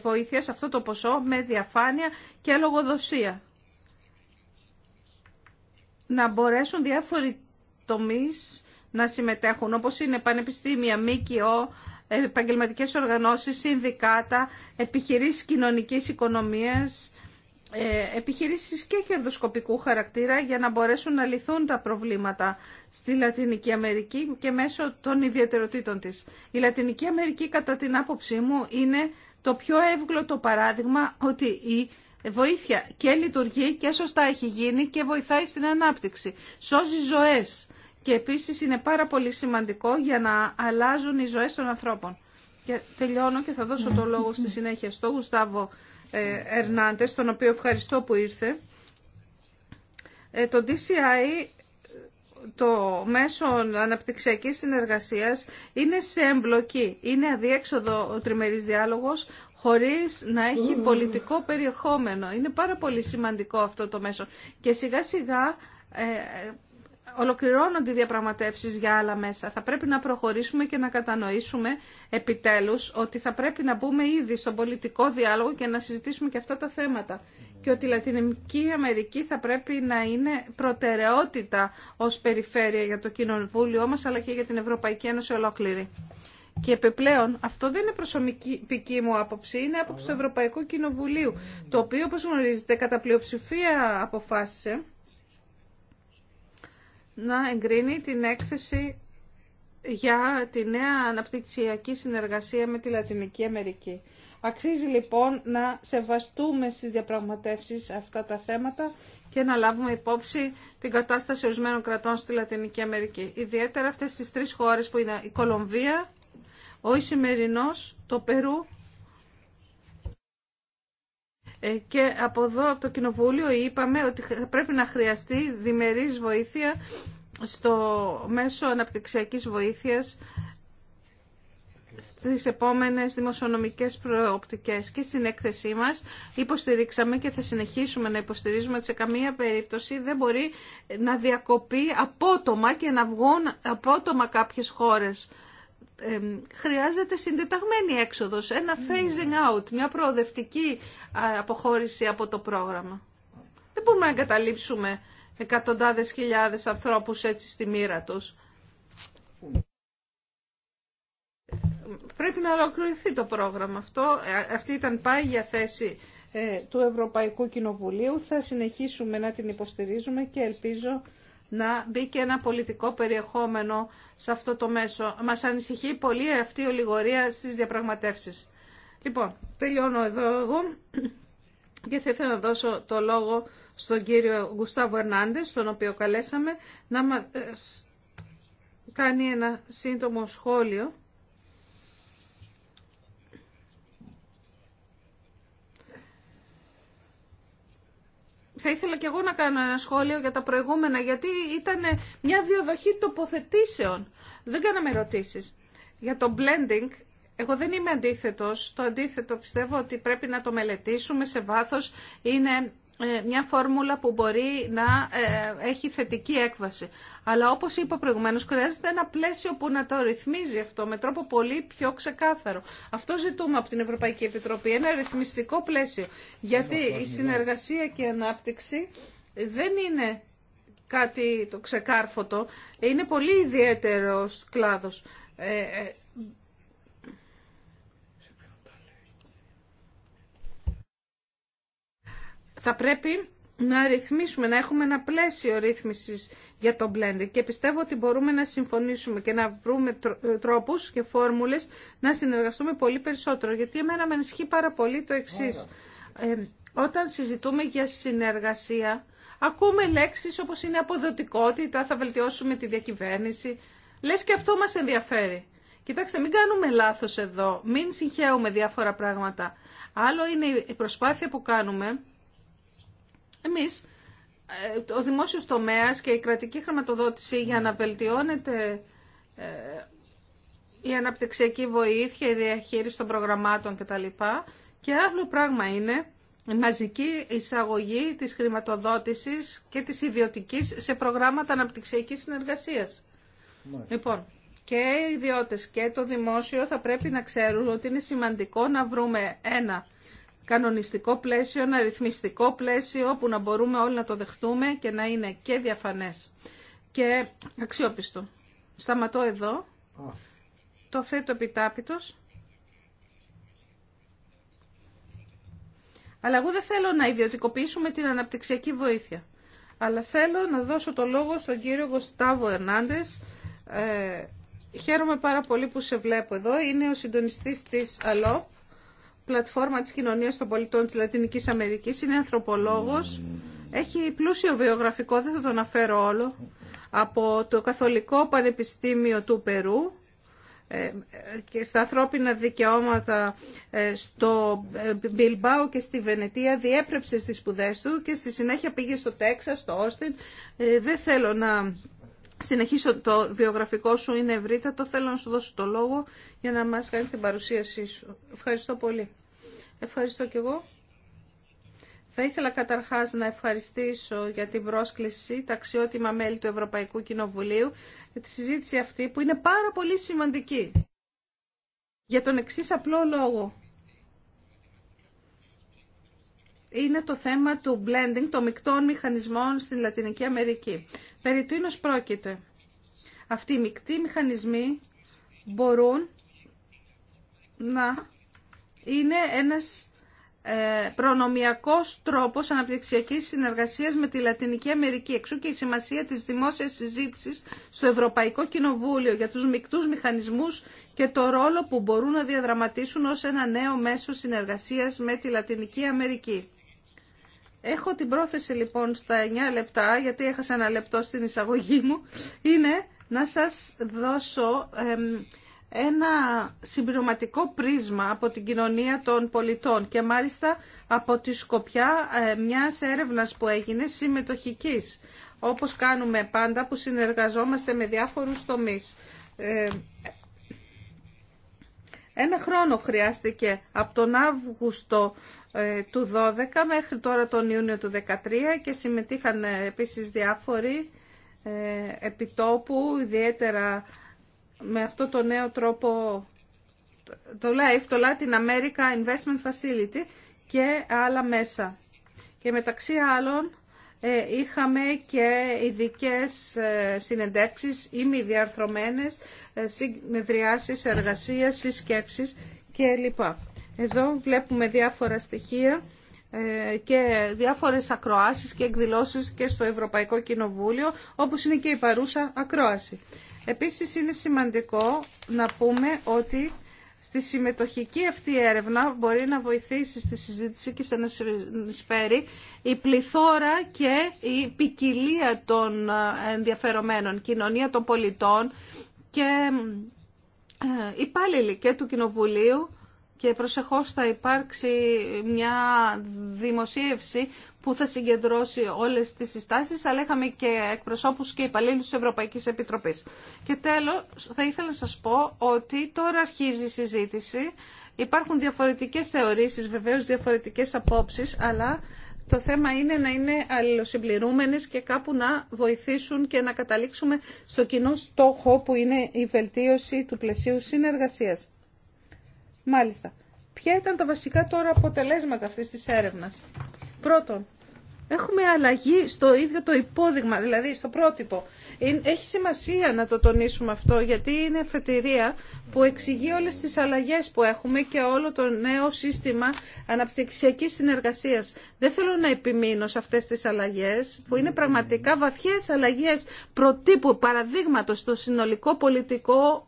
Speaker 3: βοήθειας, αυτό το ποσό, με διαφάνεια και λογοδοσία. Να μπορέσουν διάφοροι τομείς να συμμετέχουν, όπως είναι πανεπιστήμια, ΜΚΟ, επαγγελματικές οργανώσεις, συνδικάτα, επιχειρήσεις κοινωνικής οικονομίας, ε, επιχειρήσεις και κερδοσκοπικού χαρακτήρα για να μπορέσουν να λυθούν τα προβλήματα στη Λατινική Αμερική και μέσω των ιδιαιτεροτήτων της. Η Λατινική Αμερική κατά την άποψή μου είναι το πιο εύγλωτο παράδειγμα ότι η βοήθεια και λειτουργεί και σωστά έχει γίνει και βοηθάει στην ανάπτυξη. Σώζει ζωές και επίσης είναι πάρα πολύ σημαντικό για να αλλάζουν οι ζωές των ανθρώπων. Και τελειώνω και θα δώσω το λόγο στη συνέχεια στο Γουστάβο Ερνάντες, τον οποίο ευχαριστώ που ήρθε. Ε, το DCI, το μέσο αναπτυξιακής συνεργασίας, είναι σε εμπλοκή. Είναι αδίέξοδο ο τριμερής διάλογος, χωρίς να έχει πολιτικό περιεχόμενο. Είναι πάρα πολύ σημαντικό αυτό το μέσο. Και σιγά σιγά ε, ολοκληρώνονται οι διαπραγματεύσεις για άλλα μέσα. Θα πρέπει να προχωρήσουμε και να κατανοήσουμε επιτέλους ότι θα πρέπει να μπούμε ήδη στον πολιτικό διάλογο και να συζητήσουμε και αυτά τα θέματα. Και ότι η Λατινική Αμερική θα πρέπει να είναι προτεραιότητα ως περιφέρεια για το κοινοβούλιο μας αλλά και για την Ευρωπαϊκή Ένωση ολόκληρη. Και επιπλέον, αυτό δεν είναι προσωπική μου άποψη, είναι άποψη του Ευρωπαϊκού Κοινοβουλίου, το οποίο, όπως γνωρίζετε, κατά πλειοψηφία αποφάσισε να εγκρίνει την έκθεση για τη νέα αναπτυξιακή συνεργασία με τη Λατινική Αμερική. Αξίζει λοιπόν να σεβαστούμε στις διαπραγματεύσεις αυτά τα θέματα και να λάβουμε υπόψη την κατάσταση ορισμένων κρατών στη Λατινική Αμερική. Ιδιαίτερα αυτές τις τρεις χώρες που είναι η Κολομβία, ο Ισημερινός, το Περού ε, και από εδώ, από το Κοινοβούλιο, είπαμε ότι πρέπει να χρειαστεί διμερής βοήθεια στο μέσο αναπτυξιακής βοήθειας στις επόμενες δημοσιονομικές προοπτικές και στην έκθεσή μας υποστηρίξαμε και θα συνεχίσουμε να υποστηρίζουμε ότι σε καμία περίπτωση δεν μπορεί να διακοπεί απότομα και να βγουν απότομα κάποιες χώρες χρειάζεται συντεταγμένη έξοδος, ένα ναι. phasing out, μια προοδευτική αποχώρηση από το πρόγραμμα. Δεν μπορούμε να εγκαταλείψουμε εκατοντάδες χιλιάδες ανθρώπους έτσι στη μοίρα τους. Πρέπει να ολοκληρωθεί το πρόγραμμα αυτό. Ε, αυτή ήταν πάει για θέση ε, του Ευρωπαϊκού Κοινοβουλίου. Θα συνεχίσουμε να την υποστηρίζουμε και ελπίζω να μπει και ένα πολιτικό περιεχόμενο σε αυτό το μέσο. Μας ανησυχεί πολύ αυτή η ολιγορία στις διαπραγματεύσεις. Λοιπόν, τελειώνω εδώ εγώ και θα ήθελα να δώσω το λόγο στον κύριο Γκουστάβο Ερνάντες, τον οποίο καλέσαμε, να μας κάνει ένα σύντομο σχόλιο θα ήθελα και εγώ να κάνω ένα σχόλιο για τα προηγούμενα, γιατί ήταν μια διαδοχή τοποθετήσεων. Δεν κάναμε ερωτήσεις. Για το blending, εγώ δεν είμαι αντίθετος. Το αντίθετο πιστεύω ότι πρέπει να το μελετήσουμε σε βάθος. Είναι ε, μια φόρμουλα που μπορεί να ε, έχει θετική έκβαση. Αλλά όπως είπα προηγουμένως, χρειάζεται ένα πλαίσιο που να το ρυθμίζει αυτό με τρόπο πολύ πιο ξεκάθαρο. Αυτό ζητούμε από την Ευρωπαϊκή Επιτροπή, ένα ρυθμιστικό πλαίσιο. Γιατί η συνεργασία και η ανάπτυξη δεν είναι κάτι το ξεκάρφωτο, είναι πολύ ιδιαίτερος κλάδος. Ε, θα πρέπει να ρυθμίσουμε, να έχουμε ένα πλαίσιο ρύθμισης για το blending και πιστεύω ότι μπορούμε να συμφωνήσουμε και να βρούμε ε, τρόπους και φόρμουλες να συνεργαστούμε πολύ περισσότερο γιατί εμένα με ενισχύει πάρα πολύ το εξής. Ε, όταν συζητούμε για συνεργασία ακούμε λέξεις όπως είναι αποδοτικότητα, θα βελτιώσουμε τη διακυβέρνηση. Λες και αυτό μας ενδιαφέρει. Κοιτάξτε, μην κάνουμε λάθος εδώ, μην συγχαίουμε διάφορα πράγματα. Άλλο είναι η προσπάθεια που κάνουμε εμείς, ε, ο δημόσιος τομέας και η κρατική χρηματοδότηση για να βελτιώνεται ε, η αναπτυξιακή βοήθεια, η διαχείριση των προγραμμάτων κτλ. Και άλλο πράγμα είναι η μαζική εισαγωγή της χρηματοδότησης και της ιδιωτικής σε προγράμματα αναπτυξιακής συνεργασίας. Λοιπόν, και οι ιδιώτες και το δημόσιο θα πρέπει να ξέρουν ότι είναι σημαντικό να βρούμε ένα κανονιστικό πλαίσιο, ένα ρυθμιστικό πλαίσιο όπου να μπορούμε όλοι να το δεχτούμε και να είναι και διαφανές και αξιόπιστο. Σταματώ εδώ. Το θέτω επιτάπητος. Αλλά εγώ δεν θέλω να ιδιωτικοποιήσουμε την αναπτυξιακή βοήθεια. Αλλά θέλω να δώσω το λόγο στον κύριο Γκοστάβο Ερνάντες. Ε, χαίρομαι πάρα πολύ που σε βλέπω εδώ. Είναι ο συντονιστής της ΑΛΟΠ πλατφόρμα της κοινωνίας των πολιτών της Λατινικής Αμερικής, είναι ανθρωπολόγος, έχει πλούσιο βιογραφικό, δεν θα το αναφέρω όλο, από το Καθολικό Πανεπιστήμιο του Περού ε, και στα ανθρώπινα δικαιώματα ε, στο ε, Μπιλμπάου και στη Βενετία διέπρεψε στις σπουδές του και στη συνέχεια πήγε στο Τέξας, στο Όστιν. Δεν θέλω να συνεχίσω το βιογραφικό σου, είναι ευρύτατο. Θέλω να σου δώσω το λόγο για να μας κάνεις την παρουσίασή σου. Ευχαριστώ πολύ. Ευχαριστώ κι εγώ. Θα ήθελα καταρχάς να ευχαριστήσω για την πρόσκληση τα αξιότιμα μέλη του Ευρωπαϊκού Κοινοβουλίου για τη συζήτηση αυτή που είναι πάρα πολύ σημαντική. Για τον εξής απλό λόγο. είναι το θέμα του blending των μεικτών μηχανισμών στην Λατινική Αμερική. Περί τίνος πρόκειται. Αυτοί οι μεικτοί μηχανισμοί μπορούν να είναι ένας ε, προνομιακός τρόπος αναπτυξιακής συνεργασίας με τη Λατινική Αμερική. Εξού και η σημασία της δημόσιας συζήτησης στο Ευρωπαϊκό Κοινοβούλιο για τους μικτούς μηχανισμούς και το ρόλο που μπορούν να διαδραματίσουν ως ένα νέο μέσο συνεργασίας με τη Λατινική Αμερική. Έχω την πρόθεση λοιπόν στα 9 λεπτά, γιατί έχασα ένα λεπτό στην εισαγωγή μου, είναι να σας δώσω ένα συμπληρωματικό πρίσμα από την κοινωνία των πολιτών και μάλιστα από τη σκοπιά ε, μιας έρευνας που έγινε συμμετοχικής, όπως κάνουμε πάντα που συνεργαζόμαστε με διάφορους τομείς. Ένα χρόνο χρειάστηκε από τον Αύγουστο ε, του 12 μέχρι τώρα τον Ιούνιο του 13 και συμμετείχαν ε, επίσης διάφοροι ε, επιτόπου, ιδιαίτερα με αυτό το νέο τρόπο το LIFE, το Latin America Investment Facility και άλλα μέσα. Και μεταξύ άλλων είχαμε και ειδικέ συνεντεύξεις ή μη διαρθρωμένες συνεδριάσεις, εργασίας, συσκέψεις κλπ. Εδώ βλέπουμε διάφορα στοιχεία ε, και διάφορες ακροάσεις και εκδηλώσεις και στο Ευρωπαϊκό Κοινοβούλιο, όπως είναι και η παρούσα ακρόαση. Επίσης είναι σημαντικό να πούμε ότι στη συμμετοχική αυτή έρευνα μπορεί να βοηθήσει στη συζήτηση και σε να συνεισφέρει η πληθώρα και η ποικιλία των ε, ενδιαφερομένων, κοινωνία των πολιτών και ε, υπάλληλοι και του Κοινοβουλίου και προσεχώς θα υπάρξει μια δημοσίευση που θα συγκεντρώσει όλες τις συστάσεις, αλλά είχαμε και εκπροσώπους και υπαλλήλους της Ευρωπαϊκής Επιτροπής. Και τέλος, θα ήθελα να σας πω ότι τώρα αρχίζει η συζήτηση. Υπάρχουν διαφορετικές θεωρήσεις, βεβαίως διαφορετικές απόψεις, αλλά το θέμα είναι να είναι αλληλοσυμπληρούμενες και κάπου να βοηθήσουν και να καταλήξουμε στο κοινό στόχο που είναι η βελτίωση του πλαισίου συνεργασίας. Μάλιστα. Ποια ήταν τα βασικά τώρα αποτελέσματα αυτής της έρευνας. Πρώτον, έχουμε αλλαγή στο ίδιο το υπόδειγμα, δηλαδή στο πρότυπο. Έχει σημασία να το τονίσουμε αυτό, γιατί είναι εφετηρία που εξηγεί όλες τις αλλαγές που έχουμε και όλο το νέο σύστημα αναπτυξιακής συνεργασίας. Δεν θέλω να επιμείνω σε αυτές τις αλλαγές, που είναι πραγματικά βαθιές αλλαγές προτύπου, παραδείγματος στο συνολικό πολιτικό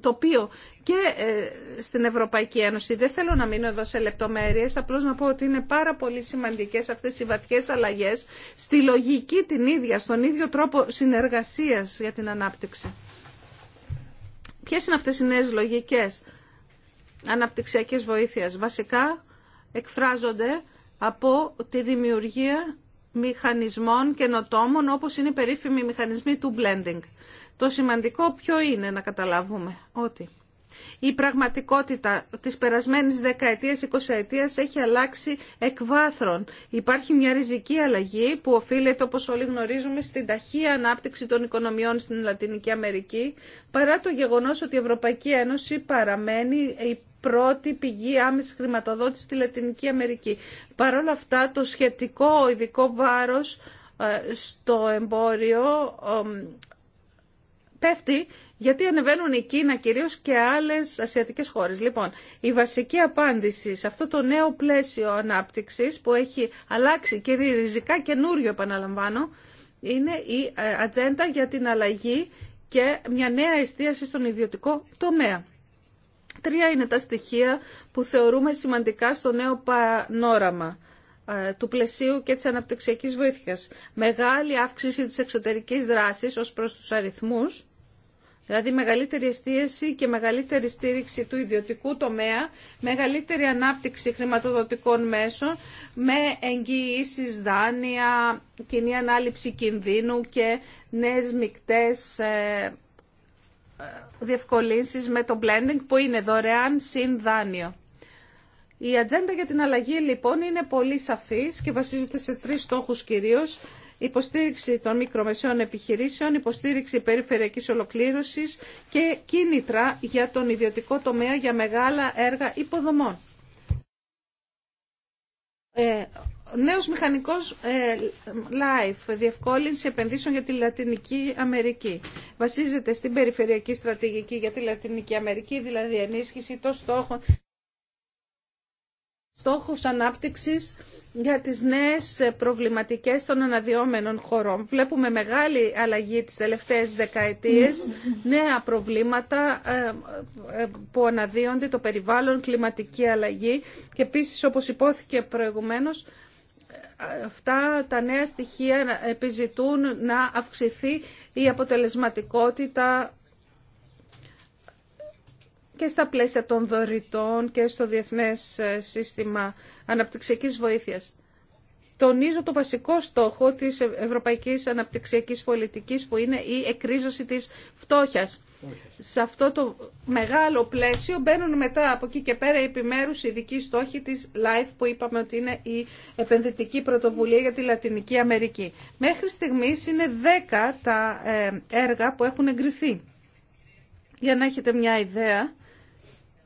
Speaker 3: τοπίο και ε, στην Ευρωπαϊκή Ένωση. Δεν θέλω να μείνω εδώ σε λεπτομέρειες, απλώς να πω ότι είναι πάρα πολύ σημαντικές αυτές οι βαθιές αλλαγές στη λογική την ίδια, στον ίδιο τρόπο συνεργασίας για την ανάπτυξη. Ποιες είναι αυτές οι νέες λογικές αναπτυξιακής βοήθειας. Βασικά εκφράζονται από τη δημιουργία μηχανισμών καινοτόμων όπως είναι οι περίφημοι μηχανισμοί του blending. Το σημαντικό ποιο είναι να καταλάβουμε ότι η πραγματικότητα της περασμένης δεκαετίας, ετίας έχει αλλάξει εκ βάθρων. Υπάρχει μια ριζική αλλαγή που οφείλεται όπως όλοι γνωρίζουμε στην ταχεία ανάπτυξη των οικονομιών στην Λατινική Αμερική παρά το γεγονός ότι η Ευρωπαϊκή Ένωση παραμένει η πρώτη πηγή άμεση χρηματοδότηση στη Λατινική Αμερική. Παρ' όλα αυτά το σχετικό ειδικό βάρος ε, στο εμπόριο ε, ε, πέφτει γιατί ανεβαίνουν η Κίνα κυρίως και άλλε ασιατικέ χώρε. Λοιπόν, η βασική απάντηση σε αυτό το νέο πλαίσιο ανάπτυξη που έχει αλλάξει και ριζικά καινούριο επαναλαμβάνω, είναι η ε, ατζέντα για την αλλαγή και μια νέα εστίαση στον ιδιωτικό τομέα. Τρία είναι τα στοιχεία που θεωρούμε σημαντικά στο νέο πανόραμα ε, του πλαισίου και της αναπτυξιακής βοήθειας. Μεγάλη αύξηση της εξωτερικής δράσης ως προς τους αριθμούς, Δηλαδή μεγαλύτερη εστίαση και μεγαλύτερη στήριξη του ιδιωτικού τομέα, μεγαλύτερη ανάπτυξη χρηματοδοτικών μέσων με εγγυήσει δάνεια, κοινή ανάληψη κινδύνου και νέες μικτές ε, ε, διευκολύνσεις με το blending που είναι δωρεάν συν δάνειο. Η ατζέντα για την αλλαγή λοιπόν είναι πολύ σαφής και βασίζεται σε τρεις στόχους κυρίως υποστήριξη των μικρομεσαίων επιχειρήσεων, υποστήριξη περιφερειακής ολοκλήρωσης και κίνητρα για τον ιδιωτικό τομέα για μεγάλα έργα υποδομών. Ε, νέος μηχανικός ε, LIFE, διευκόλυνση επενδύσεων για τη Λατινική Αμερική. Βασίζεται στην περιφερειακή στρατηγική για τη Λατινική Αμερική, δηλαδή ενίσχυση των στόχων στόχους ανάπτυξης για τις νέες προβληματικές των αναδυόμενων χωρών. Βλέπουμε μεγάλη αλλαγή τις τελευταίες δεκαετίες, νέα προβλήματα ε, ε, που αναδύονται, το περιβάλλον, κλιματική αλλαγή και επίσης όπως υπόθηκε προηγουμένως, αυτά τα νέα στοιχεία επιζητούν να αυξηθεί η αποτελεσματικότητα και στα πλαίσια των δωρητών και στο διεθνές ε, σύστημα αναπτυξιακής βοήθειας. Τονίζω το βασικό στόχο της ε, Ευρωπαϊκής Αναπτυξιακής Πολιτικής που είναι η εκρίζωση της φτώχειας. Σε αυτό το μεγάλο πλαίσιο μπαίνουν μετά από εκεί και πέρα οι επιμέρους ειδικοί στόχοι της LIFE που είπαμε ότι είναι η επενδυτική πρωτοβουλία για τη Λατινική Αμερική. Μέχρι στιγμής είναι 10 τα ε, έργα που έχουν εγκριθεί. Για να έχετε μια ιδέα,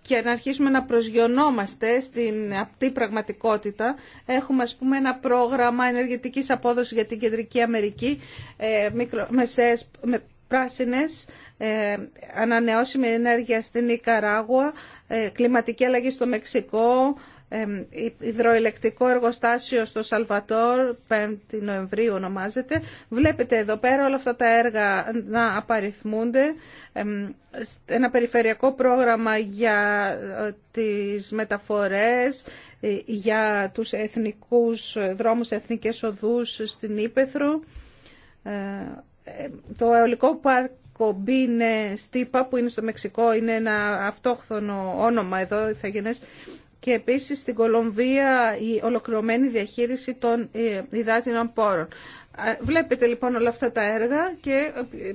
Speaker 3: και να αρχίσουμε να προσγειωνόμαστε στην απτή πραγματικότητα. Έχουμε, ας πούμε, ένα πρόγραμμα ενεργητικής απόδοσης για την Κεντρική Αμερική, ε, μικρο, με πράσινες, ε, ανανεώσιμη ενέργεια στην Ικαράγουα, ε, κλιματική αλλαγή στο Μεξικό, υδροελεκτικό εργοστάσιο στο Σαλβατόρ, Νοεμβρίου ονομάζεται. Βλέπετε εδώ πέρα όλα αυτά τα έργα να απαριθμούνται. Ένα περιφερειακό πρόγραμμα για ε, τις μεταφορές, ε, για τους εθνικούς ε, δρόμους, εθνικές οδούς στην Ήπεθρο. Το αεολικό πάρκο Κομπίνε Στύπα που είναι στο Μεξικό, είναι ένα αυτόχθονο όνομα εδώ, ηθαγενές, και επίσης στην Κολομβία η ολοκληρωμένη διαχείριση των ε, υδάτινων πόρων. Ε, βλέπετε λοιπόν όλα αυτά τα έργα και ε,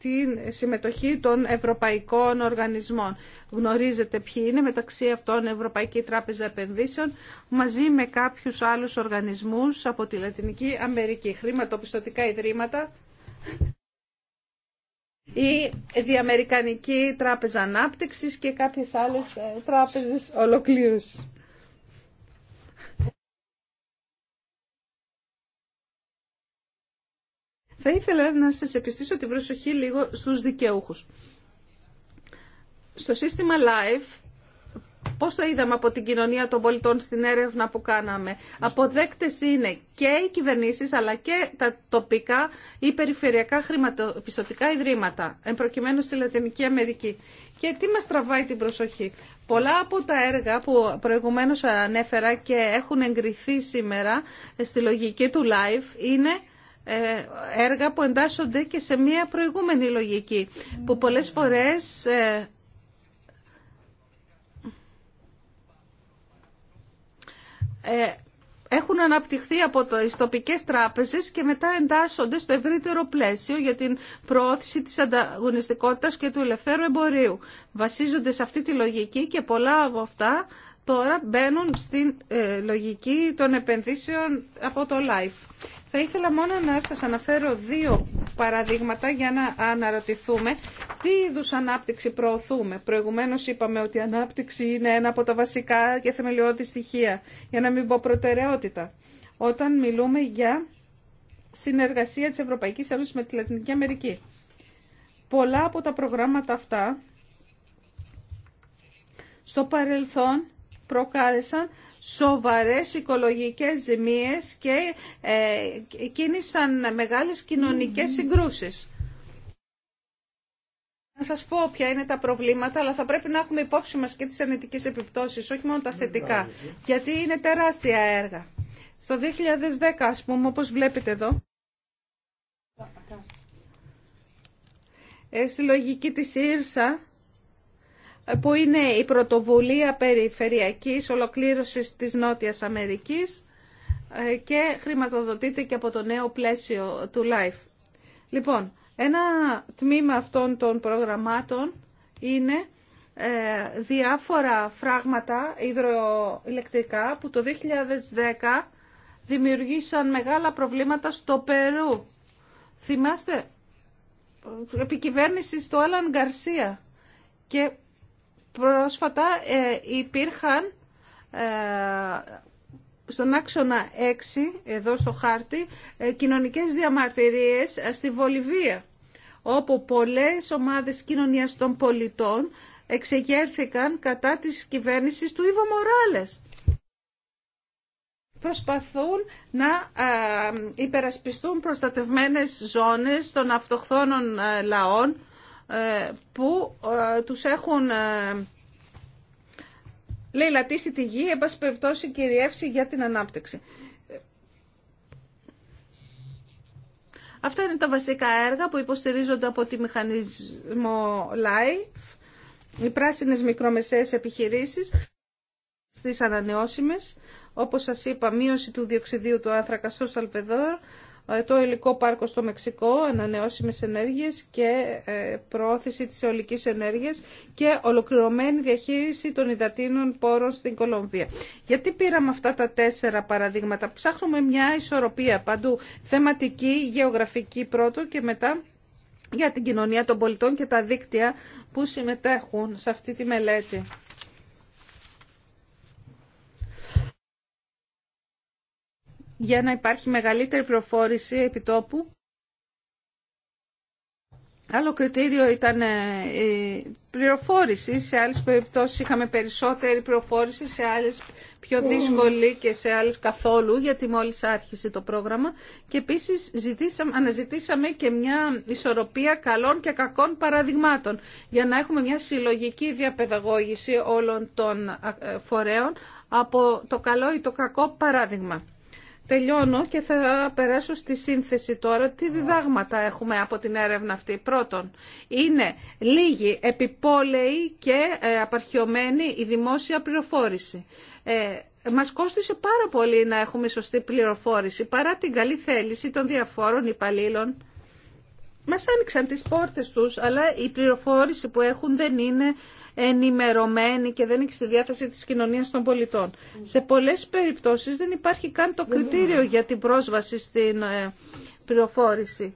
Speaker 3: τη συμμετοχή των ευρωπαϊκών οργανισμών. Γνωρίζετε ποιοι είναι μεταξύ αυτών Ευρωπαϊκή Τράπεζα Επενδύσεων μαζί με κάποιους άλλους οργανισμούς από τη Λατινική Αμερική, χρηματοπιστωτικά ιδρύματα η Διαμερικανική Τράπεζα Ανάπτυξης και κάποιες άλλες ε, τράπεζες ολοκλήρωσης. Θα ήθελα να σας επιστήσω την προσοχή λίγο στους δικαιούχους. Στο σύστημα LIFE Πώ το είδαμε από την κοινωνία των πολιτών στην έρευνα που κάναμε. Αποδέκτες είναι και οι κυβερνήσει, αλλά και τα τοπικά ή περιφερειακά χρηματοπιστωτικά ιδρύματα, εν στη Λατινική Αμερική. Και τι μας τραβάει την προσοχή. Πολλά από τα έργα που προηγουμένω ανέφερα και έχουν εγκριθεί σήμερα στη λογική του live είναι ε, έργα που εντάσσονται και σε μια προηγούμενη λογική που πολλές φορές ε, Ε, έχουν αναπτυχθεί από τις τοπικές τράπεζες και μετά εντάσσονται στο ευρύτερο πλαίσιο για την προώθηση της ανταγωνιστικότητας και του ελευθέρου εμπορίου. Βασίζονται σε αυτή τη λογική και πολλά από αυτά τώρα μπαίνουν στην ε, λογική των επενδύσεων από το LIFE. Θα ήθελα μόνο να σας αναφέρω δύο παραδείγματα για να αναρωτηθούμε τι είδους ανάπτυξη προωθούμε. Προηγουμένως είπαμε ότι η ανάπτυξη είναι ένα από τα βασικά και θεμελιώδη στοιχεία, για να μην πω προτεραιότητα. Όταν μιλούμε για συνεργασία της Ευρωπαϊκής Ένωσης με τη Λατινική Αμερική. Πολλά από τα προγράμματα αυτά στο παρελθόν προκάλεσαν σοβαρές οικολογικές ζημίες και ε, κίνησαν μεγάλες κοινωνικές συγκρούσεις. Να σας πω ποια είναι τα προβλήματα, αλλά θα πρέπει να έχουμε υπόψη μας και τις αρνητικές επιπτώσεις, όχι μόνο τα θετικά, γιατί είναι τεράστια έργα. Στο 2010, ας πούμε, όπως βλέπετε εδώ, ε, στη λογική της Ήρσα, που είναι η πρωτοβουλία περιφερειακής ολοκλήρωσης της Νότιας Αμερικής ε, και χρηματοδοτείται και από το νέο πλαίσιο του LIFE. Λοιπόν, ένα τμήμα αυτών των προγραμμάτων είναι ε, διάφορα φράγματα υδροηλεκτρικά που το 2010 δημιουργήσαν μεγάλα προβλήματα στο Περού. Θυμάστε, επικυβέρνηση στο Έλαν Γκαρσία και Πρόσφατα ε, υπήρχαν ε, στον άξονα 6, εδώ στο χάρτη, ε, κοινωνικές διαμαρτυρίες στη Βολιβία, όπου πολλές ομάδες κοινωνίας των πολιτών εξεγέρθηκαν κατά της κυβέρνησης του Ιβο Μοράλες. Προσπαθούν να υπερασπιστούν προστατευμένες ζώνες των αυτοχθόνων λαών, ε, που ε, τους έχουν ε, λατήσει τη γη, εν πάση περιπτώσει κυριεύσει για την ανάπτυξη. Αυτά είναι τα βασικά έργα που υποστηρίζονται από τη μηχανισμό LIFE, οι πράσινες μικρομεσαίες επιχειρήσεις στις ανανεώσιμες, όπως σας είπα, μείωση του διοξιδίου του άνθρακα στο Σταλπεδόρ, ε, το υλικό πάρκο στο Μεξικό, ανανεώσιμες ενέργειες και ε, προώθηση της αιωλικής ενέργειας και ολοκληρωμένη διαχείριση των υδατίνων πόρων στην Κολομβία. Γιατί πήραμε αυτά τα τέσσερα παραδείγματα. Ψάχνουμε μια ισορροπία παντού, θεματική, γεωγραφική πρώτο και μετά για την κοινωνία των πολιτών και τα δίκτυα που συμμετέχουν σε αυτή τη μελέτη. για να υπάρχει μεγαλύτερη προφόρηση επιτόπου. Άλλο κριτήριο ήταν ε, η πληροφόρηση. Σε άλλες περιπτώσεις είχαμε περισσότερη πληροφόρηση, σε άλλες πιο δύσκολη και σε άλλες καθόλου, γιατί μόλις άρχισε το πρόγραμμα. Και επίσης ζητήσαμε, αναζητήσαμε και μια ισορροπία καλών και κακών παραδειγμάτων, για να έχουμε μια συλλογική διαπαιδαγώγηση όλων των ε, φορέων από το καλό ή το κακό παράδειγμα. Τελειώνω και θα περάσω στη σύνθεση τώρα. Τι διδάγματα έχουμε από την έρευνα αυτή. Πρώτον, είναι λίγη, επιπόλαιη και ε, απαρχιωμένη η δημόσια πληροφόρηση. Ε, μας κόστησε πάρα πολύ να έχουμε σωστή πληροφόρηση, παρά την καλή θέληση των διαφόρων υπαλλήλων. Μας άνοιξαν τις πόρτες τους, αλλά η πληροφόρηση που έχουν δεν είναι ενημερωμένη και δεν έχει στη διάθεση της κοινωνίας των πολιτών. Σε πολλές περιπτώσεις δεν υπάρχει καν το κριτήριο για την πρόσβαση στην ε, πληροφόρηση.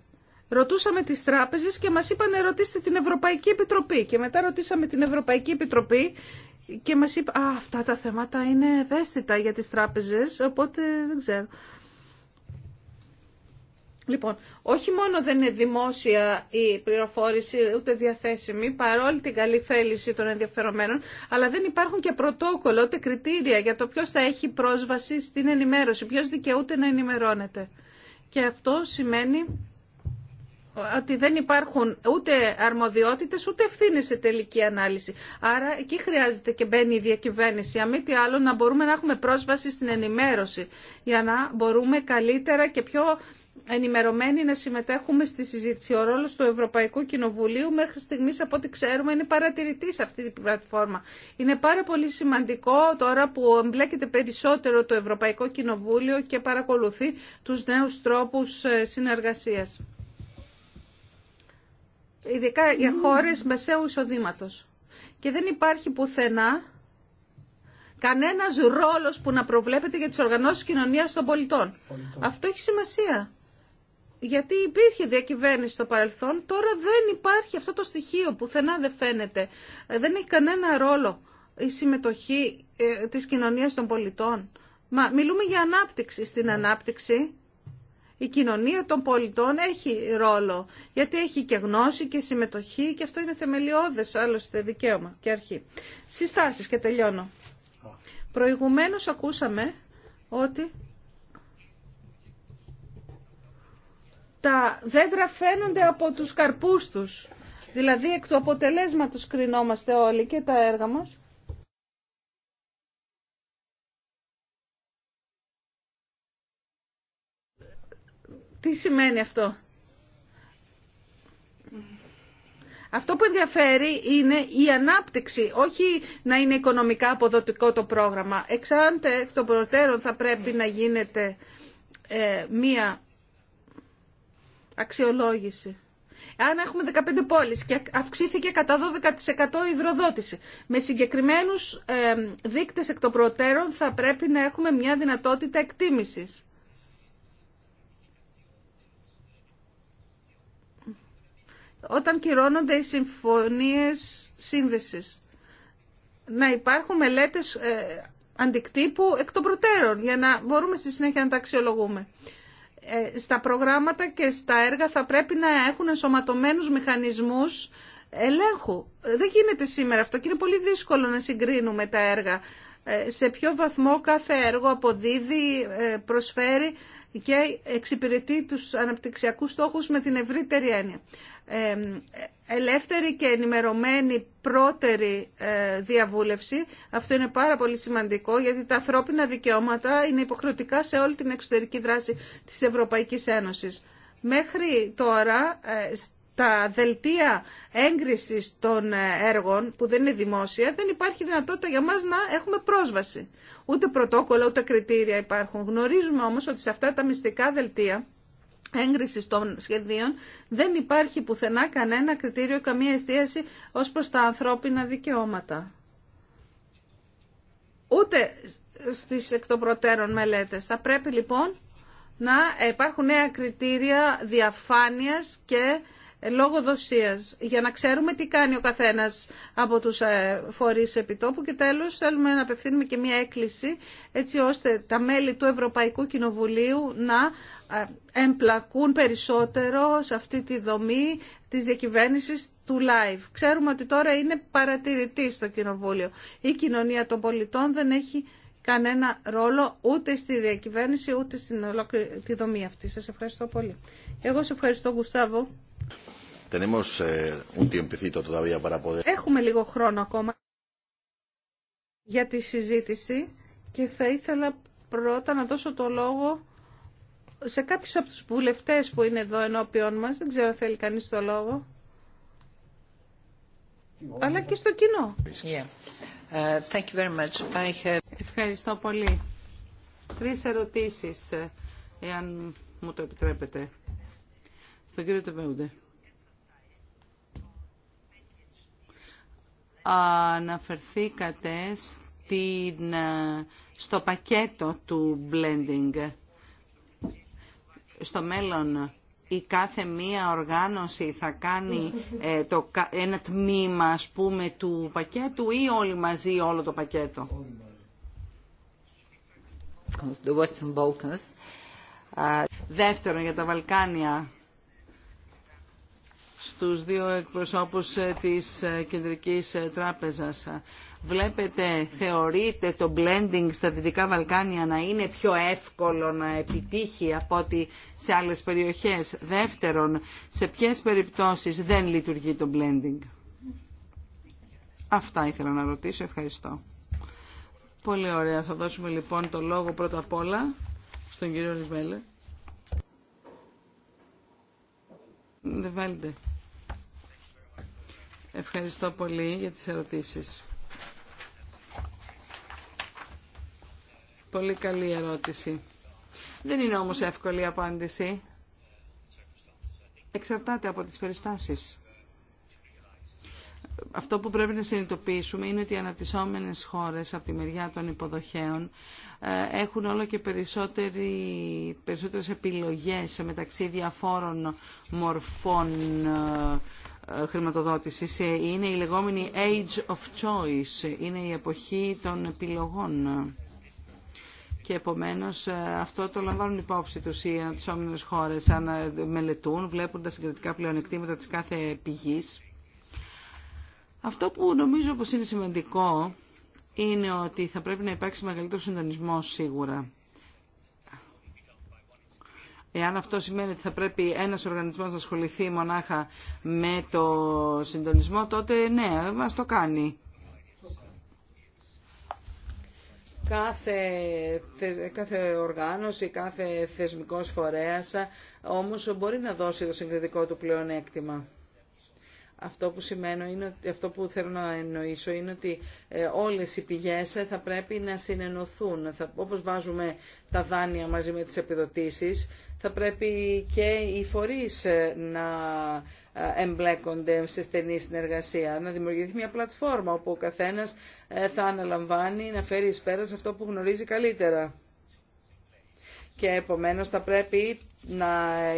Speaker 3: Ρωτούσαμε τις τράπεζες και μας είπαν ρωτήστε την Ευρωπαϊκή Επιτροπή και μετά ρωτήσαμε την Ευρωπαϊκή Επιτροπή και μας είπαν αυτά τα θέματα είναι ευαίσθητα για τις τράπεζες, οπότε δεν ξέρω». Λοιπόν, όχι μόνο δεν είναι δημόσια η πληροφόρηση ούτε διαθέσιμη, παρόλη την καλή θέληση των ενδιαφερομένων, αλλά δεν υπάρχουν και πρωτόκολλα ούτε κριτήρια για το ποιο θα έχει πρόσβαση στην ενημέρωση, ποιο δικαιούται να ενημερώνεται. Και αυτό σημαίνει ότι δεν υπάρχουν ούτε αρμοδιότητες ούτε ευθύνε σε τελική ανάλυση. Άρα εκεί χρειάζεται και μπαίνει η διακυβέρνηση. Αν μη τι άλλο να μπορούμε να έχουμε πρόσβαση στην ενημέρωση για να μπορούμε καλύτερα και πιο ενημερωμένοι να συμμετέχουμε στη συζήτηση. Ο ρόλος του Ευρωπαϊκού Κοινοβουλίου μέχρι στιγμής από ό,τι ξέρουμε είναι παρατηρητής αυτή την πλατφόρμα. Είναι πάρα πολύ σημαντικό τώρα που εμπλέκεται περισσότερο το Ευρωπαϊκό Κοινοβούλιο και παρακολουθεί τους νέους τρόπους ε, συνεργασίας. Ειδικά για χώρες μεσαίου εισοδήματος. Και δεν υπάρχει πουθενά κανένας ρόλος που να προβλέπεται για τις οργανώσεις κοινωνίας των πολιτών. πολιτών. Αυτό έχει σημασία γιατί υπήρχε διακυβέρνηση στο παρελθόν, τώρα δεν υπάρχει αυτό το στοιχείο, πουθενά δεν φαίνεται. Ε, δεν έχει κανένα ρόλο η συμμετοχή ε, της κοινωνίας των πολιτών. Μα μιλούμε για ανάπτυξη. Στην ανάπτυξη η κοινωνία των πολιτών έχει ρόλο, γιατί έχει και γνώση και συμμετοχή και αυτό είναι θεμελιώδες άλλωστε δικαίωμα και αρχή. Συστάσεις και τελειώνω. Προηγουμένως ακούσαμε ότι τα δέντρα φαίνονται από τους καρπούς τους. Δηλαδή εκ του αποτελέσματος κρινόμαστε όλοι και τα έργα μας. Τι σημαίνει αυτό. Αυτό που ενδιαφέρει είναι η ανάπτυξη, όχι να είναι οικονομικά αποδοτικό το πρόγραμμα. Εξάντε εκ των προτέρων θα πρέπει να γίνεται ε, μία αξιολόγηση. Αν έχουμε 15 πόλεις και αυξήθηκε κατά 12% η υδροδότηση, με συγκεκριμένους δείκτες εκ των προτέρων θα πρέπει να έχουμε μια δυνατότητα εκτίμησης. Όταν κυρώνονται οι συμφωνίες σύνδεσης, να υπάρχουν μελέτες ε, αντικτύπου εκ των προτέρων, για να μπορούμε στη συνέχεια να τα αξιολογούμε. Ε, στα προγράμματα και στα έργα θα πρέπει να έχουν ενσωματωμένους μηχανισμούς ελέγχου. Ε, δεν γίνεται σήμερα αυτό και είναι πολύ δύσκολο να συγκρίνουμε τα έργα. Ε, σε ποιο βαθμό κάθε έργο αποδίδει, προσφέρει και εξυπηρετεί τους αναπτυξιακούς στόχους με την ευρύτερη έννοια ελεύθερη και ενημερωμένη πρώτερη ε, διαβούλευση. Αυτό είναι πάρα πολύ σημαντικό γιατί τα ανθρώπινα δικαιώματα είναι υποχρεωτικά σε όλη την εξωτερική δράση της Ευρωπαϊκής Ένωσης. Μέχρι τώρα ε, τα δελτία έγκρισης των ε, έργων που δεν είναι δημόσια δεν υπάρχει δυνατότητα για μας να έχουμε πρόσβαση. Ούτε πρωτόκολλα ούτε κριτήρια υπάρχουν. Γνωρίζουμε όμως ότι σε αυτά τα μυστικά δελτία έγκρισης των σχεδίων δεν υπάρχει πουθενά κανένα κριτήριο, καμία εστίαση ως προς τα ανθρώπινα δικαιώματα. Ούτε στις εκ των προτέρων μελέτες. Θα πρέπει λοιπόν να υπάρχουν νέα κριτήρια διαφάνειας και Λόγω δοσίας, για να ξέρουμε τι κάνει ο καθένας από τους ε, φορείς επιτόπου και τέλος θέλουμε να απευθύνουμε και μια έκκληση έτσι ώστε τα μέλη του Ευρωπαϊκού Κοινοβουλίου να ε, εμπλακούν περισσότερο σε αυτή τη δομή της διακυβέρνησης του live. Ξέρουμε ότι τώρα είναι παρατηρητή στο Κοινοβούλιο. Η κοινωνία των πολιτών δεν έχει κανένα ρόλο ούτε στη διακυβέρνηση ούτε στην ολόκληρη τη δομή αυτή. Σας ευχαριστώ πολύ. Εγώ σε ευχαριστώ Γουστάβο. Eh, Έχουμε λίγο χρόνο ακόμα για τη συζήτηση και θα ήθελα πρώτα να δώσω το λόγο σε κάποιους από τους βουλευτές που είναι εδώ ενώπιον μας. Δεν ξέρω αν θέλει κανείς το λόγο. Αλλά και στο κοινό. Uh, Ευχαριστώ πολύ. Τρεις
Speaker 1: ερωτήσεις, εάν μου το επιτρέπετε. Στον κύριο Τεβέουντε. Αναφερθήκατε στο πακέτο του blending. Στο μέλλον η κάθε μία οργάνωση θα κάνει ε, το, ένα τμήμα ας πούμε του πακέτου ή όλοι μαζί όλο το πακέτο. Δεύτερον για τα Βαλκάνια στους δύο εκπροσώπους ε, της ε, Κεντρικής ε, Τράπεζας. Βλέπετε, θεωρείτε το blending στα Δυτικά Βαλκάνια να είναι πιο εύκολο να επιτύχει από ότι σε άλλες περιοχές. Δεύτερον, σε ποιες περιπτώσεις δεν λειτουργεί το blending. Αυτά ήθελα να
Speaker 3: ρωτήσω. Ευχαριστώ.
Speaker 1: Πολύ ωραία. Θα δώσουμε λοιπόν το λόγο πρώτα απ' όλα στον κύριο Ριβέλε. Ευχαριστώ πολύ για τις ερωτήσεις. Πολύ καλή ερώτηση. Δεν είναι όμως εύκολη απάντηση. Εξαρτάται από τις περιστάσεις αυτό που πρέπει να συνειδητοποιήσουμε είναι ότι οι αναπτυσσόμενες χώρες από τη μεριά των υποδοχέων ε, έχουν όλο και περισσότερες επιλογές μεταξύ διαφόρων μορφών ε, ε, χρηματοδότησης. Είναι η λεγόμενη age of choice, είναι η εποχή των επιλογών. Και επομένως αυτό το λαμβάνουν υπόψη τους οι αναπτυσσόμενες χώρες, αν μελετούν, βλέπουν τα συγκριτικά πλεονεκτήματα της κάθε πηγής αυτό που νομίζω πως είναι σημαντικό είναι ότι θα πρέπει να υπάρξει μεγαλύτερο συντονισμό σίγουρα. Εάν αυτό σημαίνει ότι θα πρέπει ένας οργανισμός να ασχοληθεί μονάχα με το συντονισμό, τότε ναι, μας το κάνει. Κάθε, κάθε οργάνωση, κάθε θεσμικός φορέας όμως μπορεί να δώσει το συγκριτικό του πλεονέκτημα. Αυτό που, σημαίνω είναι, αυτό που θέλω να εννοήσω είναι ότι ε, όλες οι πηγές ε, θα πρέπει να συνενωθούν. Θα, όπως βάζουμε τα δάνεια μαζί με τις επιδοτήσεις, θα πρέπει και οι φορείς ε, να εμπλέκονται σε στενή συνεργασία. Να δημιουργηθεί μια πλατφόρμα όπου ο καθένας θα αναλαμβάνει να φέρει εις αυτό που γνωρίζει καλύτερα και επομένως θα πρέπει να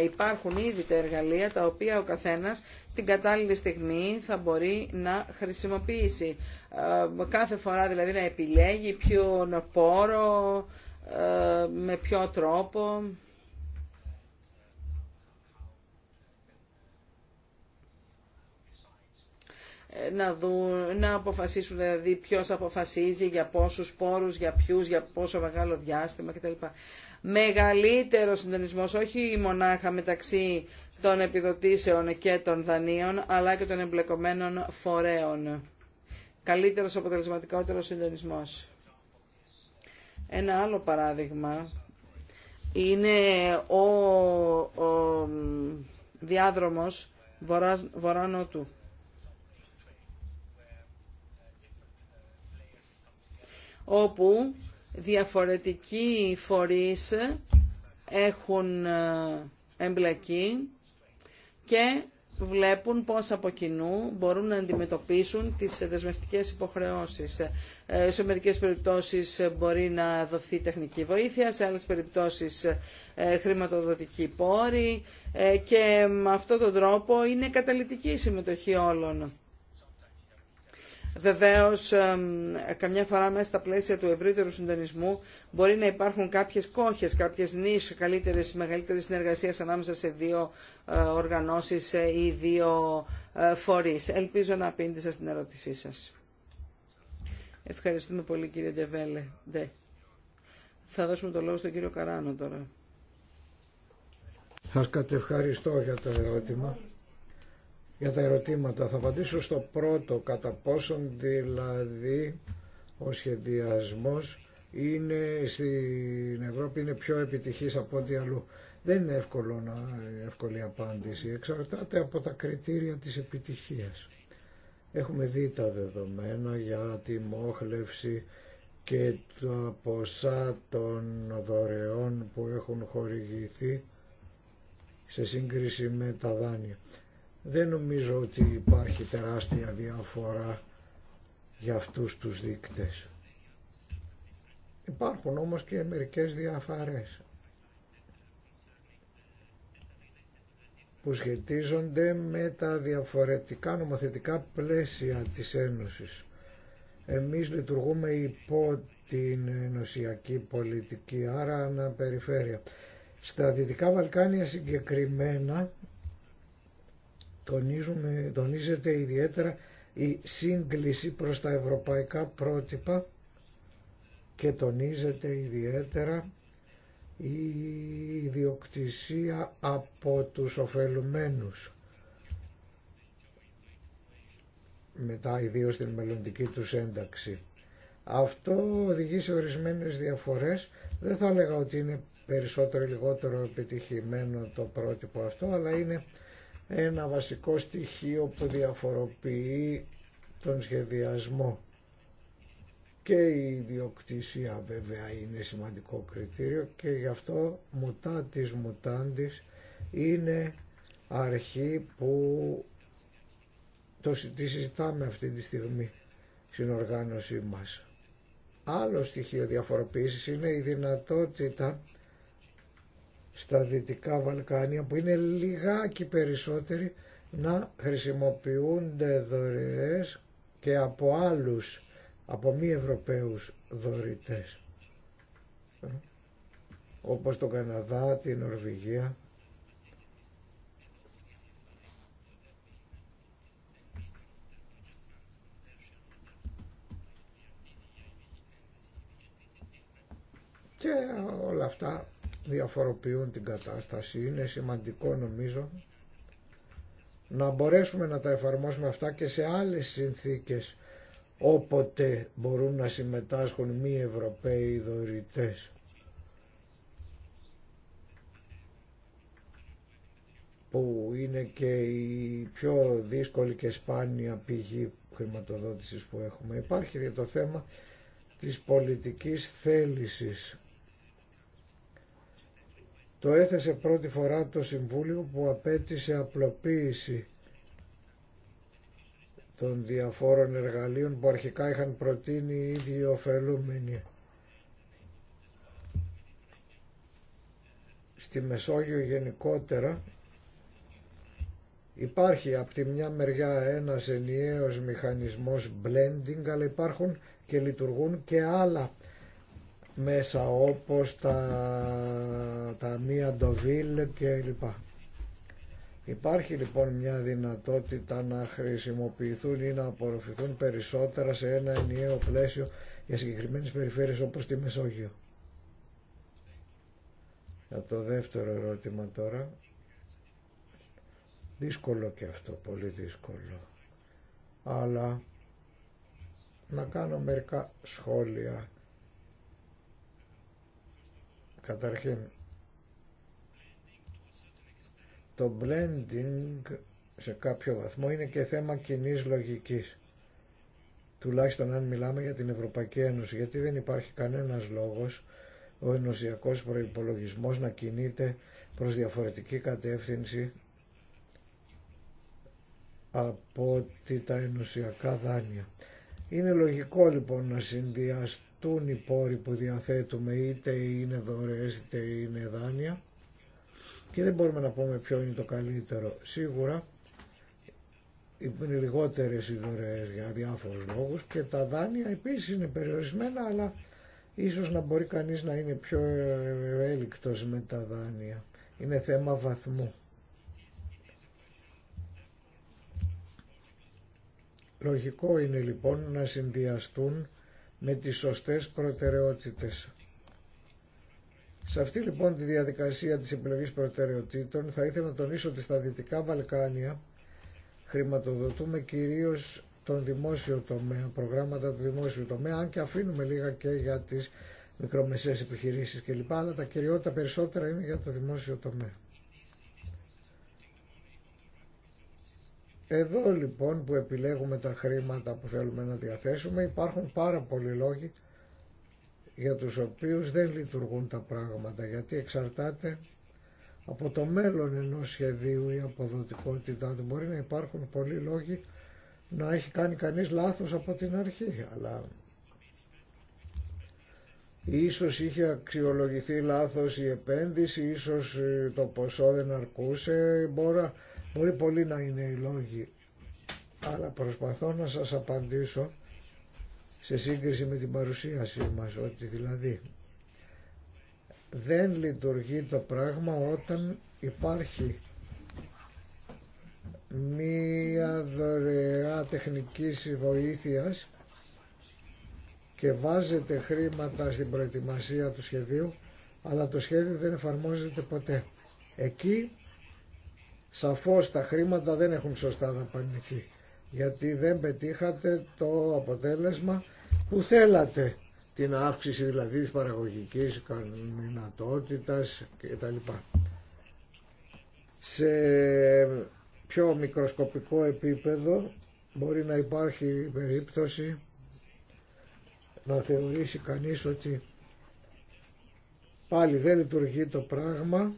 Speaker 1: υπάρχουν ήδη τα εργαλεία τα οποία ο καθένας την κατάλληλη στιγμή θα μπορεί να χρησιμοποιήσει. Ε, κάθε φορά δηλαδή να επιλέγει ποιον πόρο, ε, με ποιο τρόπο. Ε, να, να αποφασίσουν δηλαδή ποιος αποφασίζει για πόσους πόρους, για ποιους, για πόσο μεγάλο διάστημα κτλ μεγαλύτερο συντονισμό, όχι μονάχα μεταξύ των επιδοτήσεων και των δανείων, αλλά και των εμπλεκομένων φορέων. Καλύτερος, αποτελεσματικότερος συντονισμός. Ένα άλλο παράδειγμα είναι ο, ο διάδρομος βορρά-νότου. όπου διαφορετικοί φορείς έχουν ε, εμπλακεί και βλέπουν πώς από κοινού μπορούν να αντιμετωπίσουν τις δεσμευτικές υποχρεώσεις. Ε, σε μερικές περιπτώσεις μπορεί να δοθεί τεχνική βοήθεια, σε άλλες περιπτώσεις ε, χρηματοδοτική πόρη και με αυτόν τον τρόπο είναι καταλητική η συμμετοχή όλων. Βεβαίω, καμιά φορά μέσα στα πλαίσια του ευρύτερου συντονισμού μπορεί να υπάρχουν κάποιες κόχες, κάποιες νήσες καλύτερης, μεγαλύτερης συνεργασίας ανάμεσα σε δύο ε, οργανώσεις ή δύο ε, φορεί. Ελπίζω να απήντησα στην ερώτησή σας. Ευχαριστούμε πολύ κύριε Ντεβέλε. Θα δώσουμε το λόγο στον κύριο Καράνο
Speaker 2: τώρα. Σας κατευχαριστώ για το ερώτημα για τα ερωτήματα. Θα απαντήσω στο πρώτο, κατά πόσον δηλαδή ο σχεδιασμός είναι στην Ευρώπη είναι πιο επιτυχής από ό,τι αλλού. Δεν είναι εύκολο να εύκολη απάντηση, εξαρτάται από τα κριτήρια της επιτυχίας. Έχουμε δει τα δεδομένα για τη μόχλευση και τα ποσά των δωρεών που έχουν χορηγηθεί σε σύγκριση με τα δάνεια. Δεν νομίζω ότι υπάρχει τεράστια διαφορά για αυτούς τους δείκτες. Υπάρχουν όμως και μερικές διαφαρές που σχετίζονται με τα διαφορετικά νομοθετικά πλαίσια της Ένωσης. Εμείς λειτουργούμε υπό την ενωσιακή πολιτική, άρα αναπεριφέρεια. Στα Δυτικά Βαλκάνια συγκεκριμένα τονίζουμε, τονίζεται ιδιαίτερα η σύγκληση προς τα ευρωπαϊκά πρότυπα και τονίζεται ιδιαίτερα η ιδιοκτησία από τους ωφελουμένους μετά ιδίω την μελλοντική τους ένταξη. Αυτό οδηγεί σε ορισμένες διαφορές. Δεν θα έλεγα ότι είναι περισσότερο ή λιγότερο επιτυχημένο το πρότυπο αυτό, αλλά είναι ένα βασικό στοιχείο που διαφοροποιεί τον σχεδιασμό. Και η ιδιοκτησία βέβαια είναι σημαντικό κριτήριο και γι' αυτό μουτά της μουτάντης είναι αρχή που το, συζητάμε αυτή τη στιγμή στην οργάνωσή μας. Άλλο στοιχείο διαφοροποίησης είναι η δυνατότητα στα Δυτικά Βαλκάνια που είναι λιγάκι περισσότεροι να χρησιμοποιούνται δωρεές και από άλλους, από μη Ευρωπαίους δωρητές όπως το Καναδά, την Νορβηγία. Και όλα αυτά διαφοροποιούν την κατάσταση. Είναι σημαντικό νομίζω να μπορέσουμε να τα εφαρμόσουμε αυτά και σε άλλες συνθήκες όποτε μπορούν να συμμετάσχουν μη Ευρωπαίοι δωρητές. που είναι και η πιο δύσκολη και σπάνια πηγή χρηματοδότησης που έχουμε. Υπάρχει για το θέμα της πολιτικής θέλησης το έθεσε πρώτη φορά το Συμβούλιο που απέτησε απλοποίηση των διαφόρων εργαλείων που αρχικά είχαν προτείνει οι ίδιοι ωφελούμενοι. Στη Μεσόγειο γενικότερα υπάρχει από τη μια μεριά ένας ενιαίος μηχανισμός blending αλλά υπάρχουν και λειτουργούν και άλλα μέσα όπως τα ταμεία Ντοβίλ κλπ. Υπάρχει λοιπόν μια δυνατότητα να χρησιμοποιηθούν ή να απορροφηθούν περισσότερα σε ένα ενιαίο πλαίσιο για συγκεκριμένες περιφέρειες όπως τη Μεσόγειο. Για το δεύτερο ερώτημα τώρα. Δύσκολο και αυτό, πολύ δύσκολο. Αλλά να κάνω μερικά σχόλια. Καταρχήν, το blending σε κάποιο βαθμό είναι και θέμα κοινή λογικής τουλάχιστον αν μιλάμε για την Ευρωπαϊκή Ένωση γιατί δεν υπάρχει κανένας λόγος ο ενωσιακός προϋπολογισμός να κινείται προς διαφορετική κατεύθυνση από ότι τα ενωσιακά δάνεια. Είναι λογικό λοιπόν να συνδυαστούν οι πόροι που διαθέτουμε είτε είναι δωρεές είτε είναι δάνεια και δεν μπορούμε να πούμε ποιο είναι το καλύτερο. Σίγουρα είναι λιγότερε οι δωρεέ για διάφορου λόγους και τα δάνεια επίσης είναι περιορισμένα αλλά ίσως να μπορεί κανείς να είναι πιο ευέλικτο με τα δάνεια. Είναι θέμα βαθμού. Λογικό είναι λοιπόν να συνδυαστούν με τις σωστές προτεραιότητες. Σε αυτή λοιπόν τη διαδικασία της επιλογής προτεραιοτήτων θα ήθελα να τονίσω ότι στα Δυτικά Βαλκάνια χρηματοδοτούμε κυρίως τον δημόσιο τομέα, προγράμματα του δημόσιου τομέα, αν και αφήνουμε λίγα και για τις μικρομεσαίες επιχειρήσεις κλπ. Αλλά τα κυριότητα περισσότερα είναι για το δημόσιο τομέα. Εδώ λοιπόν που επιλέγουμε τα χρήματα που θέλουμε να διαθέσουμε υπάρχουν πάρα πολλοί λόγοι για τους οποίους δεν λειτουργούν τα πράγματα γιατί εξαρτάται από το μέλλον ενός σχεδίου η αποδοτικότητά του. Μπορεί να υπάρχουν πολλοί λόγοι να έχει κάνει κανείς λάθος από την αρχή, αλλά ίσως είχε αξιολογηθεί λάθος η επένδυση, ίσως ε, το ποσό δεν αρκούσε, μπορεί, μπορεί πολύ να είναι οι λόγοι. Αλλά προσπαθώ να σας απαντήσω σε σύγκριση με την παρουσίασή μας ότι δηλαδή δεν λειτουργεί το πράγμα όταν υπάρχει μία δωρεά τεχνικής βοήθειας και βάζετε χρήματα στην προετοιμασία του σχεδίου αλλά το σχέδιο δεν εφαρμόζεται ποτέ. Εκεί σαφώς τα χρήματα δεν έχουν σωστά δαπανηθεί γιατί δεν πετύχατε το αποτέλεσμα που θέλατε την αύξηση δηλαδή της παραγωγικής τα κτλ. Σε πιο μικροσκοπικό επίπεδο μπορεί να υπάρχει περίπτωση να θεωρήσει κανείς ότι πάλι δεν λειτουργεί το πράγμα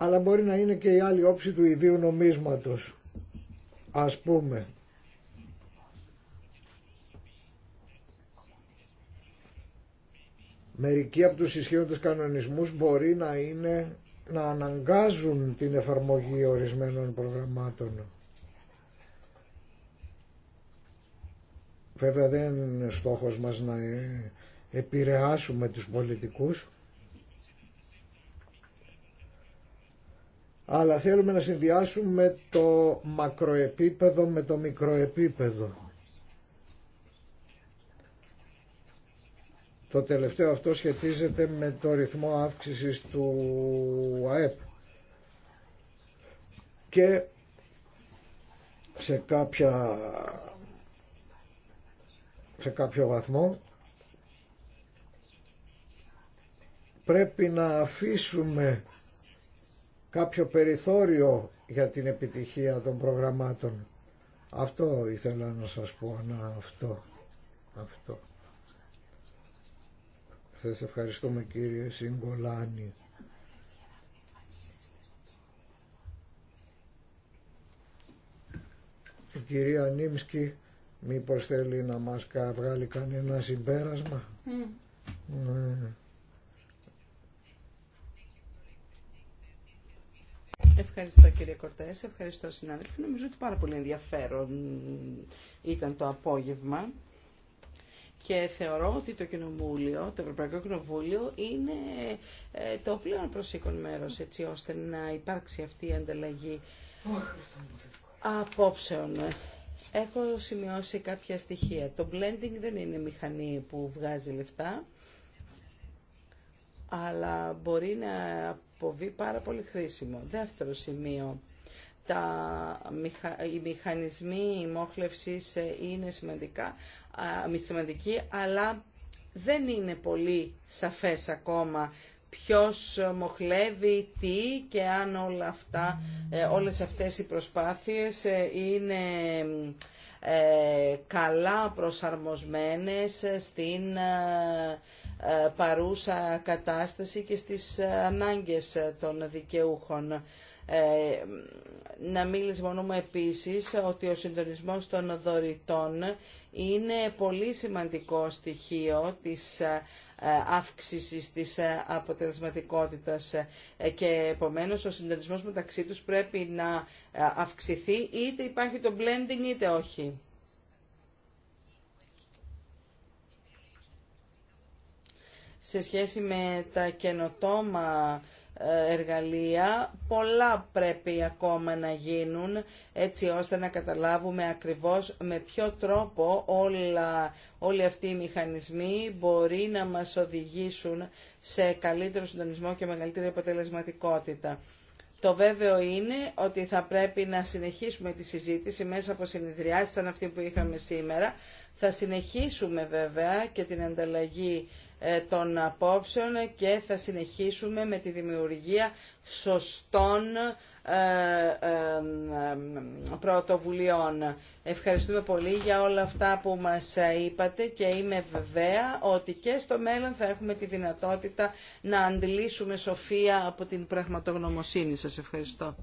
Speaker 2: αλλά μπορεί να είναι και η άλλη όψη του ιδίου νομίσματος ας πούμε μερικοί από τους ισχύοντες κανονισμούς μπορεί να είναι να αναγκάζουν την εφαρμογή ορισμένων προγραμμάτων. Βέβαια δεν είναι στόχος μας να επηρεάσουμε τους πολιτικούς, αλλά θέλουμε να συνδυάσουμε το μακροεπίπεδο με το μικροεπίπεδο. Το τελευταίο αυτό σχετίζεται με το ρυθμό αύξησης του ΑΕΠ και σε, κάποια, σε κάποιο βαθμό πρέπει να αφήσουμε κάποιο περιθώριο για την επιτυχία των προγραμμάτων. Αυτό ήθελα να σας πω, να αυτό. αυτό. Σας ευχαριστούμε κύριε Συγκολάνη. Η κυρία Νίμσκι μήπως θέλει να μας βγάλει κανένα συμπέρασμα. Mm. Ναι.
Speaker 3: Ευχαριστώ κύριε Κορτές, ευχαριστώ
Speaker 1: συνάδελφοι. Νομίζω ότι πάρα πολύ ενδιαφέρον ήταν το απόγευμα και θεωρώ ότι το Κοινοβούλιο, το Ευρωπαϊκό Κοινοβούλιο είναι ε, το πλέον προσήκον μέρος έτσι ώστε να υπάρξει αυτή η ανταλλαγή απόψεων. Έχω σημειώσει κάποια στοιχεία. Το blending δεν είναι μηχανή που βγάζει λεφτά αλλά μπορεί να εκπομπή πάρα πολύ χρήσιμο. Δεύτερο σημείο, τα, οι μηχανισμοί μόχλευσης ε, είναι σημαντικά, σημαντικοί, αλλά δεν είναι πολύ σαφές ακόμα ποιος μοχλεύει τι και αν όλα αυτά, ε, όλες αυτές οι προσπάθειες ε, είναι καλά προσαρμοσμένες στην ε, παρούσα κατάσταση και στις ε, ανάγκες ε, των δικαιούχων. Να μην λησμονούμε επίσης ότι ο συντονισμός των δωρητών είναι πολύ σημαντικό στοιχείο της αύξησης της αποτελεσματικότητας και επομένως ο συντονισμός μεταξύ τους πρέπει να αυξηθεί είτε υπάρχει το blending είτε όχι. σε σχέση με τα καινοτόμα ε, εργαλεία. Πολλά πρέπει ακόμα να γίνουν έτσι ώστε να καταλάβουμε ακριβώς με ποιο τρόπο όλα, όλοι αυτοί οι μηχανισμοί μπορεί να μας οδηγήσουν σε καλύτερο συντονισμό και μεγαλύτερη αποτελεσματικότητα. Το βέβαιο είναι ότι θα πρέπει να συνεχίσουμε τη συζήτηση μέσα από συνεδριάσεις σαν αυτή που είχαμε σήμερα. Θα συνεχίσουμε βέβαια και την ανταλλαγή ε, των απόψεων και θα συνεχίσουμε με τη δημιουργία σωστών ε, ε, πρωτοβουλειών. Ευχαριστούμε πολύ για όλα αυτά που μας είπατε και είμαι βεβαία ότι και στο μέλλον θα έχουμε τη δυνατότητα να αντιλήσουμε σοφία από την πραγματογνωμοσύνη. Σας ευχαριστώ.